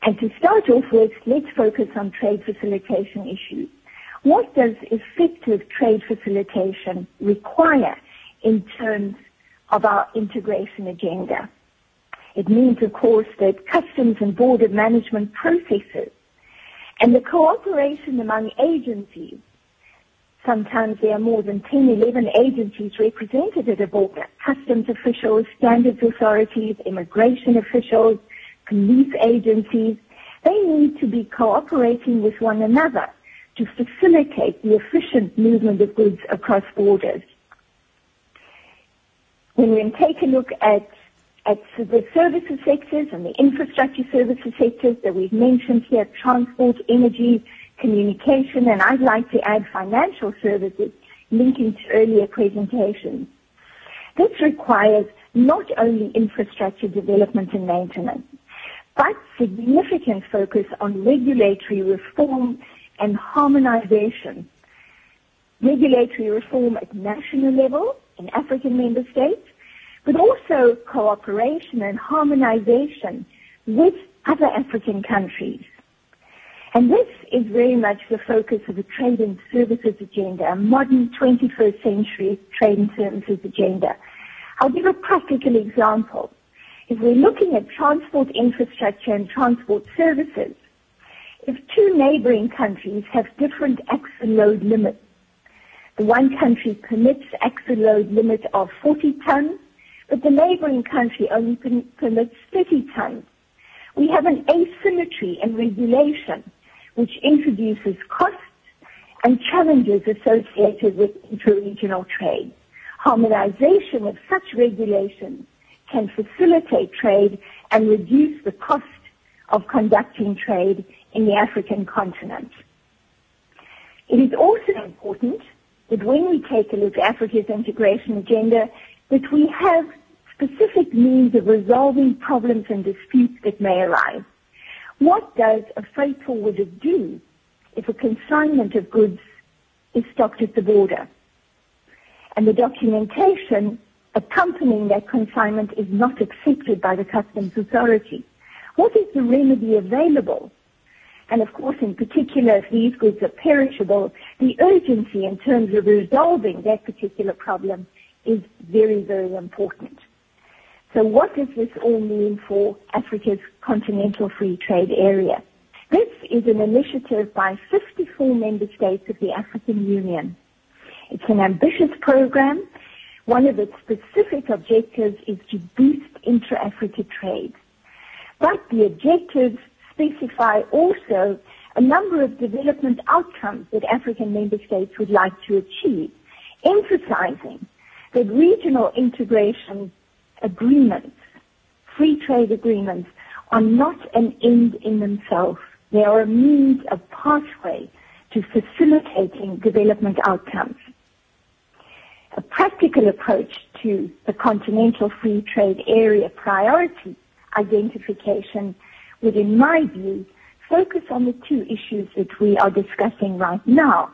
And to start off with, let's focus on trade facilitation issues. What does effective trade facilitation require in terms of our integration agenda? It means, of course, that customs and border management processes and the cooperation among agencies Sometimes there are more than 10, 11 agencies represented at a border: customs officials, standards authorities, immigration officials, police agencies. They need to be cooperating with one another to facilitate the efficient movement of goods across borders. When we take a look at at the services sectors and the infrastructure services sectors that we've mentioned here, transport, energy, communication, and I'd like to add financial services linking to earlier presentations. This requires not only infrastructure development and maintenance, but significant focus on regulatory reform and harmonization. Regulatory reform at national level in African member states, but also cooperation and harmonization with other African countries. And This is very much the focus of the trade and services agenda, a modern 21st century trade and services agenda. I'll give a practical example. If we're looking at transport infrastructure and transport services, if two neighboring countries have different axle load limits, the one country permits axle load limit of 40 tons, but the neighboring country only permits 30 tons. We have an asymmetry in regulation which introduces costs and challenges associated with interregional trade. Harmonization of such regulations can facilitate trade and reduce the cost of conducting trade in the African continent. It is also important that when we take a look at Africa's integration agenda, that we have specific means of resolving problems and disputes that may arise. What does a freight forwarder do if a consignment of goods is stopped at the border and the documentation accompanying that consignment is not accepted by the customs authority? What is the remedy available? And of course, in particular, if these goods are perishable, the urgency in terms of resolving that particular problem is very, very important. So What does this all mean for Africa's continental free trade area? This is an initiative by 54 member states of the African Union. It's an ambitious program. One of its specific objectives is to boost intra-Africa trade. But The objectives specify also a number of development outcomes that African member states would like to achieve, emphasizing that regional integration agreements, free trade agreements, are not an end in themselves. They are a means, a pathway to facilitating development outcomes. A practical approach to the continental free trade area priority identification would, in my view, focus on the two issues that we are discussing right now,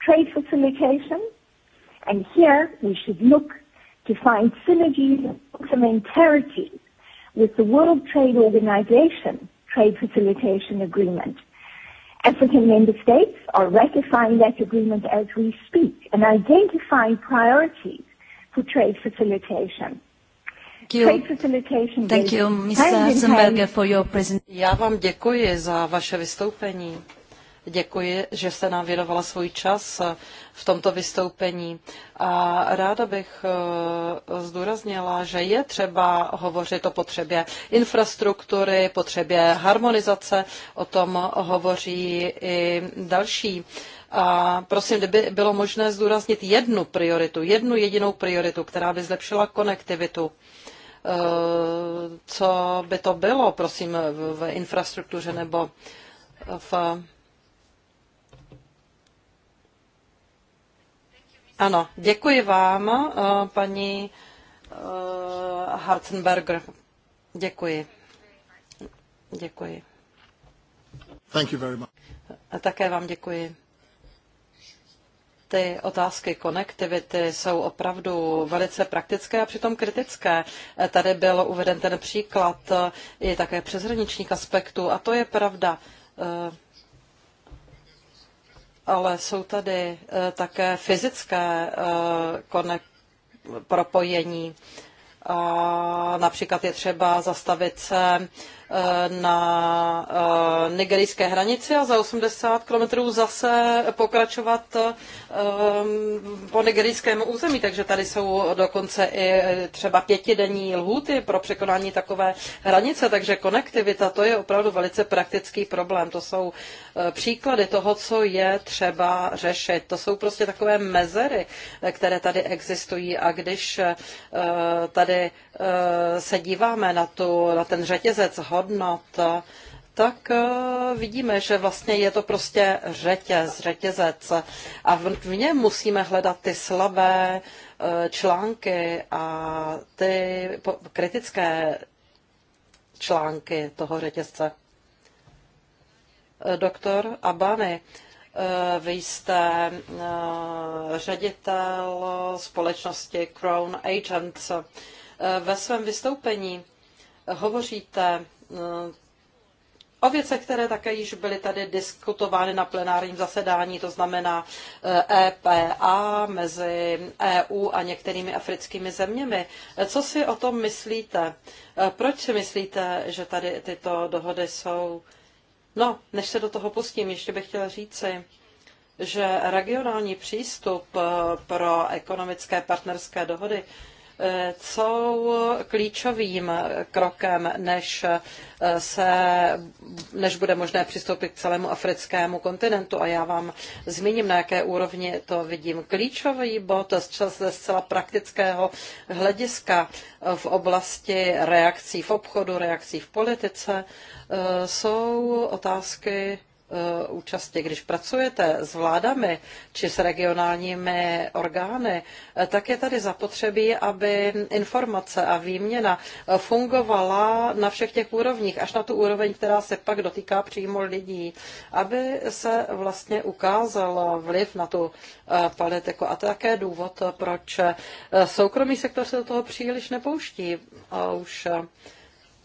trade facilitation, and here we should look to find and complementarity with the World Trade Organization Trade Facilitation Agreement. African member states are ratifying that agreement as we speak and identifying priorities for trade facilitation. Thank you, Ms. Ratzenberger, for your presentation. Já vám děkuji za vaše vystoupení. Děkuji, že jste nám věnovala svůj čas v tomto vystoupení. A ráda bych eh, zdůraznila, že je třeba hovořit o potřebě infrastruktury, potřebě harmonizace, o tom hovoří i další. A prosím, kdyby bylo možné zdůraznit jednu prioritu, jednu jedinou prioritu, která by zlepšila konektivitu eh, co by to bylo, prosím, v infrastruktuře nebo v Ano, děkuji vám, eh, paní eh, Hartenberger. Děkuji. Děkuji. Thank you very much. A také vám děkuji. Ty otázky konektivity jsou opravdu velice praktické a přitom kritické. Tady byl uveden ten příklad eh, i také přeshraničních aspektů a to je pravda ale jsou tady eh, také fyzické eh, propojení. Například je třeba zastavit se Eh, na eh, nigerijské hranici a za 80 kilometrů zase pokračovat eh, po nigerijském území. Takže tady jsou dokonce i třeba pětidenní lhuty pro překonání takové hranice, takže konektivita to je opravdu velice praktický problém. To jsou příklady toho, co je třeba řešit. To jsou prostě takové mezery, které tady existují a když tady se díváme na, tu, na ten řetězec hodnot, tak eh, vidíme, že vlastně je to prostě řetěz, řetězec a v něm musíme hledat ty slabé eh, články a ty kritické články toho řetězce. Eh, doktor Abany, vy jste ředitel společnosti Crown Agents. Ve svém vystoupení hovoříte o věcech, které také již byly tady diskutovány na plenárním zasedání, to znamená EPA eh, e mezi EU a některými africkými zeměmi. Co si o tom myslíte? Eh, proč si myslíte, že tady tyto dohody jsou? No, než se do toho pustím, ještě bych chtěla říci, že regionální přístup eh, pro ekonomické partnerské dohody jsou klíčovým krokem, než, se, než bude možné přistoupit k celému africkému kontinentu. A já vám zmíním, na jaké úrovni to vidím. Klíčový bod ze zcela praktického hlediska v oblasti reakcí v obchodu, reakcí v politice eh, jsou otázky Eh, účasti. Když pracujete s vládami či s regionálními orgány, eh, tak je tady zapotřebí, aby informace a výměna eh, fungovala na všech těch úrovních, až na tu úroveň, která se pak dotýká přímo lidí, aby se vlastně ukázal vliv na tu politiku. A to je také důvod, proč soukromý sektor se do toho příliš nepouští. A už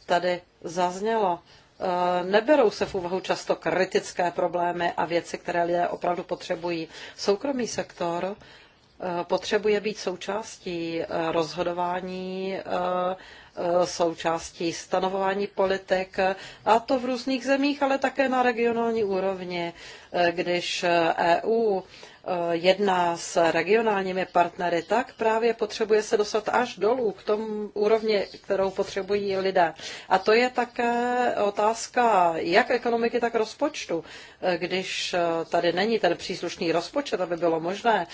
tady zaznělo, Eh, neberou se v úvahu často kritické problémy a věci, které lidé opravdu potřebují. Soukromý sektor eh, potřebuje být součástí eh, rozhodování, součástí stanovování politik, a to v různých zemích, ale také na regionální úrovni, když EU e Eh, jedná s regionálními partnery, tak právě potřebuje se dostat až dolů k tomu úrovni, kterou potřebují lidé. A to je také otázka jak ekonomiky, tak rozpočtu. Eh, když eh, tady není ten příslušný rozpočet, aby bylo možné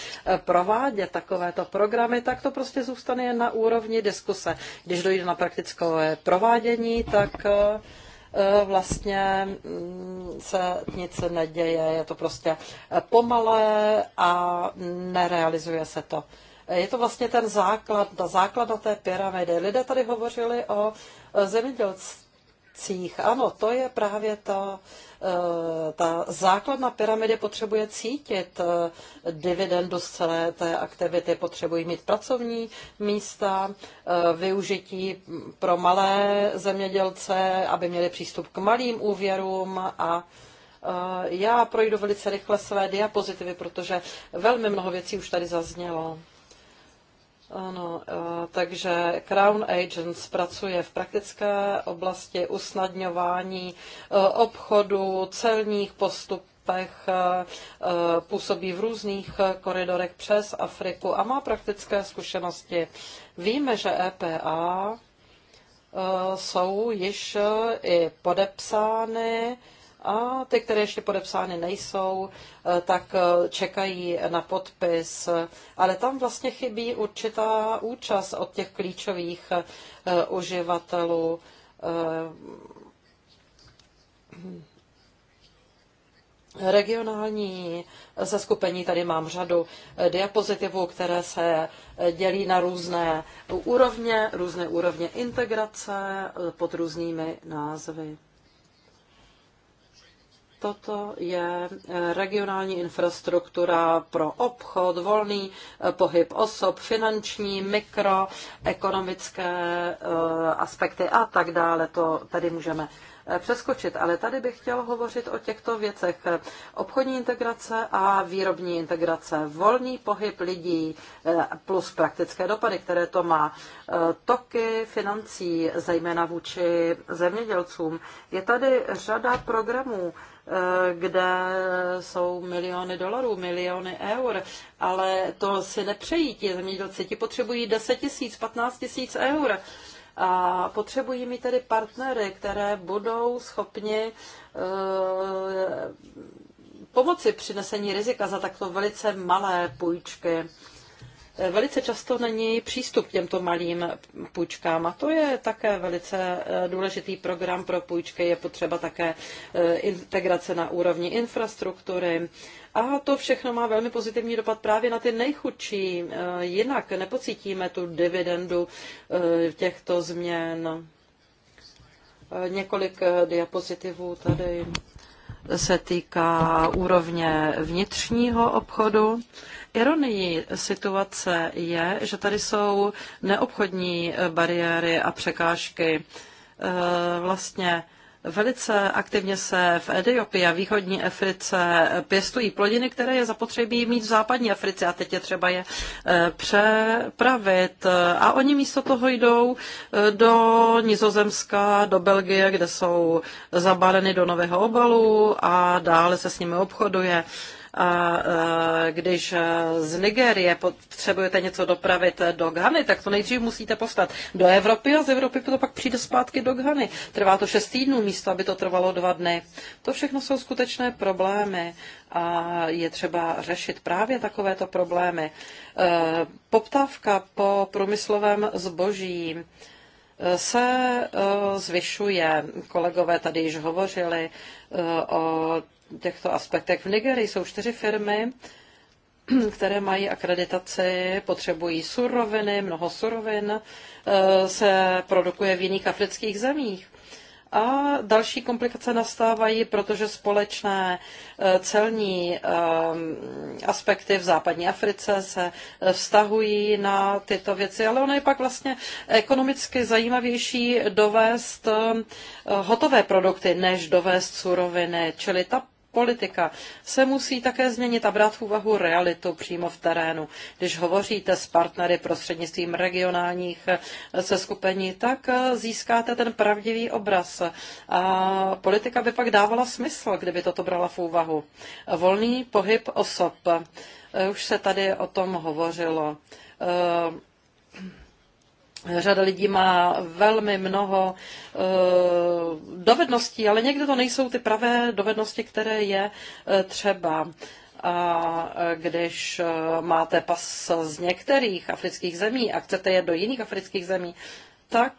provádět takovéto programy, tak to prostě zůstane jen na úrovni diskuse. Když dojde na praktické provádění, tak E, vlastně mm, se nic neděje, je to prostě pomalé a nerealizuje se to. E, je to vlastně ten základ, ta základa té pyramidy. Lidé tady hovořili o e, zemědělství. Ano, to je právě to, Eh, ta základna pyramidy potřebuje cítit eh, dividendu z celé té aktivity, potřebují mít pracovní místa, eh, využití pro malé zemědělce, aby měli přístup k malým úvěrům a já projdu velice rychle své diapozitivy, protože velmi mnoho věcí už tady zaznělo. Ano, eh, takže Crown Agents pracuje v praktické oblasti usnadňování eh, obchodu, celních postupů, eh, působí v různých koridorech přes Afriku a má praktické zkušenosti. Víme, že EPA jsou již i podepsány a ty, které ještě podepsány nejsou, eh, tak eh, čekají na podpis. Ale tam vlastně chybí určitá účast od těch klíčových eh, uživatelů. Regionální zeskupení, tady mám řadu diapozitivů, které se dělí na různé úrovně, různé úrovně integrace pod různými názvy. Toto je eh, regionální infrastruktura pro obchod, volný eh, pohyb osob, finanční, mikroekonomické eh, aspekty a tak dále. To tady můžeme přeskočit, ale tady bych chtěl hovořit o těchto věcech. Obchodní integrace a výrobní integrace, volný pohyb lidí plus praktické dopady, které to má, toky financí, zejména vůči zemědělcům. Je tady řada programů, Eh, kde jsou miliony dolarů, miliony eur, ale to si nepřejí ti zemědělci. Ti potřebují 10 tisíc, 15 tisíc eur. A potřebují mi tedy partnery, které budou schopni eh, pomoci přinesení rizika za takto velice malé půjčky velice často není přístup k těmto malým půjčkám a to je také velice eh, důležitý program pro půjčky. Je potřeba také eh, integrace na úrovni infrastruktury a to všechno má velmi pozitivní dopad právě na ty nejchudší. Eh, jinak nepocítíme tu dividendu těchto změn. Několik diapozitivů tady se týká úrovně vnitřního obchodu. Ironií situace je, že tady jsou neobchodní bariéry a překážky. E, vlastně Velice aktivně se v Etiopii a východní Africe pěstují plodiny, které je zapotřebí mít v západní Africe a teď je třeba je eh, přepravit. A oni místo toho jdou eh, do Nizozemska, do Belgie, kde jsou zabaleny do nového obalu a dále se s nimi obchoduje. A e, když e, z Nigérie potřebujete něco dopravit e, do Ghany, tak to nejdřív musíte poslat do Evropy a z Evropy to pak přijde zpátky do Ghany. Trvá to šest týdnů místo, aby to trvalo dva dny. To všechno jsou skutečné problémy a je třeba řešit právě takovéto problémy. Poptávka po průmyslovém zboží se eh, zvyšuje. Kolegové tady již hovořili eh, o těchto aspektech. V Nigerii jsou čtyři firmy, *clears throat* které mají akreditaci, potřebují suroviny, mnoho surovin eh, se produkuje v jiných afrických zemích. A další komplikace nastávají, protože společné eh, celní eh, aspekty v západní Africe se eh, vztahují na tyto věci, ale ono je pak vlastně ekonomicky zajímavější dovést hotové produkty, než dovést suroviny. Čili ta politika se musí také změnit a brát v úvahu realitu přímo v terénu. Když hovoříte s partnery prostřednictvím regionálních eh, seskupení, tak eh, získáte ten pravdivý obraz. A politika by pak dávala smysl, kdyby toto brala v úvahu. Volný pohyb osob. Eh, už se tady o tom hovořilo Řada lidí má velmi mnoho uh, dovedností, ale někdy to nejsou ty pravé dovednosti, které je uh, třeba. A eh, když uh, máte pas z některých afrických zemí a chcete je do jiných afrických zemí, tak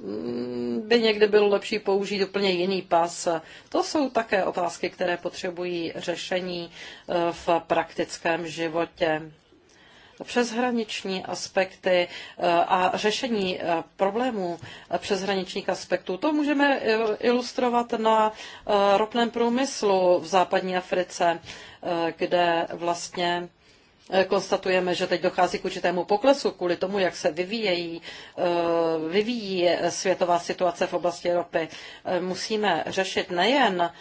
mm, by někdy bylo lepší použít úplně jiný pas. To jsou také otázky, které potřebují řešení v praktickém životě přeshraniční aspekty e, a řešení e, problémů přeshraničních aspektů. To můžeme e, ilustrovat na ropném průmyslu v západní Africe, kde vlastně Eh, konstatujeme, že teď dochází k určitému poklesu kvůli tomu, jak se vyvíjejí, eh, vyvíjí eh, světová situace v oblasti ropy. Musíme řešit nejen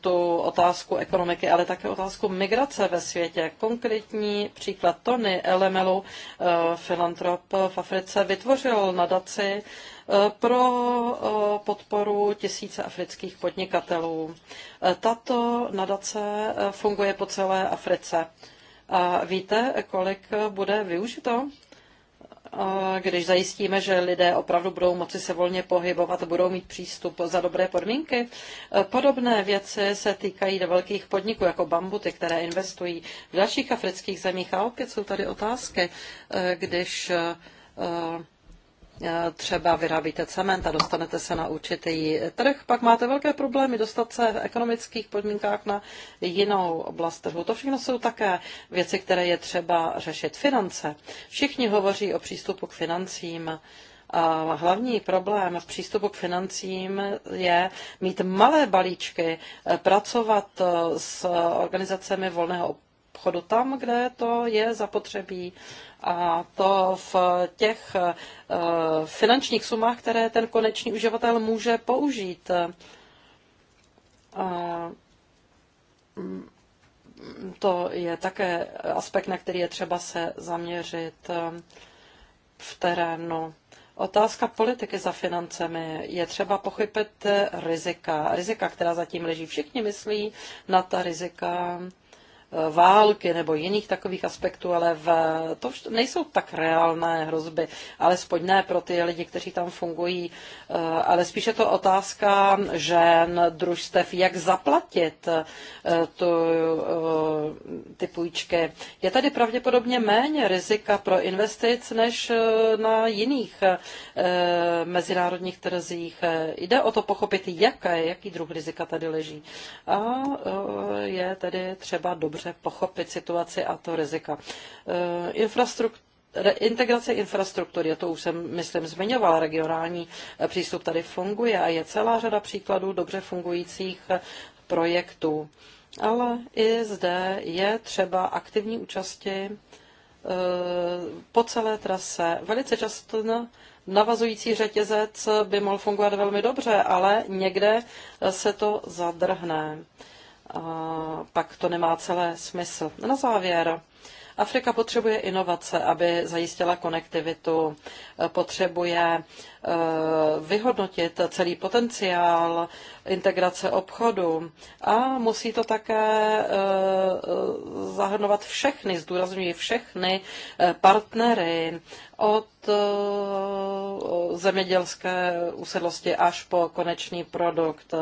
tu otázku ekonomiky, ale také otázku migrace ve světě. Konkrétní příklad Tony Elemelu, filantrop v Africe, vytvořil nadaci pro podporu tisíce afrických podnikatelů. Tato nadace funguje po celé Africe. A víte, kolik bude využito? Když zajistíme, že lidé opravdu budou moci se volně pohybovat, budou mít přístup za dobré podmínky. Podobné věci se týkají do velkých podniků, jako bambuty, které investují v dalších afrických zemích. A opět jsou tady otázky, když eh, Eh, třeba vyrábíte cement a dostanete se na určitý trh, pak máte velké problémy dostat se v ekonomických podmínkách na jinou oblast trhu. To všechno jsou také věci, které je třeba řešit. Finance. Všichni hovoří o přístupu k financím. A hlavní problém v přístupu k financím je mít malé balíčky, eh, pracovat eh, s organizacemi volného obchodu tam, kde to je zapotřebí. A to v těch eh, finančních sumách, které ten konečný uživatel může použít. Eh, mm, to je také aspekt, na který je třeba se zaměřit eh, v terénu. Otázka politiky za financemi. Je třeba pochopit rizika. Rizika, která zatím leží. Všichni myslí na ta rizika Eh, války nebo jiných takových aspektů, ale v, to nejsou tak reálné hrozby, alespoň ne pro ty lidi, kteří tam fungují, eh, ale spíše to otázka žen, družstev, jak zaplatit eh, tu, ty půjčky. Je tady pravděpodobně méně rizika pro investic než na jiných mezinárodních trzích. Jde o to pochopit, jaké, jaký druh rizika tady leží. A je tedy třeba dobře dobře pochopit situaci a to rizika. Eh, Infrastruktura Integrace infrastruktury, to už jsem, myslím, zmiňovala, regionální eh, přístup tady funguje a je celá řada příkladů dobře fungujících eh, projektů. Ale i zde je třeba aktivní účasti po celé trase. Velice často navazující řetězec by mohl fungovat velmi dobře, ale někde se to zadrhne pak to nemá celé smysl. Na závěr, Afrika potřebuje inovace, aby zajistila konektivitu, potřebuje e, vyhodnotit celý potenciál integrace obchodu a musí to také e, zahrnovat všechny, zdůrazňuji všechny e, partnery od zemědělské usedlosti až po konečný produkt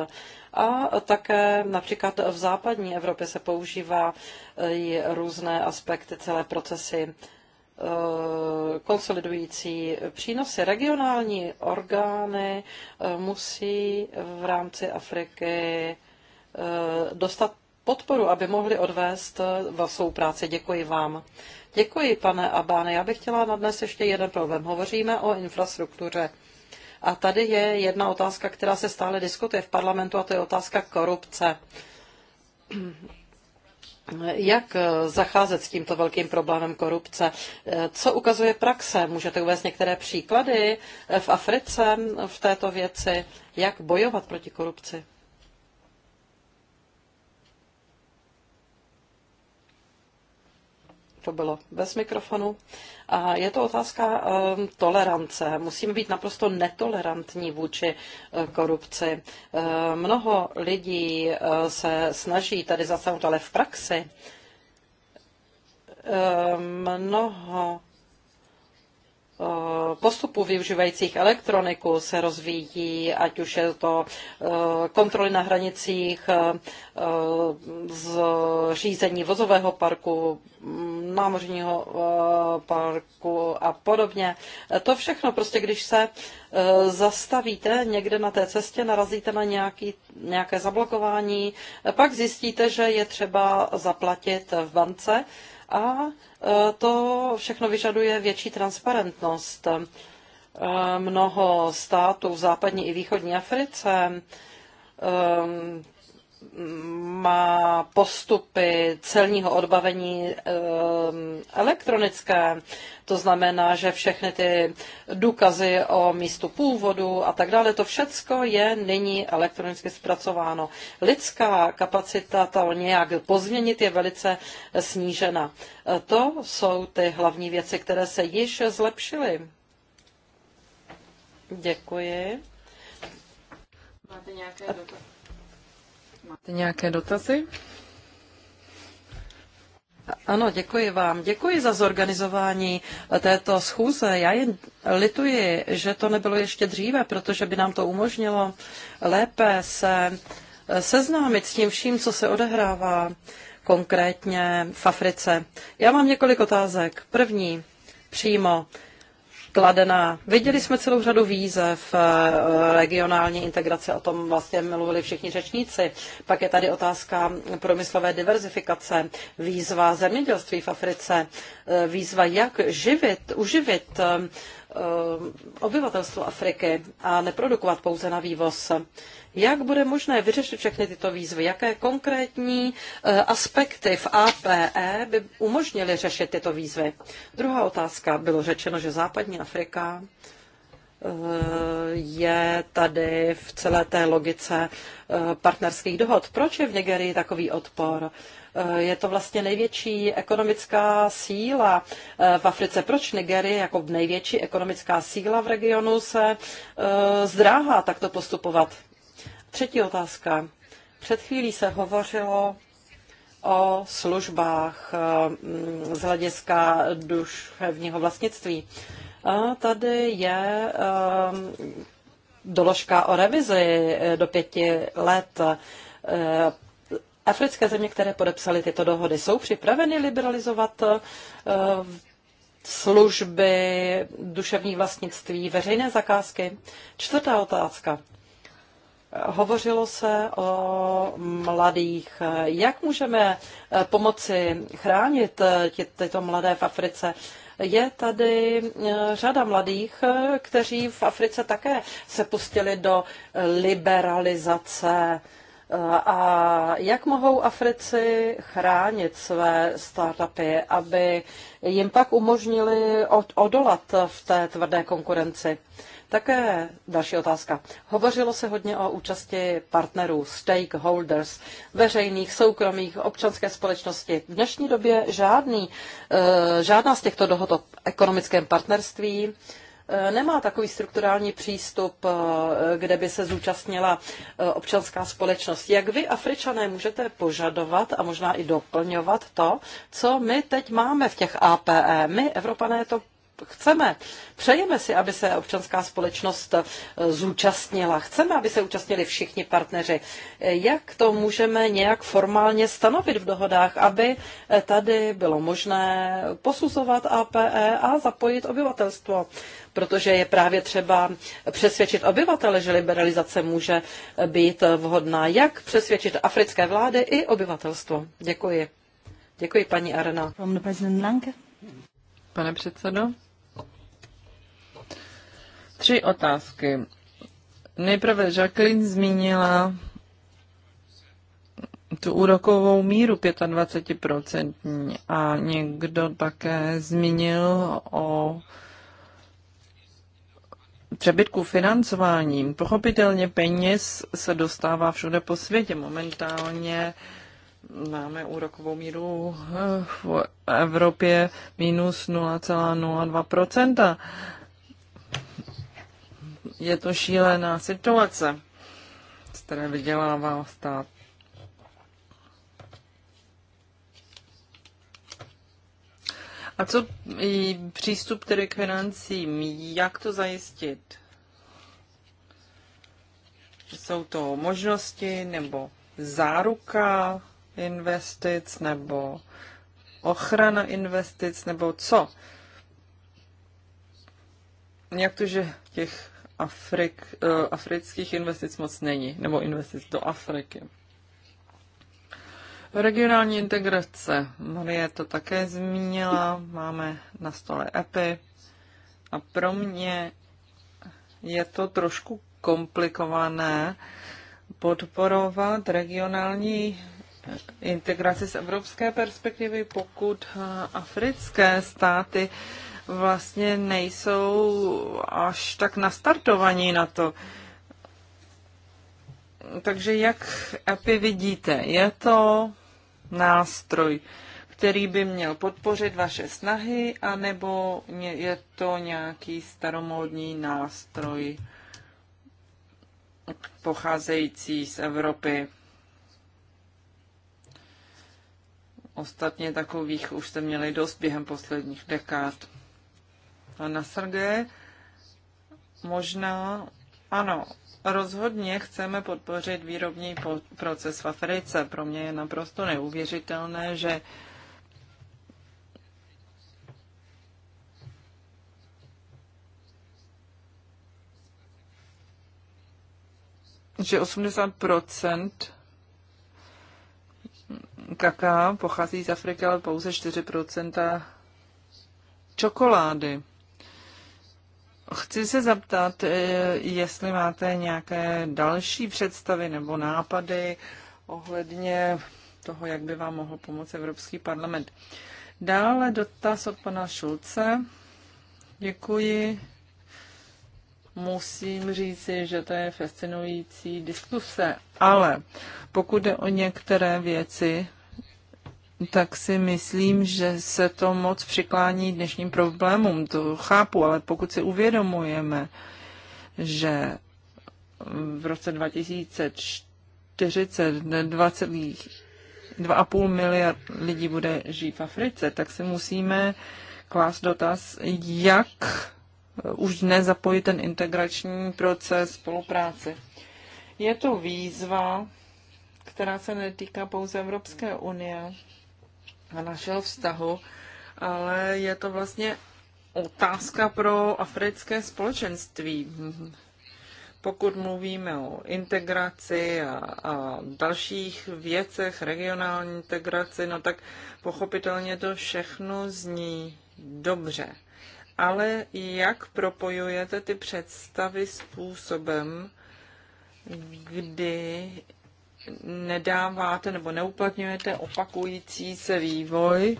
a také například v západní Evropě se používá e, i různé aspekty celé procesy e, konsolidující přínosy. Regionální orgány e, musí v rámci Afriky dostat podporu, aby mohli odvést v svou práci. Děkuji vám. Děkuji, pane Abány. Já bych chtěla na dnes ještě jeden problém. Hovoříme o infrastruktuře a tady je jedna otázka, která se stále diskutuje v parlamentu, a to je otázka korupce. Jak zacházet s tímto velkým problémem korupce? Co ukazuje praxe? Můžete uvést některé příklady v Africe v této věci? Jak bojovat proti korupci? to bylo bez mikrofonu. A je to otázka um, tolerance. Musíme být naprosto netolerantní vůči uh, korupci. Uh, mnoho lidí uh, se snaží tady zasáhnout, ale v praxi uh, mnoho Eh, postupů využívajících elektroniku se rozvíjí, ať už je to eh, kontroly na hranicích, eh, řízení vozového parku, mm, námořního parku a podobně. To všechno prostě, když se zastavíte někde na té cestě, narazíte na nějaký, nějaké zablokování, pak zjistíte, že je třeba zaplatit v bance, a e, to všechno vyžaduje větší transparentnost. E, mnoho států v západní i východní Africe e, má postupy celního odbavení ehm, elektronické. To znamená, že všechny ty důkazy o místu původu a tak dále, to všecko je nyní elektronicky zpracováno. Lidská kapacita to nějak pozměnit je velice snížena. E, to jsou ty hlavní věci, které se již zlepšily. Děkuji. Máte nějaké dotazy? Máte nějaké dotazy? Ano, děkuji vám. Děkuji za zorganizování této schůze. Já jen lituji, že to nebylo ještě dříve, protože by nám to umožnilo lépe se seznámit s tím vším, co se odehrává konkrétně v Africe. Já mám několik otázek. První, přímo kladená. Viděli jsme celou řadu výzev eh, regionální integrace, o tom vlastně mluvili všichni řečníci. Pak je tady otázka promyslové diverzifikace, výzva zemědělství v Africe, eh, výzva jak živit, uživit eh, obyvatelstvo Afriky a neprodukovat pouze na vývoz. Jak bude možné vyřešit všechny tyto výzvy? Jaké konkrétní eh, aspekty v APE by umožnily řešit tyto výzvy? Druhá otázka. Bylo řečeno, že západní Afrika eh, je tady v celé té logice eh, partnerských dohod. Proč je v Nigerii takový odpor? Je to vlastně největší ekonomická síla v Africe. Proč Nigerie jako největší ekonomická síla v regionu se zdráhá takto postupovat? Třetí otázka. Před chvílí se hovořilo o službách mm, z hlediska duševního vlastnictví. A tady je ehm, doložka o revizi do pěti let. Ehm, africké země, které podepsaly tyto dohody, jsou připraveny liberalizovat ehm, služby, duševní vlastnictví, veřejné zakázky? Čtvrtá otázka. Hovořilo se o mladých. Jak můžeme eh, pomoci chránit eh, tě, tyto mladé v Africe? Je tady eh, řada mladých, kteří v Africe také se pustili do liberalizace. A jak mohou Africi chránit své startupy, aby jim pak umožnili odolat v té tvrdé konkurenci? Také další otázka. Hovořilo se hodně o účasti partnerů, stakeholders, veřejných, soukromých, občanské společnosti. V dnešní době žádný, eh, žádná z těchto dohod o ekonomickém partnerství eh, nemá takový strukturální přístup, eh, kde by se zúčastnila občanská společnost. Jak vy, Afričané, můžete požadovat a možná i doplňovat to, co my teď máme v těch APE? My, Evropané, to chceme. Přejeme si, aby se občanská společnost eh, zúčastnila. Chceme, aby se účastnili všichni partneři. Jak to můžeme nějak formálně stanovit v dohodách, aby eh, tady bylo možné posuzovat APE a zapojit obyvatelstvo? protože je právě třeba přesvědčit obyvatele, že liberalizace může eh, být vhodná. Jak přesvědčit africké vlády i obyvatelstvo? Děkuji. Děkuji, paní Arena. Pane předsedo, Tři otázky. Nejprve Jacqueline zmínila tu úrokovou míru 25% a někdo také zmínil o přebytku financováním. Pochopitelně peněz se dostává všude po světě. Momentálně máme úrokovou míru eh, v Evropě minus 0,02% je to šílená situace, z které vydělává stát. A co přístup tedy k financím? Jak to zajistit? Jsou to možnosti nebo záruka investic nebo ochrana investic nebo co? Jak to, že těch Afrik, eh, afrických investic moc není, nebo investic do Afriky. Regionální integrace. Marie to také zmínila. Máme na stole EPI. A pro mě je to trošku komplikované podporovat regionální integraci z evropské perspektivy, pokud eh, africké státy vlastně nejsou až tak nastartovaní na to. Takže jak API vidíte, je to nástroj, který by měl podpořit vaše snahy, anebo je to nějaký staromódní nástroj pocházející z Evropy? Ostatně takových už jste měli dost během posledních dekád na srdě. Možná, ano, rozhodně chceme podpořit výrobní proces v Africe. Pro mě je naprosto neuvěřitelné, že že 80% kaká pochází z Afriky, ale pouze 4% čokolády. Chci se zeptat, eh, jestli máte nějaké další představy nebo nápady ohledně toho, jak by vám mohl pomoct Evropský parlament. Dále dotaz od pana Šulce. Děkuji. Musím říci, že to je fascinující diskuse, ale pokud jde o některé věci, tak si myslím, že se to moc přiklání dnešním problémům. To chápu, ale pokud si uvědomujeme, že v roce 2040 2,5 miliard lidí bude žít v Africe, tak si musíme klást dotaz, jak už dnes zapojit ten integrační proces spolupráce. Je to výzva, která se netýká pouze Evropské unie, a našeho vztahu, ale je to vlastně otázka pro africké společenství. Pokud mluvíme o integraci a, a dalších věcech, regionální integraci, no tak pochopitelně to všechno zní dobře. Ale jak propojujete ty představy způsobem, kdy nedáváte nebo neuplatňujete opakující se vývoj,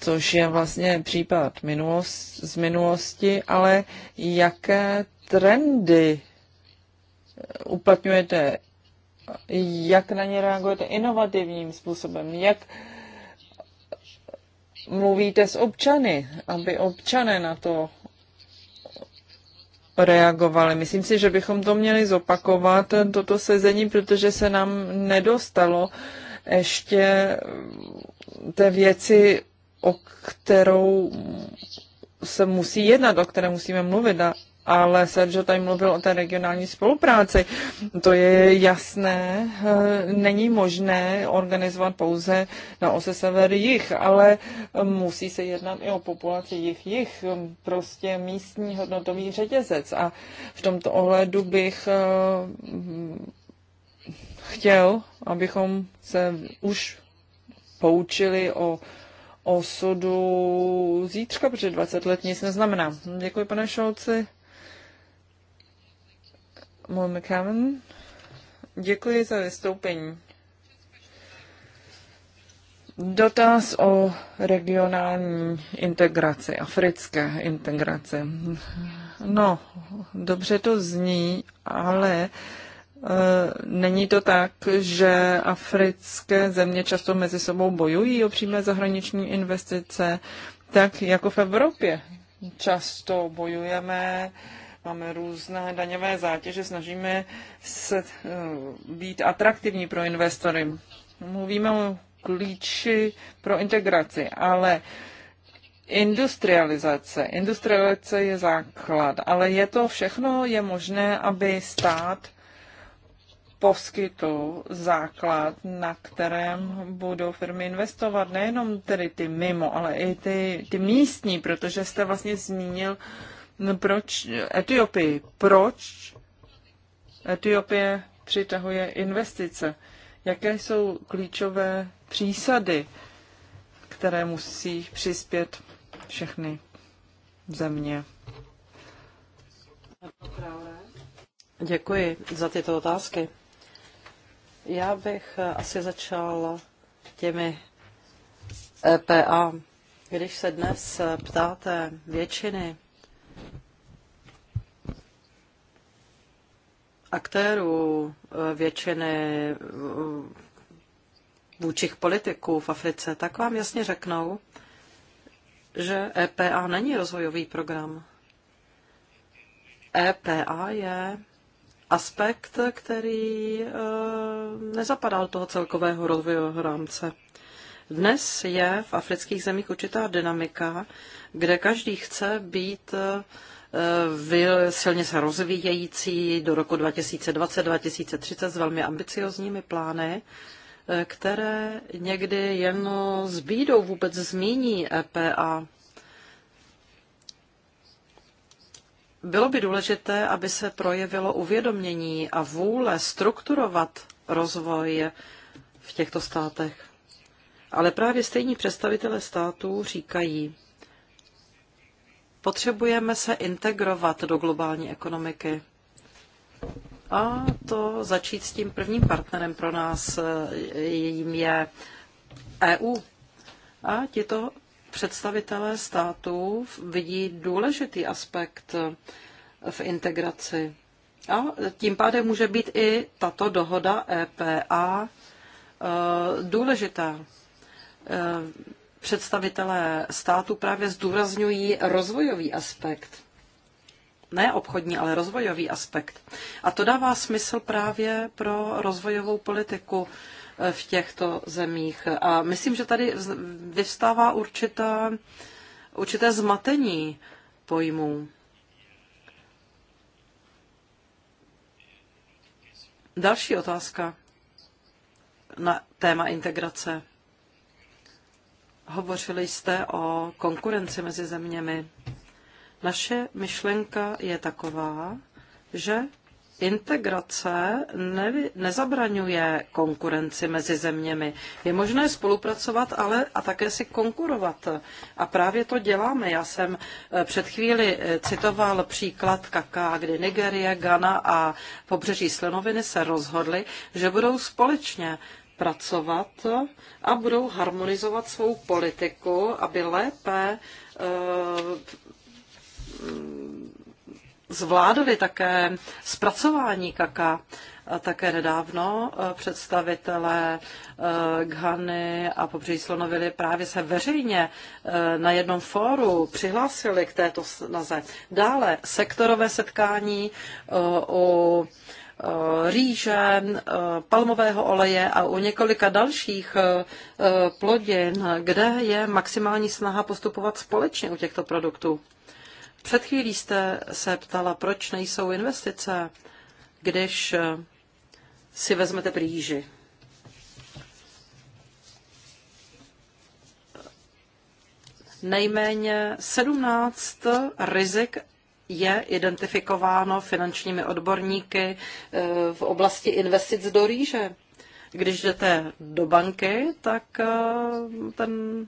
což je vlastně případ minulost, z minulosti, ale jaké trendy eh, uplatňujete, jak na ně reagujete inovativním způsobem, jak mluvíte s občany, aby občané na to reagovali. Myslím si, že bychom to měli zopakovat, toto sezení, protože se nám nedostalo ještě té věci, o kterou se musí jednat, o které musíme mluvit a ale Sergio tady mluvil o té regionální spolupráci. To je jasné, eh, není možné organizovat pouze na ose sever jich, ale musí se jednat i o populaci jich jich, hm, prostě místní hodnotový řetězec. A v tomto ohledu bych eh, hm, chtěl, abychom se už poučili o osudu zítřka, protože 20 let nic neznamená. Děkuji, pane Šolci. Mul McCammon. Děkuji za vystoupení. Dotaz o regionální integraci, africké integraci. No, dobře to zní, ale e, Není to tak, že africké země často mezi sebou bojují o přímé zahraniční investice, tak jako v Evropě často bojujeme máme různé daňové zátěže, snažíme se eh, být atraktivní pro investory. Mluvíme o klíči pro integraci, ale industrializace. Industrializace je základ, ale je to všechno, je možné, aby stát poskytl základ, na kterém budou firmy investovat, nejenom tedy ty mimo, ale i ty, ty místní, protože jste vlastně zmínil uh, proč Etiopii, proč Etiopie přitahuje investice, jaké jsou klíčové přísady, které musí přispět všechny země. Děkuji za tyto otázky. Já bych asi začal těmi EPA. Eh, Když se dnes ptáte většiny aktérů eh, většiny eh, vůčích politiků v Africe, tak vám jasně řeknou, že EPA není rozvojový program. EPA je aspekt, který eh, nezapadal toho celkového rozvojového rámce. Dnes je v afrických zemích určitá dynamika, kde každý chce být silně se rozvíjející do roku 2020-2030 s velmi ambiciozními plány, které někdy jen s bídou vůbec zmíní EPA. Bylo by důležité, aby se projevilo uvědomění a vůle strukturovat rozvoj v těchto státech. Ale právě stejní představitelé států říkají, Potřebujeme se integrovat do globální ekonomiky. A to začít s tím prvním partnerem pro nás, eh, jím je EU. A tito představitelé států vidí důležitý aspekt eh, v integraci. A tím pádem může být i tato dohoda EPA eh, důležitá představitelé státu právě zdůrazňují rozvojový aspekt. Ne obchodní, ale rozvojový aspekt. A to dává smysl právě pro rozvojovou politiku eh, v těchto zemích. A myslím, že tady vyvstává určitá, určité zmatení pojmů. Další otázka na téma integrace. Hovořili jste o konkurenci mezi zeměmi. Naše myšlenka je taková, že integrace ne, nezabraňuje konkurenci mezi zeměmi. Je možné spolupracovat, ale a také si konkurovat. A právě to děláme. Já jsem eh, před chvíli eh, citoval příklad kaká, kdy Nigerie, Ghana a pobřeží Slenoviny se rozhodly, že budou společně pracovat a budou harmonizovat svou politiku, aby lépe eh, zvládali také zpracování kaka. A také nedávno eh, představitelé eh, Ghany a pobřeží Slonovily právě se veřejně na jednom fóru přihlásili k této snaze. Dále sektorové setkání o Eh, rýže, eh, palmového oleje a u několika dalších eh, plodin, kde je maximální snaha postupovat společně u těchto produktů. Před chvílí jste se ptala, proč nejsou investice, když si vezmete rýži. nejméně 17 rizik je identifikováno finančními odborníky eh, v oblasti investic do rýže. Když jdete do banky, tak eh, ten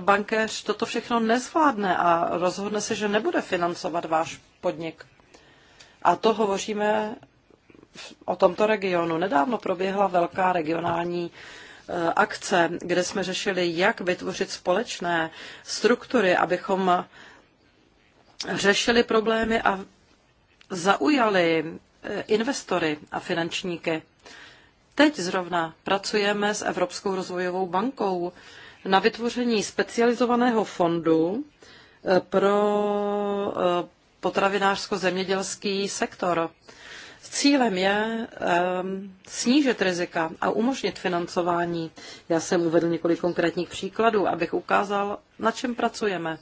bankéř toto všechno nezvládne a rozhodne se, že nebude financovat váš podnik. A to hovoříme o tomto regionu. Nedávno proběhla velká regionální eh, akce, kde jsme řešili, jak vytvořit společné struktury, abychom řešili problémy a zaujali eh, investory a finančníky. Teď zrovna pracujeme s Evropskou rozvojovou bankou na vytvoření specializovaného fondu eh, pro eh, potravinářsko-zemědělský sektor. Cílem je um, snížit rizika a umožnit financování. Já jsem uvedl několik konkrétních příkladů, abych ukázal, na čem pracujeme.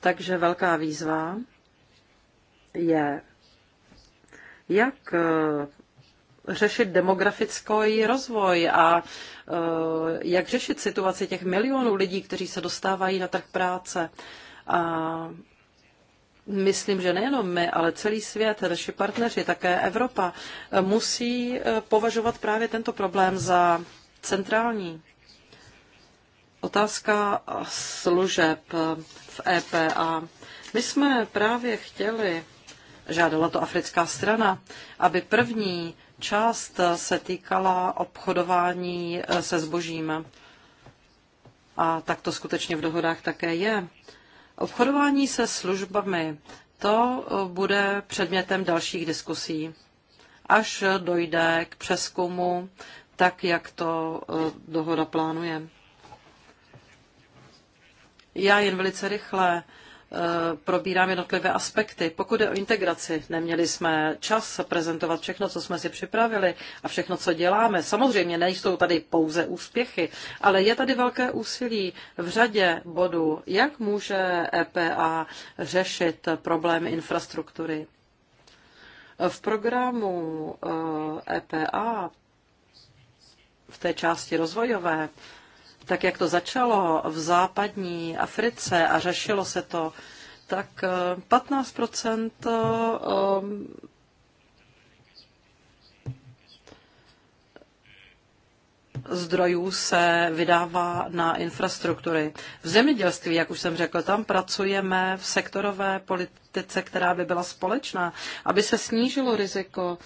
Takže velká výzva je, jak eh, řešit demografický rozvoj a eh, jak řešit situaci těch milionů lidí, kteří se dostávají na trh práce. A myslím, že nejenom my, ale celý svět, naši partneři, také Evropa, eh, musí považovat právě tento problém za centrální. Otázka služeb v EPA. My jsme právě chtěli, žádala to africká strana, aby první část se týkala obchodování se zbožím. A tak to skutečně v dohodách také je. Obchodování se službami, to bude předmětem dalších diskusí, až dojde k přeskumu, tak jak to eh, dohoda plánuje. Já jen velice rychle eh, probírám jednotlivé aspekty. Pokud je o integraci, neměli jsme čas prezentovat všechno, co jsme si připravili a všechno, co děláme. Samozřejmě nejsou tady pouze úspěchy, ale je tady velké úsilí v řadě bodů, jak může EPA řešit problém infrastruktury. V programu EPA eh, e v té části rozvojové tak jak to začalo v západní Africe a řešilo se to, tak 15 eh, eh, eh, zdrojů se vydává na infrastruktury. V zemědělství, jak už jsem řekl, tam pracujeme v sektorové politice, která by byla společná, aby se snížilo riziko.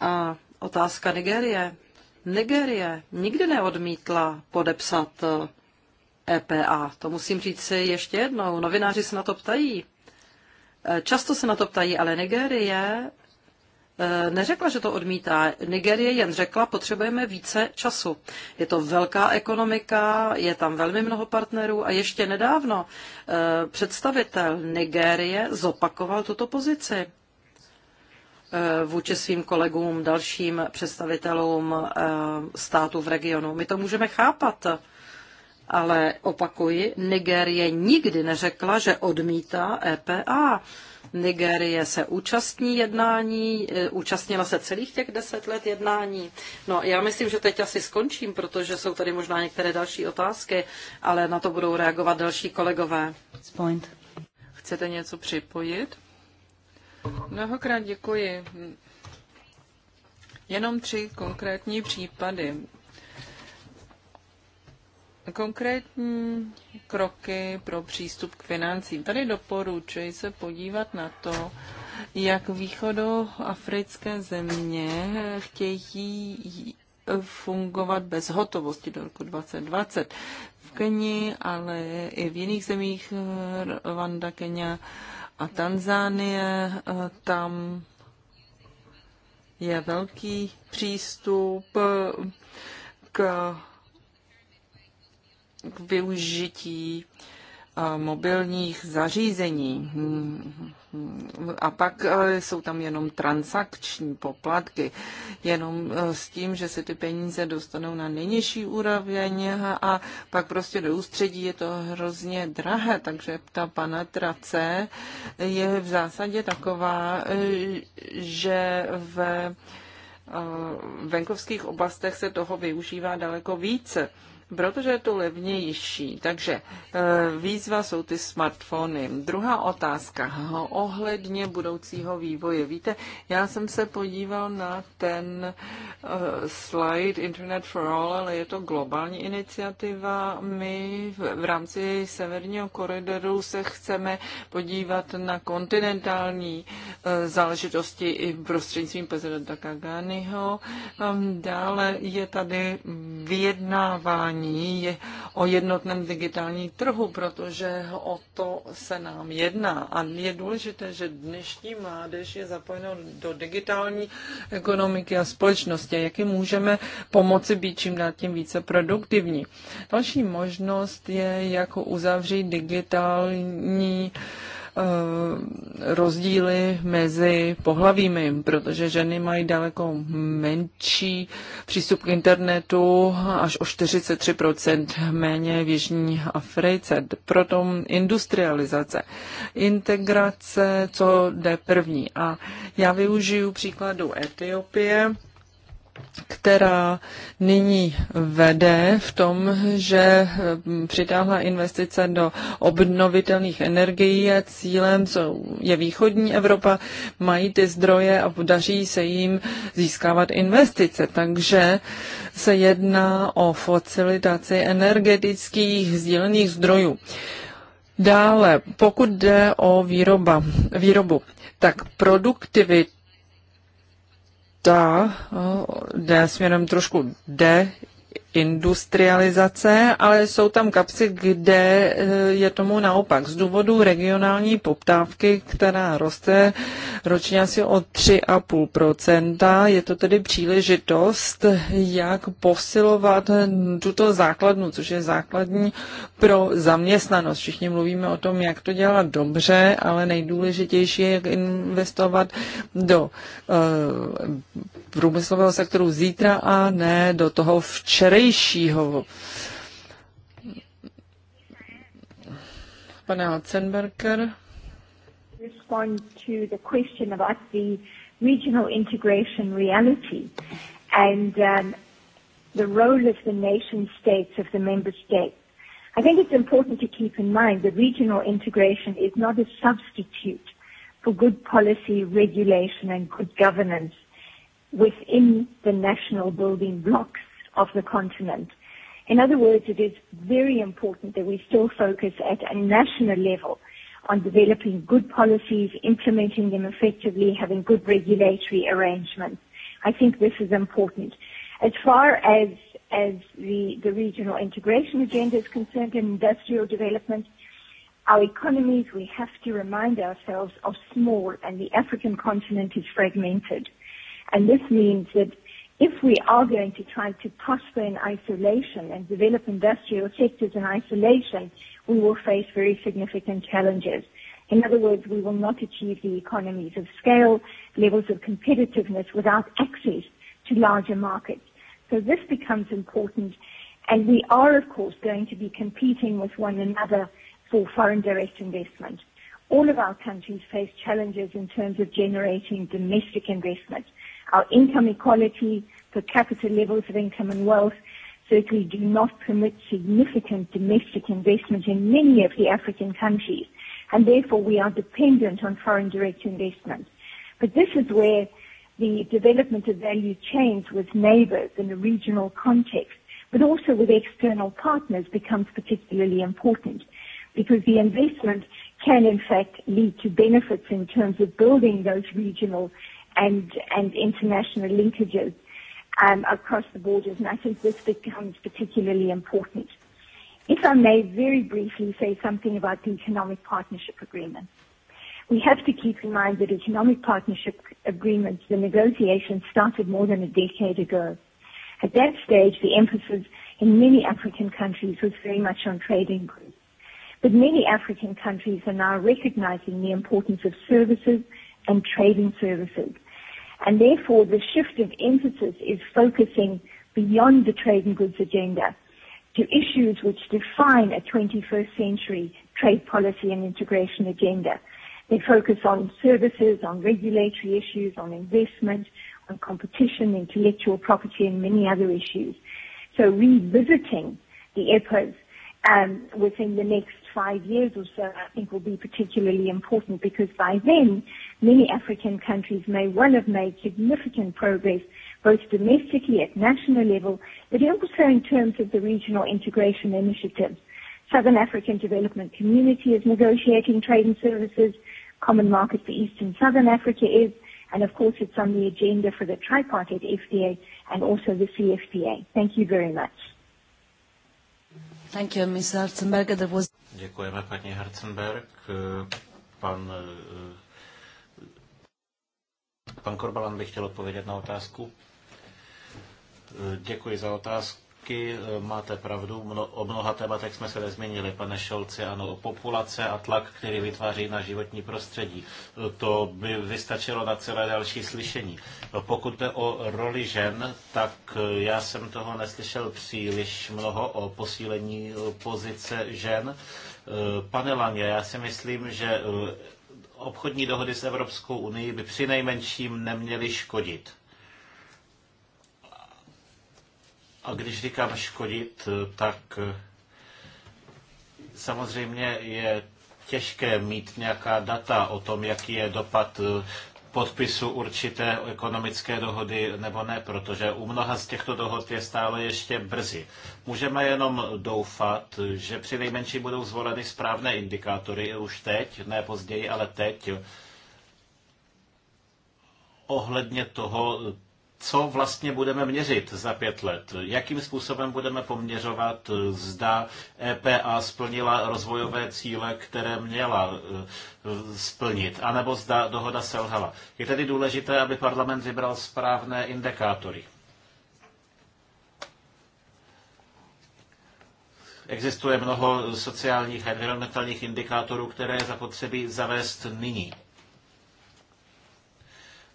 A otázka Nigérie. Nigérie nikdy neodmítla podepsat EPA. Eh, e to musím říct si ještě jednou. Novináři se na to ptají. Eh, často se na to ptají, ale Nigérie eh, neřekla, že to odmítá. Nigérie jen řekla, potřebujeme více času. Je to velká ekonomika, je tam velmi mnoho partnerů a ještě nedávno představitel Nigérie zopakoval tuto pozici. Eh, vůči svým kolegům, dalším představitelům eh, států v regionu. My to můžeme chápat, ale opakuji, Nigérie nikdy neřekla, že odmítá EPA. Nigérie se účastní jednání, eh, účastnila se celých těch deset let jednání. No, já myslím, že teď asi skončím, protože jsou tady možná některé další otázky, ale na to budou reagovat další kolegové. Chcete něco připojit? Mnohokrát děkuji. Jenom tři konkrétní případy. Konkrétní kroky pro přístup k financím. Tady doporučuji se podívat na to, jak východoafrické země chtějí fungovat bez hotovosti do roku 2020. V Keni, ale i v jiných zemích, Rwanda, Kenia, a Tanzánie. Eh, tam je velký přístup eh, k, k využití mobilních zařízení. A pak e, jsou tam jenom transakční poplatky, jenom e, s tím, že se ty peníze dostanou na nejnižší úroveň a pak prostě do ústředí je to hrozně drahé, takže ta trace je v zásadě taková, e, že ve venkovských oblastech se toho využívá daleko více protože je to levnější. Takže e, výzva jsou ty smartfony. Druhá otázka ohledně budoucího vývoje. Víte, já jsem se podíval na ten e, slide Internet for All, ale je to globální iniciativa. My v rámci severního koridoru se chceme podívat na kontinentální e, záležitosti i prostřednictvím prezidenta Kaganiho. Ehm, dále je tady vyjednávání jednání o jednotném digitálním trhu, protože o to se nám jedná. A je důležité, že dnešní mládež je zapojena do digitální ekonomiky a společnosti, jak jim můžeme pomoci být čím dál tím více produktivní. Další možnost je, jako uzavřít digitální Eh, rozdíly mezi pohlavími, protože ženy mají daleko menší přístup k internetu, až o 43% méně v Jižní Africe. Proto industrializace, integrace, co jde první. A já využiju příkladu Etiopie, která nyní vede v tom, že hm, přitáhla investice do obnovitelných energií a cílem jsou, je východní Evropa, mají ty zdroje a podaří se jim získávat investice. Takže se jedná o facilitaci energetických sdílených zdrojů. Dále, pokud jde o výroba, výrobu, tak produktivit ta eh, jde směrem trošku de industrializace, ale jsou tam kapsy, kde eh, je tomu naopak. Z důvodu regionální poptávky, která roste ročně asi o 3,5%, je to tedy příležitost, jak posilovat tuto základnu, což je základní pro zaměstnanost. Všichni mluvíme o tom, jak to dělat dobře, ale nejdůležitější je, jak investovat do uh, průmyslového sektoru zítra a ne do toho včerejšího vedlejšího. Pane Hotzenberger. Respond to the question about the regional integration reality and um, the role of the nation states, of the member states. I think it's important to keep in mind that regional integration is not a substitute for good policy, regulation, and good governance within the national building blocks of the continent. In other words, it is very important that we still focus at a national level on developing good policies, implementing them effectively, having good regulatory arrangements. I think this is important. As far as as the the regional integration agenda is concerned and industrial development, our economies, we have to remind ourselves, are small, and the African continent is fragmented. and This means that If we are going to try to prosper in isolation and develop industrial sectors in isolation, we will face very significant challenges. In other words, we will not achieve the economies of scale, levels of competitiveness without access to larger markets. So this becomes important, and we are, of course, going to be competing with one another for foreign direct investment. All of our countries face challenges in terms of generating domestic investment. Our income equality, per capita levels of income and wealth certainly do not permit significant domestic investment in many of the African countries, and therefore we are dependent on foreign direct investment. But This is where the development of value chains with neighbors in a regional context, but also with external partners, becomes particularly important because the investment can in fact lead to benefits in terms of building those regional and, and international linkages um, across the borders. And I think this becomes particularly important. If I may very briefly say something about the economic partnership agreement. We have to keep in mind that economic partnership agreements, the negotiations started more than a decade ago. At that stage, the emphasis in many African countries was very much on trading groups. But many African countries are now recognizing the importance of services and trading services and therefore the shift of emphasis is focusing beyond the trade and goods agenda to issues which define a 21st century trade policy and integration agenda. They focus on services, on regulatory issues, on investment, on competition, intellectual property, and many other issues. So revisiting the EPOs um, within the next five years or so, I think will be particularly important because by then many African countries may well have made significant progress, both domestically at national level, but also in terms of the regional integration initiatives. Southern African Development Community is negotiating trade and services. Common Market for East and Southern Africa is, and of course, it's on the agenda for the tripartite FTA and also the CFTA. Thank you very much. Thank you, Ms. Hartzenberger. That was... Děkujeme, paní Hartzenberg. Pan eh, Pan Korbalan by chtěl odpovědět na otázku. Eh, děkuji za otázky. Eh, máte pravdu, mno, o mnoha tématech jsme se nezmínili, pane Šolci, ano, populace a tlak, který vytváří na životní prostředí. Eh, to by vystačilo na celé další slyšení. Pokud jde o roli žen, tak já jsem toho neslyšel příliš mnoho o posílení pozice žen. Pane Lange, já si myslím, že obchodní dohody s Evropskou unii by při nejmenším neměly škodit. A když říkám škodit, tak eh, samozřejmě je těžké mít nějaká data o tom, jaký je dopad eh, podpisu určité ekonomické dohody nebo ne, protože u mnoha z těchto dohod je stále ještě brzy. Můžeme jenom doufat, že při nejmenší budou zvoleny správné indikátory už teď, ne později, ale teď, ohledně toho, co vlastně budeme měřit za pět let. Jakým způsobem budeme poměřovat, zda EPA splnila rozvojové cíle, které měla eh, splnit, anebo zda dohoda selhala. Je tedy důležité, aby parlament vybral správné indikátory. Existuje mnoho sociálních a environmentálních indikátorů, které je zapotřebí zavést nyní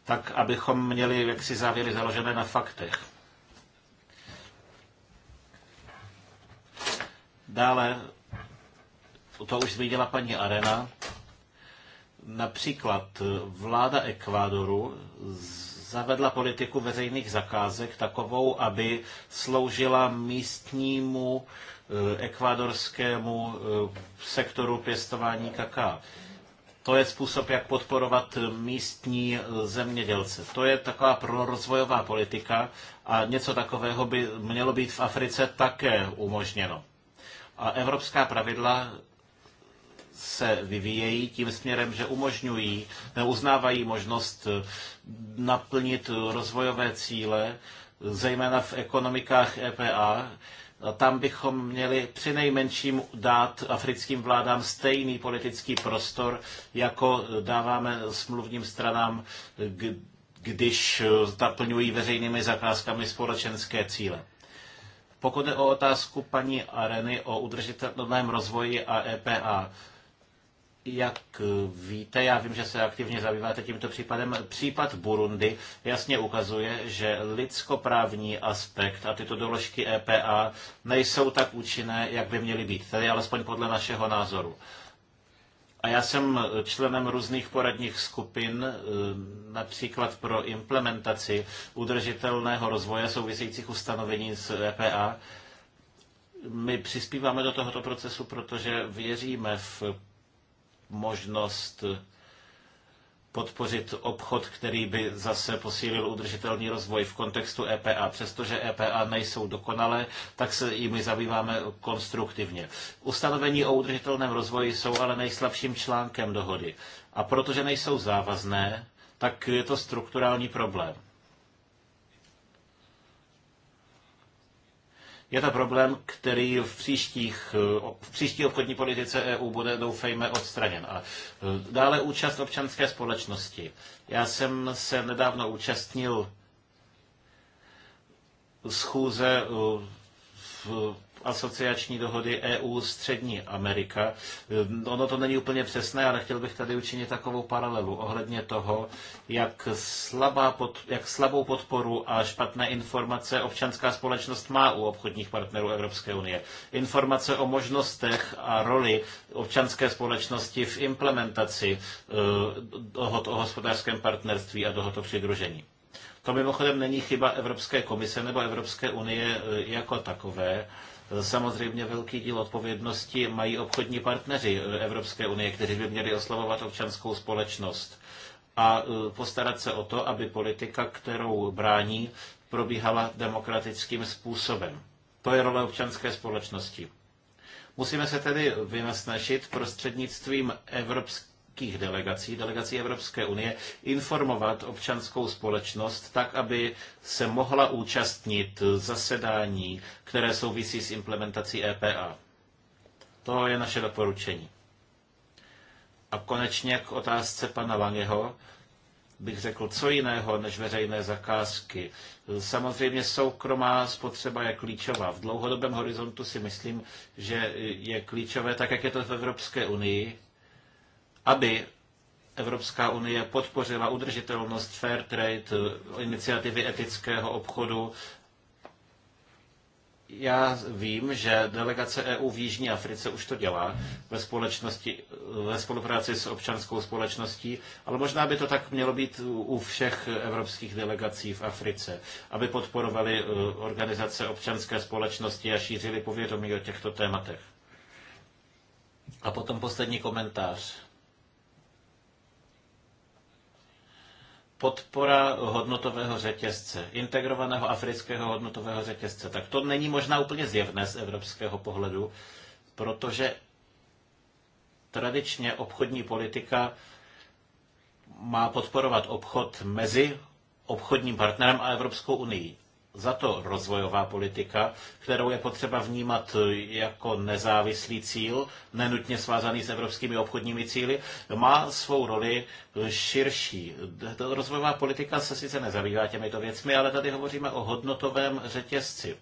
tak abychom měli jaksi závěry založené na faktech. Dále, to už zmínila paní Arena, například vláda Ekvádoru zavedla politiku veřejných zakázek takovou, aby sloužila místnímu eh, ekvádorskému eh, sektoru pěstování kaká. To je způsob, jak podporovat místní zemědělce. To je taková prorozvojová politika a něco takového by mělo být v Africe také umožněno. A evropská pravidla se vyvíjejí tím směrem, že umožňují, neuznávají možnost naplnit rozvojové cíle, zejména v ekonomikách EPA, tam bychom měli při nejmenším dát africkým vládám stejný politický prostor, jako dáváme smluvním stranám, když naplňují veřejnými zakázkami společenské cíle. Pokud je o otázku paní Areny o udržitelném rozvoji a EPA, jak eh, víte, já vím, že se aktivně zabýváte tímto případem. Případ Burundi jasně ukazuje, že lidskoprávní aspekt a tyto doložky EPA nejsou tak účinné, jak by měly být, tedy alespoň podle našeho názoru. A já jsem členem různých poradních skupin, eh, například pro implementaci udržitelného rozvoje souvisejících ustanovení z EPA. My přispíváme do tohoto procesu, protože věříme v možnost podpořit obchod, který by zase posílil udržitelný rozvoj v kontextu EPA. Přestože EPA nejsou dokonalé, tak se jimi zabýváme konstruktivně. Ustanovení o udržitelném rozvoji jsou ale nejslabším článkem dohody. A protože nejsou závazné, tak je to strukturální problém. Je to problém, který v, příštích, eh, v příští obchodní politice EU bude, doufejme, odstraněn. A eh, dále účast občanské společnosti. Já jsem se nedávno účastnil schůze eh, v asociační dohody EU Střední Amerika. Ehm, ono to není úplně přesné, ale chtěl bych tady učinit takovou paralelu ohledně toho, jak, slabá pod, jak slabou podporu a špatné informace občanská společnost má u obchodních partnerů Evropské unie. Informace o možnostech a roli občanské společnosti v implementaci ehm, dohod o hospodářském partnerství a dohod o přidružení. To mimochodem není chyba Evropské komise nebo Evropské unie ehm, jako takové, Samozřejmě velký díl odpovědnosti mají obchodní partneři Evropské unie, kteří by měli oslavovat občanskou společnost a e, postarat se o to, aby politika, kterou brání, probíhala demokratickým způsobem. To je role občanské společnosti. Musíme se tedy vynasnažit prostřednictvím evropské velkých delegací, delegací Evropské unie, informovat občanskou společnost tak, aby se mohla účastnit zasedání, které souvisí s implementací EPA. To je naše doporučení. A konečně k otázce pana Langeho bych řekl, co jiného než veřejné zakázky. Samozřejmě soukromá spotřeba je klíčová. V dlouhodobém horizontu si myslím, že je klíčové, tak jak je to v Evropské unii, aby Evropská unie podpořila udržitelnost Fair Trade, eh, iniciativy etického obchodu. Já vím, že delegace EU v Jižní Africe už to dělá ve, společnosti, ve spolupráci s občanskou společností, ale možná by to tak mělo být u všech evropských delegací v Africe, aby podporovali eh, organizace občanské společnosti a šířili povědomí o těchto tématech. A potom poslední komentář podpora hodnotového řetězce, integrovaného afrického hodnotového řetězce, tak to není možná úplně zjevné z evropského pohledu, protože tradičně obchodní politika má podporovat obchod mezi obchodním partnerem a Evropskou unii za to rozvojová politika, kterou je potřeba vnímat jako nezávislý cíl, nenutně svázaný s evropskými obchodními cíly, má svou roli širší. Rozvojová politika se sice nezabývá těmito věcmi, ale tady hovoříme o hodnotovém řetězci.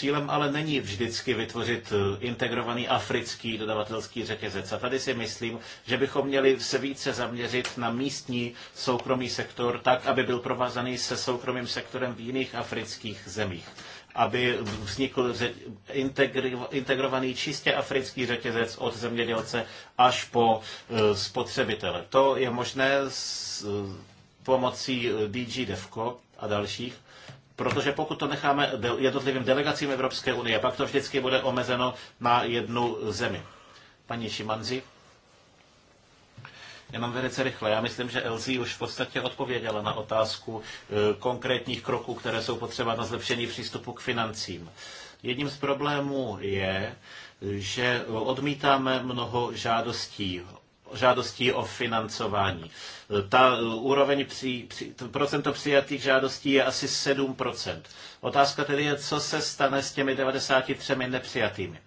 Cílem ale není vždycky vytvořit eh, integrovaný africký dodavatelský řetězec. A tady si myslím, že bychom měli se více zaměřit na místní soukromý sektor tak, aby byl provázaný se soukromým sektorem v jiných afrických zemích aby vznikl integrovaný čistě africký řetězec od zemědělce až po eh, spotřebitele. To je možné s eh, pomocí DG Devco a dalších. Protože pokud to necháme jednotlivým delegacím Evropské unie, pak to vždycky bude omezeno na jednu zemi. Paní Šimanzi? Jenom velice rychle. Já myslím, že LZ už v podstatě odpověděla na otázku eh, konkrétních kroků, které jsou potřeba na zlepšení přístupu k financím. Jedním z problémů je, že odmítáme mnoho žádostí žádostí o financování. Ta eh, úroveň při, při, procento přijatých žádostí je asi 7%. Otázka tedy je, co se stane s těmi 93 nepřijatými.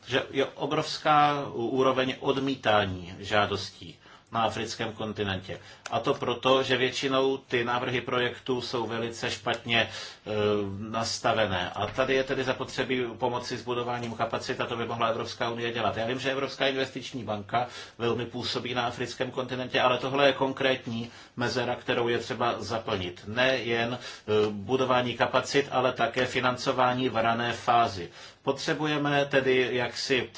Takže je obrovská úroveň odmítání žádostí na africkém kontinentě. A to proto, že většinou ty návrhy projektů jsou velice špatně Eh, nastavené. A tady je tedy zapotřebí pomoci s budováním kapacit a to by mohla Evropská unie dělat. Já vím, že Evropská investiční banka velmi působí na africkém kontinentě, ale tohle je konkrétní mezera, kterou je třeba zaplnit. Nejen eh, budování kapacit, ale také financování v rané fázi. Potřebujeme tedy jaksi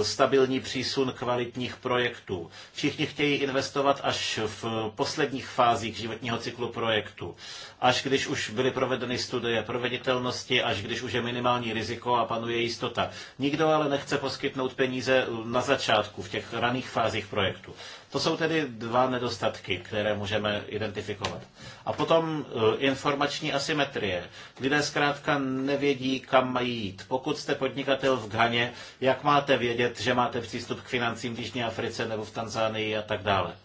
eh, stabilní přísun kvalitních projektů. Všichni chtějí investovat až v posledních fázích životního cyklu projektu až když už byly provedeny studie proveditelnosti, až když už je minimální riziko a panuje jistota. Nikdo ale nechce poskytnout peníze na začátku, v těch raných fázích projektu. To jsou tedy dva nedostatky, které můžeme identifikovat. A potom eh, informační asymetrie. Lidé zkrátka nevědí, kam mají jít. Pokud jste podnikatel v Ghaně, jak máte vědět, že máte přístup k financím v Jižní Africe nebo v Tanzánii a tak dále?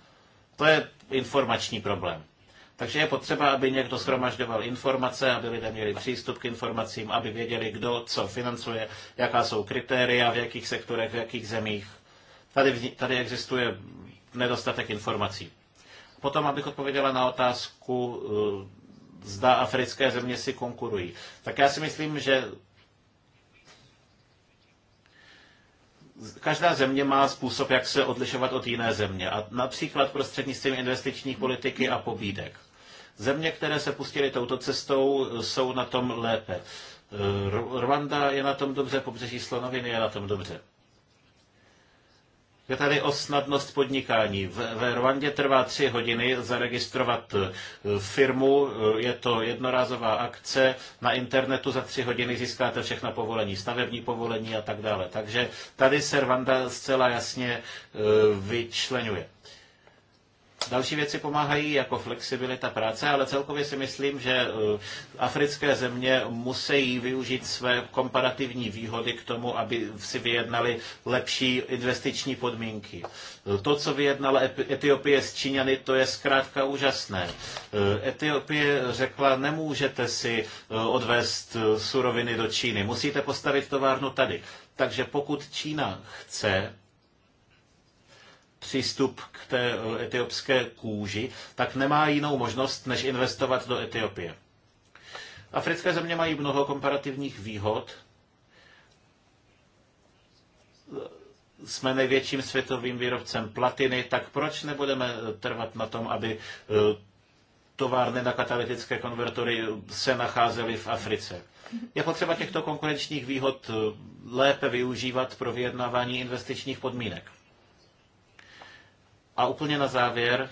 To je informační problém. Takže je potřeba, aby někdo shromažďoval informace, aby lidé měli přístup k informacím, aby věděli, kdo co financuje, jaká jsou kritéria, v jakých sektorech, v jakých zemích. Tady, tady existuje nedostatek informací. Potom, abych odpověděla na otázku, eh, zda africké země si konkurují. Tak já si myslím, že každá země má způsob, jak se odlišovat od jiné země. A například prostřednictvím investičních politiky a pobídek. Země, které se pustily touto cestou, jsou na tom lépe. Rwanda je na tom dobře, pobřeží Slonoviny je na tom dobře. Je tady o snadnost podnikání. Ve Rwandě trvá tři hodiny zaregistrovat eh, firmu, eh, je to jednorázová akce, na internetu za tři hodiny získáte všechna povolení, stavební povolení a tak dále. Takže tady se Rwanda zcela jasně eh, vyčlenuje. Další věci pomáhají jako flexibilita práce, ale celkově si myslím, že eh, africké země musí využít své komparativní výhody k tomu, aby si vyjednali lepší investiční podmínky. Eh, to, co vyjednala Etiopie s Číňany, to je zkrátka úžasné. Eh, Etiopie řekla, nemůžete si odvést suroviny do Číny, musíte postavit továrnu tady. Takže pokud Čína chce, přístup k té etiopské kůži, tak nemá jinou možnost, než investovat do Etiopie. Africké země mají mnoho komparativních výhod. Jsme největším světovým výrobcem platiny, tak proč nebudeme trvat na tom, aby eh, továrny na katalytické konvertory se nacházely v Africe? Je potřeba těchto konkurenčních výhod eh, lépe využívat pro vyjednávání investičních podmínek. A úplně na závěr,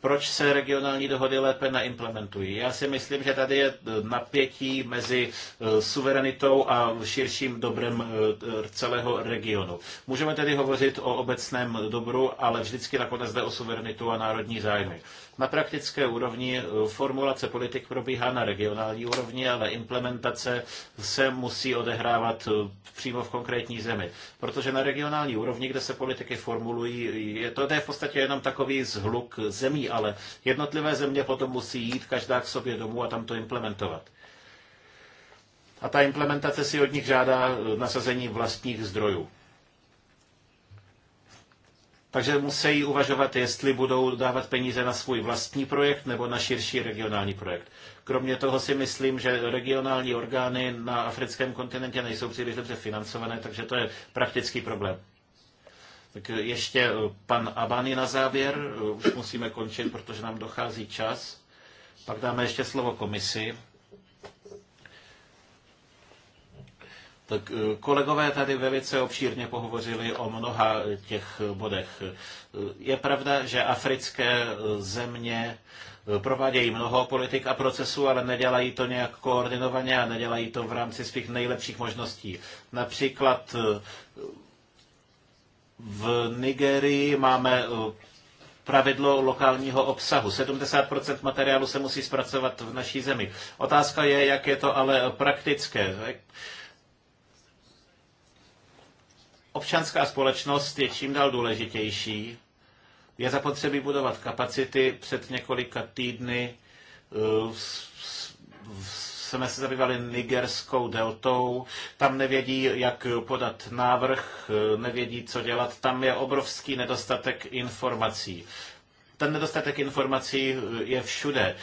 proč se regionální dohody lépe neimplementují. Já si myslím, že tady je eh, napětí mezi eh, suverenitou a širším dobrem eh, celého regionu. Můžeme tedy hovořit o obecném dobru, ale vždycky nakonec jde o suverenitu a národní zájmy. Na praktické úrovni eh, formulace politik probíhá na regionální úrovni, ale implementace se musí odehrávat eh, přímo v konkrétní zemi. Protože na regionální úrovni, kde se politiky formulují, je to, je v podstatě jenom takový zhluk zemí, ale jednotlivé země potom musí jít každá k sobě domů a tam to implementovat. A ta implementace si od nich žádá eh, nasazení vlastních zdrojů. Takže musí uvažovat, jestli budou dávat peníze na svůj vlastní projekt nebo na širší regionální projekt. Kromě toho si myslím, že regionální orgány na africkém kontinentě nejsou příliš dobře financované, takže to je praktický problém. Tak ještě eh, pan Abany na závěr, eh, už musíme končit, protože nám dochází čas. Pak dáme ještě slovo komisi. Eh, kolegové tady velice obšírně pohovořili o mnoha eh, těch eh, bodech. Je pravda, že africké země provádějí mnoho politik a procesů, ale nedělají to nějak koordinovaně a nedělají to v rámci svých nejlepších možností. Například v Nigerii máme pravidlo lokálního obsahu. 70% materiálu se musí zpracovat v naší zemi. Otázka je, jak je to ale praktické. Občanská společnost je čím dál důležitější. Je zapotřebí budovat kapacity. Před několika týdny eh, jsme se zabývali nigerskou deltou. Tam nevědí, jak podat návrh, eh, nevědí, co dělat. Tam je obrovský nedostatek informací. Ten nedostatek informací eh, je všude.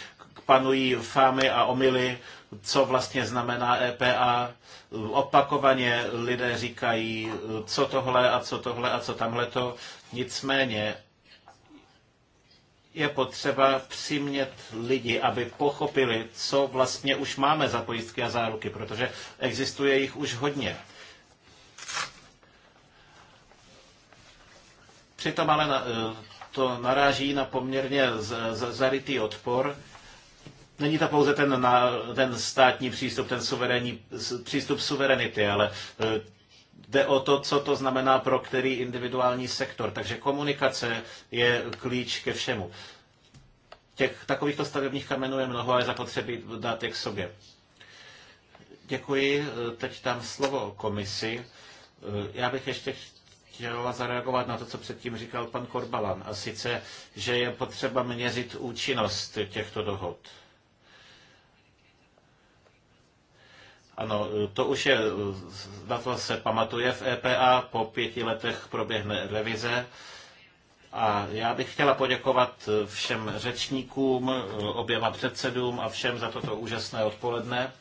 Panují fámy a omily co vlastně znamená EPA. Opakovaně lidé říkají, co tohle a co tohle a co to. Nicméně je potřeba přimět lidi, aby pochopili, co vlastně už máme za pojistky a záruky, protože existuje jich už hodně. Přitom ale na, to naráží na poměrně zarytý odpor Není to pouze ten, ten státní přístup, ten suverénní, přístup suverenity, ale e, jde o to, co to znamená pro který individuální sektor. Takže komunikace je klíč ke všemu. Těch takovýchto stavebních kamenů je mnoho, ale zapotřebí dát je k sobě. Děkuji. E, teď tam slovo komisi. E, já bych ještě chtěla zareagovat na to, co předtím říkal pan Korbalan, a sice, že je potřeba měřit účinnost těchto dohod. Ano, to už je, na to se pamatuje v EPA, po pěti letech proběhne revize. A já bych chtěla poděkovat všem řečníkům, oběma předsedům a všem za toto úžasné odpoledne.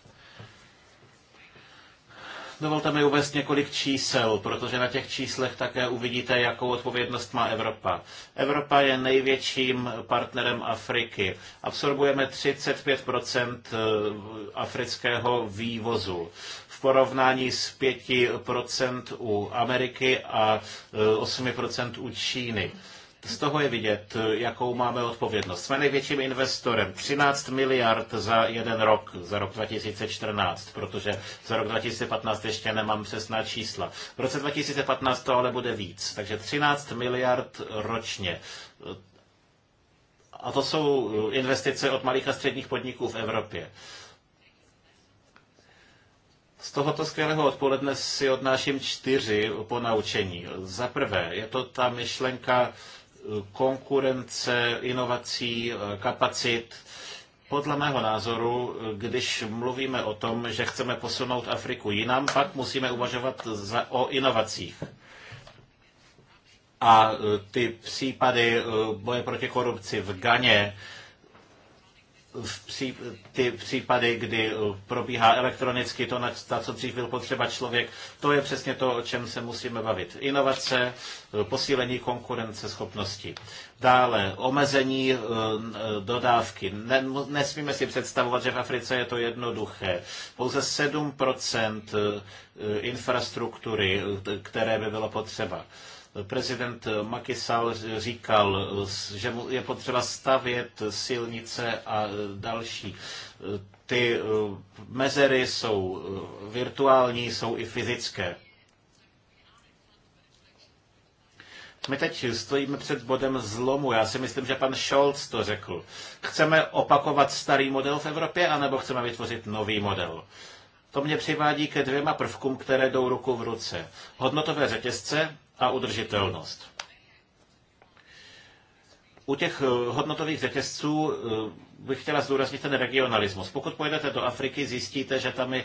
Dovolte mi uvést několik čísel, protože na těch číslech také uvidíte, jakou odpovědnost má Evropa. Evropa je největším partnerem Afriky. Absorbujeme 35 eh, afrického vývozu v porovnání s 5 u Ameriky a 8 eh, u Číny. Z toho je vidět, jakou máme odpovědnost. Jsme největším investorem. 13 miliard za jeden rok, za rok 2014, protože za rok 2015 ještě nemám přesná čísla. V roce 2015 to ale bude víc, takže 13 miliard ročně. A to jsou eh, investice od malých a středních podniků v Evropě. Z tohoto skvělého odpoledne si odnáším čtyři ponaučení. Za prvé, je to ta myšlenka konkurence, inovací, eh, kapacit. Podle mého názoru, eh, když mluvíme o tom, že chceme posunout Afriku jinam, pak musíme uvažovat o inovacích. A eh, ty případy boje proti korupci v Ganě, v pří, ty případy, kdy probíhá elektronicky to, na, ta, co dřív byl potřeba člověk, to je přesně to, o čem se musíme bavit. Inovace, eh, posílení konkurence schopnosti. Dále omezení eh, eh, dodávky. Ne, nesmíme si představovat, že v Africe je to jednoduché. Pouze 7 infrastruktury, které by bylo potřeba. Prezident Makisal říkal, že je potřeba stavět silnice a další. Ty eh, mezery jsou eh, virtuální, jsou i fyzické. My teď stojíme před bodem zlomu. Já si myslím, že pan Scholz to řekl. Chceme opakovat starý model v Evropě, anebo chceme vytvořit nový model? To mě přivádí ke dvěma prvkům, které jdou ruku v ruce. Hodnotové řetězce a udržitelnost. U těch eh, hodnotových řetězců eh, bych chtěla zdůraznit ten regionalismus. Pokud pojedete do Afriky, zjistíte, že tam je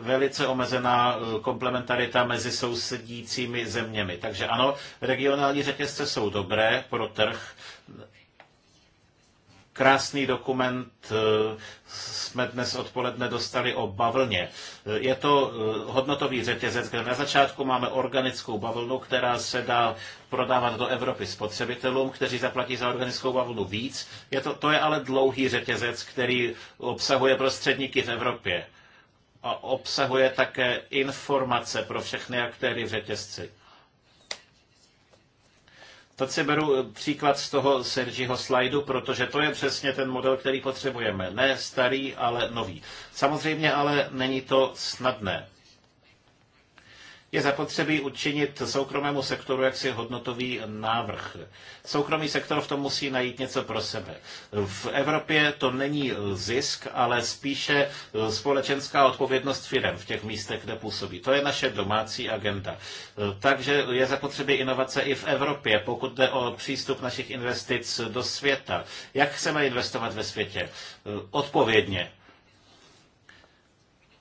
velice omezená eh, komplementarita mezi sousedícími zeměmi. Takže ano, regionální řetězce jsou dobré pro trh, Krásný dokument eh, jsme dnes odpoledne dostali o bavlně. Eh, je to eh, hodnotový řetězec, kde na začátku máme organickou bavlnu, která se dá prodávat do Evropy spotřebitelům, kteří zaplatí za organickou bavlnu víc. Je to, to je ale dlouhý řetězec, který obsahuje prostředníky v Evropě a obsahuje také informace pro všechny aktéry v řetězci. Teď si beru eh, příklad z toho Sergiho slajdu, protože to je přesně ten model, který potřebujeme. Ne starý, ale nový. Samozřejmě ale není to snadné je zapotřebí učinit soukromému sektoru jaksi hodnotový návrh. Soukromý sektor v tom musí najít něco pro sebe. V Evropě to není zisk, ale spíše e, společenská odpovědnost firm v těch místech, kde působí. To je naše domácí agenda. E, takže je zapotřebí inovace i v Evropě, pokud jde o přístup našich investic do světa. Jak chceme investovat ve světě? E, odpovědně.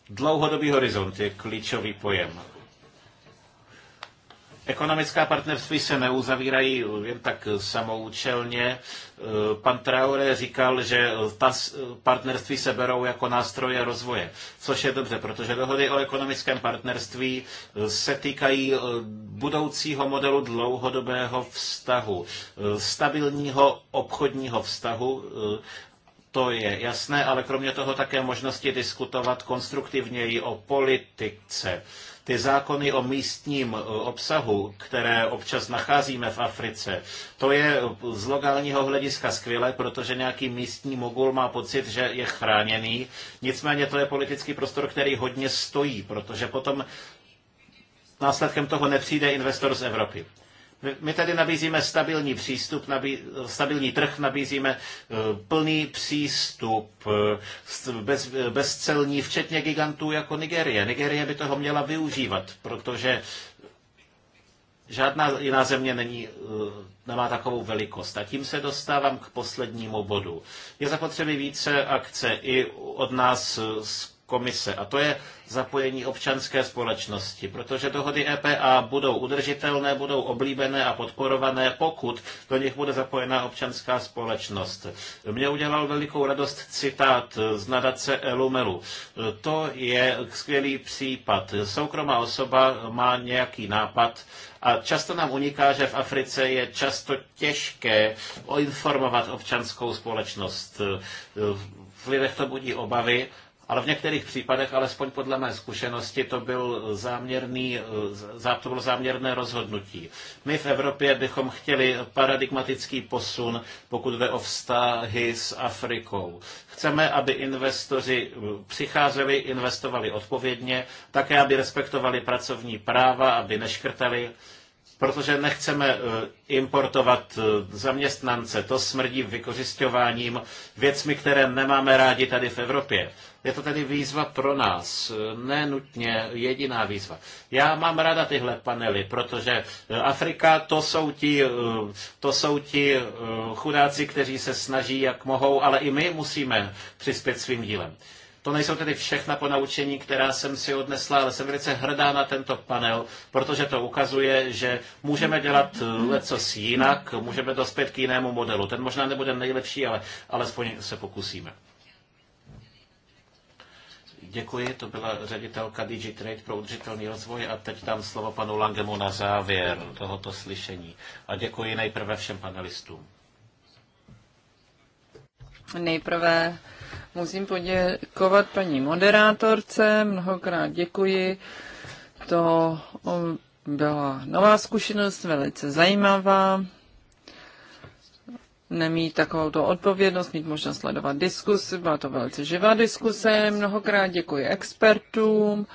Dlouhodobý horizont je klíčový pojem. Ekonomická partnerství se neuzavírají jen tak samoučelně. Eh, pan Traore říkal, že ta partnerství se berou jako nástroje rozvoje, což je dobře, protože dohody o ekonomickém partnerství eh, se týkají eh, budoucího modelu dlouhodobého vztahu, stabilního obchodního vztahu to je jasné, ale kromě toho také možnosti diskutovat konstruktivněji o politice. Ty zákony o místním eh, obsahu, které občas nacházíme v Africe, to je eh, z lokálního hlediska skvělé, protože nějaký místní mogul má pocit, že je chráněný. Nicméně to je politický prostor, který hodně stojí, protože potom následkem toho nepřijde investor z Evropy. My tady nabízíme stabilní přístup, nabí, stabilní trh, nabízíme eh, plný přístup eh, bez, eh, celní, včetně gigantů jako Nigerie. Nigerie by toho měla využívat, protože žádná jiná země není, nemá takovou velikost. A tím se dostávám k poslednímu bodu. Je zapotřebí více akce i od nás z komise. A to je zapojení občanské společnosti, protože dohody EPA budou udržitelné, budou oblíbené a podporované, pokud do nich bude zapojená občanská společnost. Mě udělal velikou radost citát z nadace Elumelu. To je skvělý případ. Soukromá osoba má nějaký nápad a často nám uniká, že v Africe je často těžké informovat občanskou společnost. V lidech to budí obavy ale v některých případech, alespoň podle mé zkušenosti, to, byl záměrný, to bylo záměrné rozhodnutí. My v Evropě bychom chtěli paradigmatický posun, pokud jde o vztahy s Afrikou. Chceme, aby investoři přicházeli, investovali odpovědně, také, aby respektovali pracovní práva, aby neškrtali protože nechceme eh, importovat eh, zaměstnance. To smrdí vykořišťováním věcmi, které nemáme rádi tady v Evropě. Je to tedy výzva pro nás, eh, ne nutně jediná výzva. Já mám ráda tyhle panely, protože Afrika to jsou ti, to jsou ti chudáci, kteří se snaží, jak mohou, ale i my musíme přispět svým dílem. To nejsou tedy všechna ponaučení, která jsem si odnesla, ale jsem velice hrdá na tento panel, protože to ukazuje, že můžeme dělat něco eh, jinak, můžeme dospět k jinému modelu. Ten možná nebude nejlepší, ale alespoň se pokusíme. Děkuji, to byla ředitelka DigiTrade pro udržitelný rozvoj a teď dám slovo panu Langemu na závěr tohoto slyšení. A děkuji nejprve všem panelistům. Nejprve Musím poděkovat paní moderátorce, mnohokrát děkuji. To um, byla nová zkušenost, velice zajímavá. Nemít takovou odpovědnost, mít možnost sledovat diskusy, byla to velice živá diskuse. Mnohokrát děkuji expertům.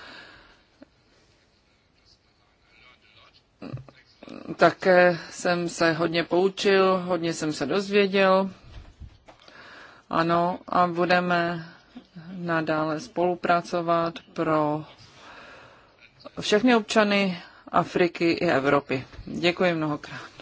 Také jsem se hodně poučil, hodně jsem se dozvěděl. Ano, a budeme nadále spolupracovat pro všechny občany Afriky i Evropy. Děkuji mnohokrát.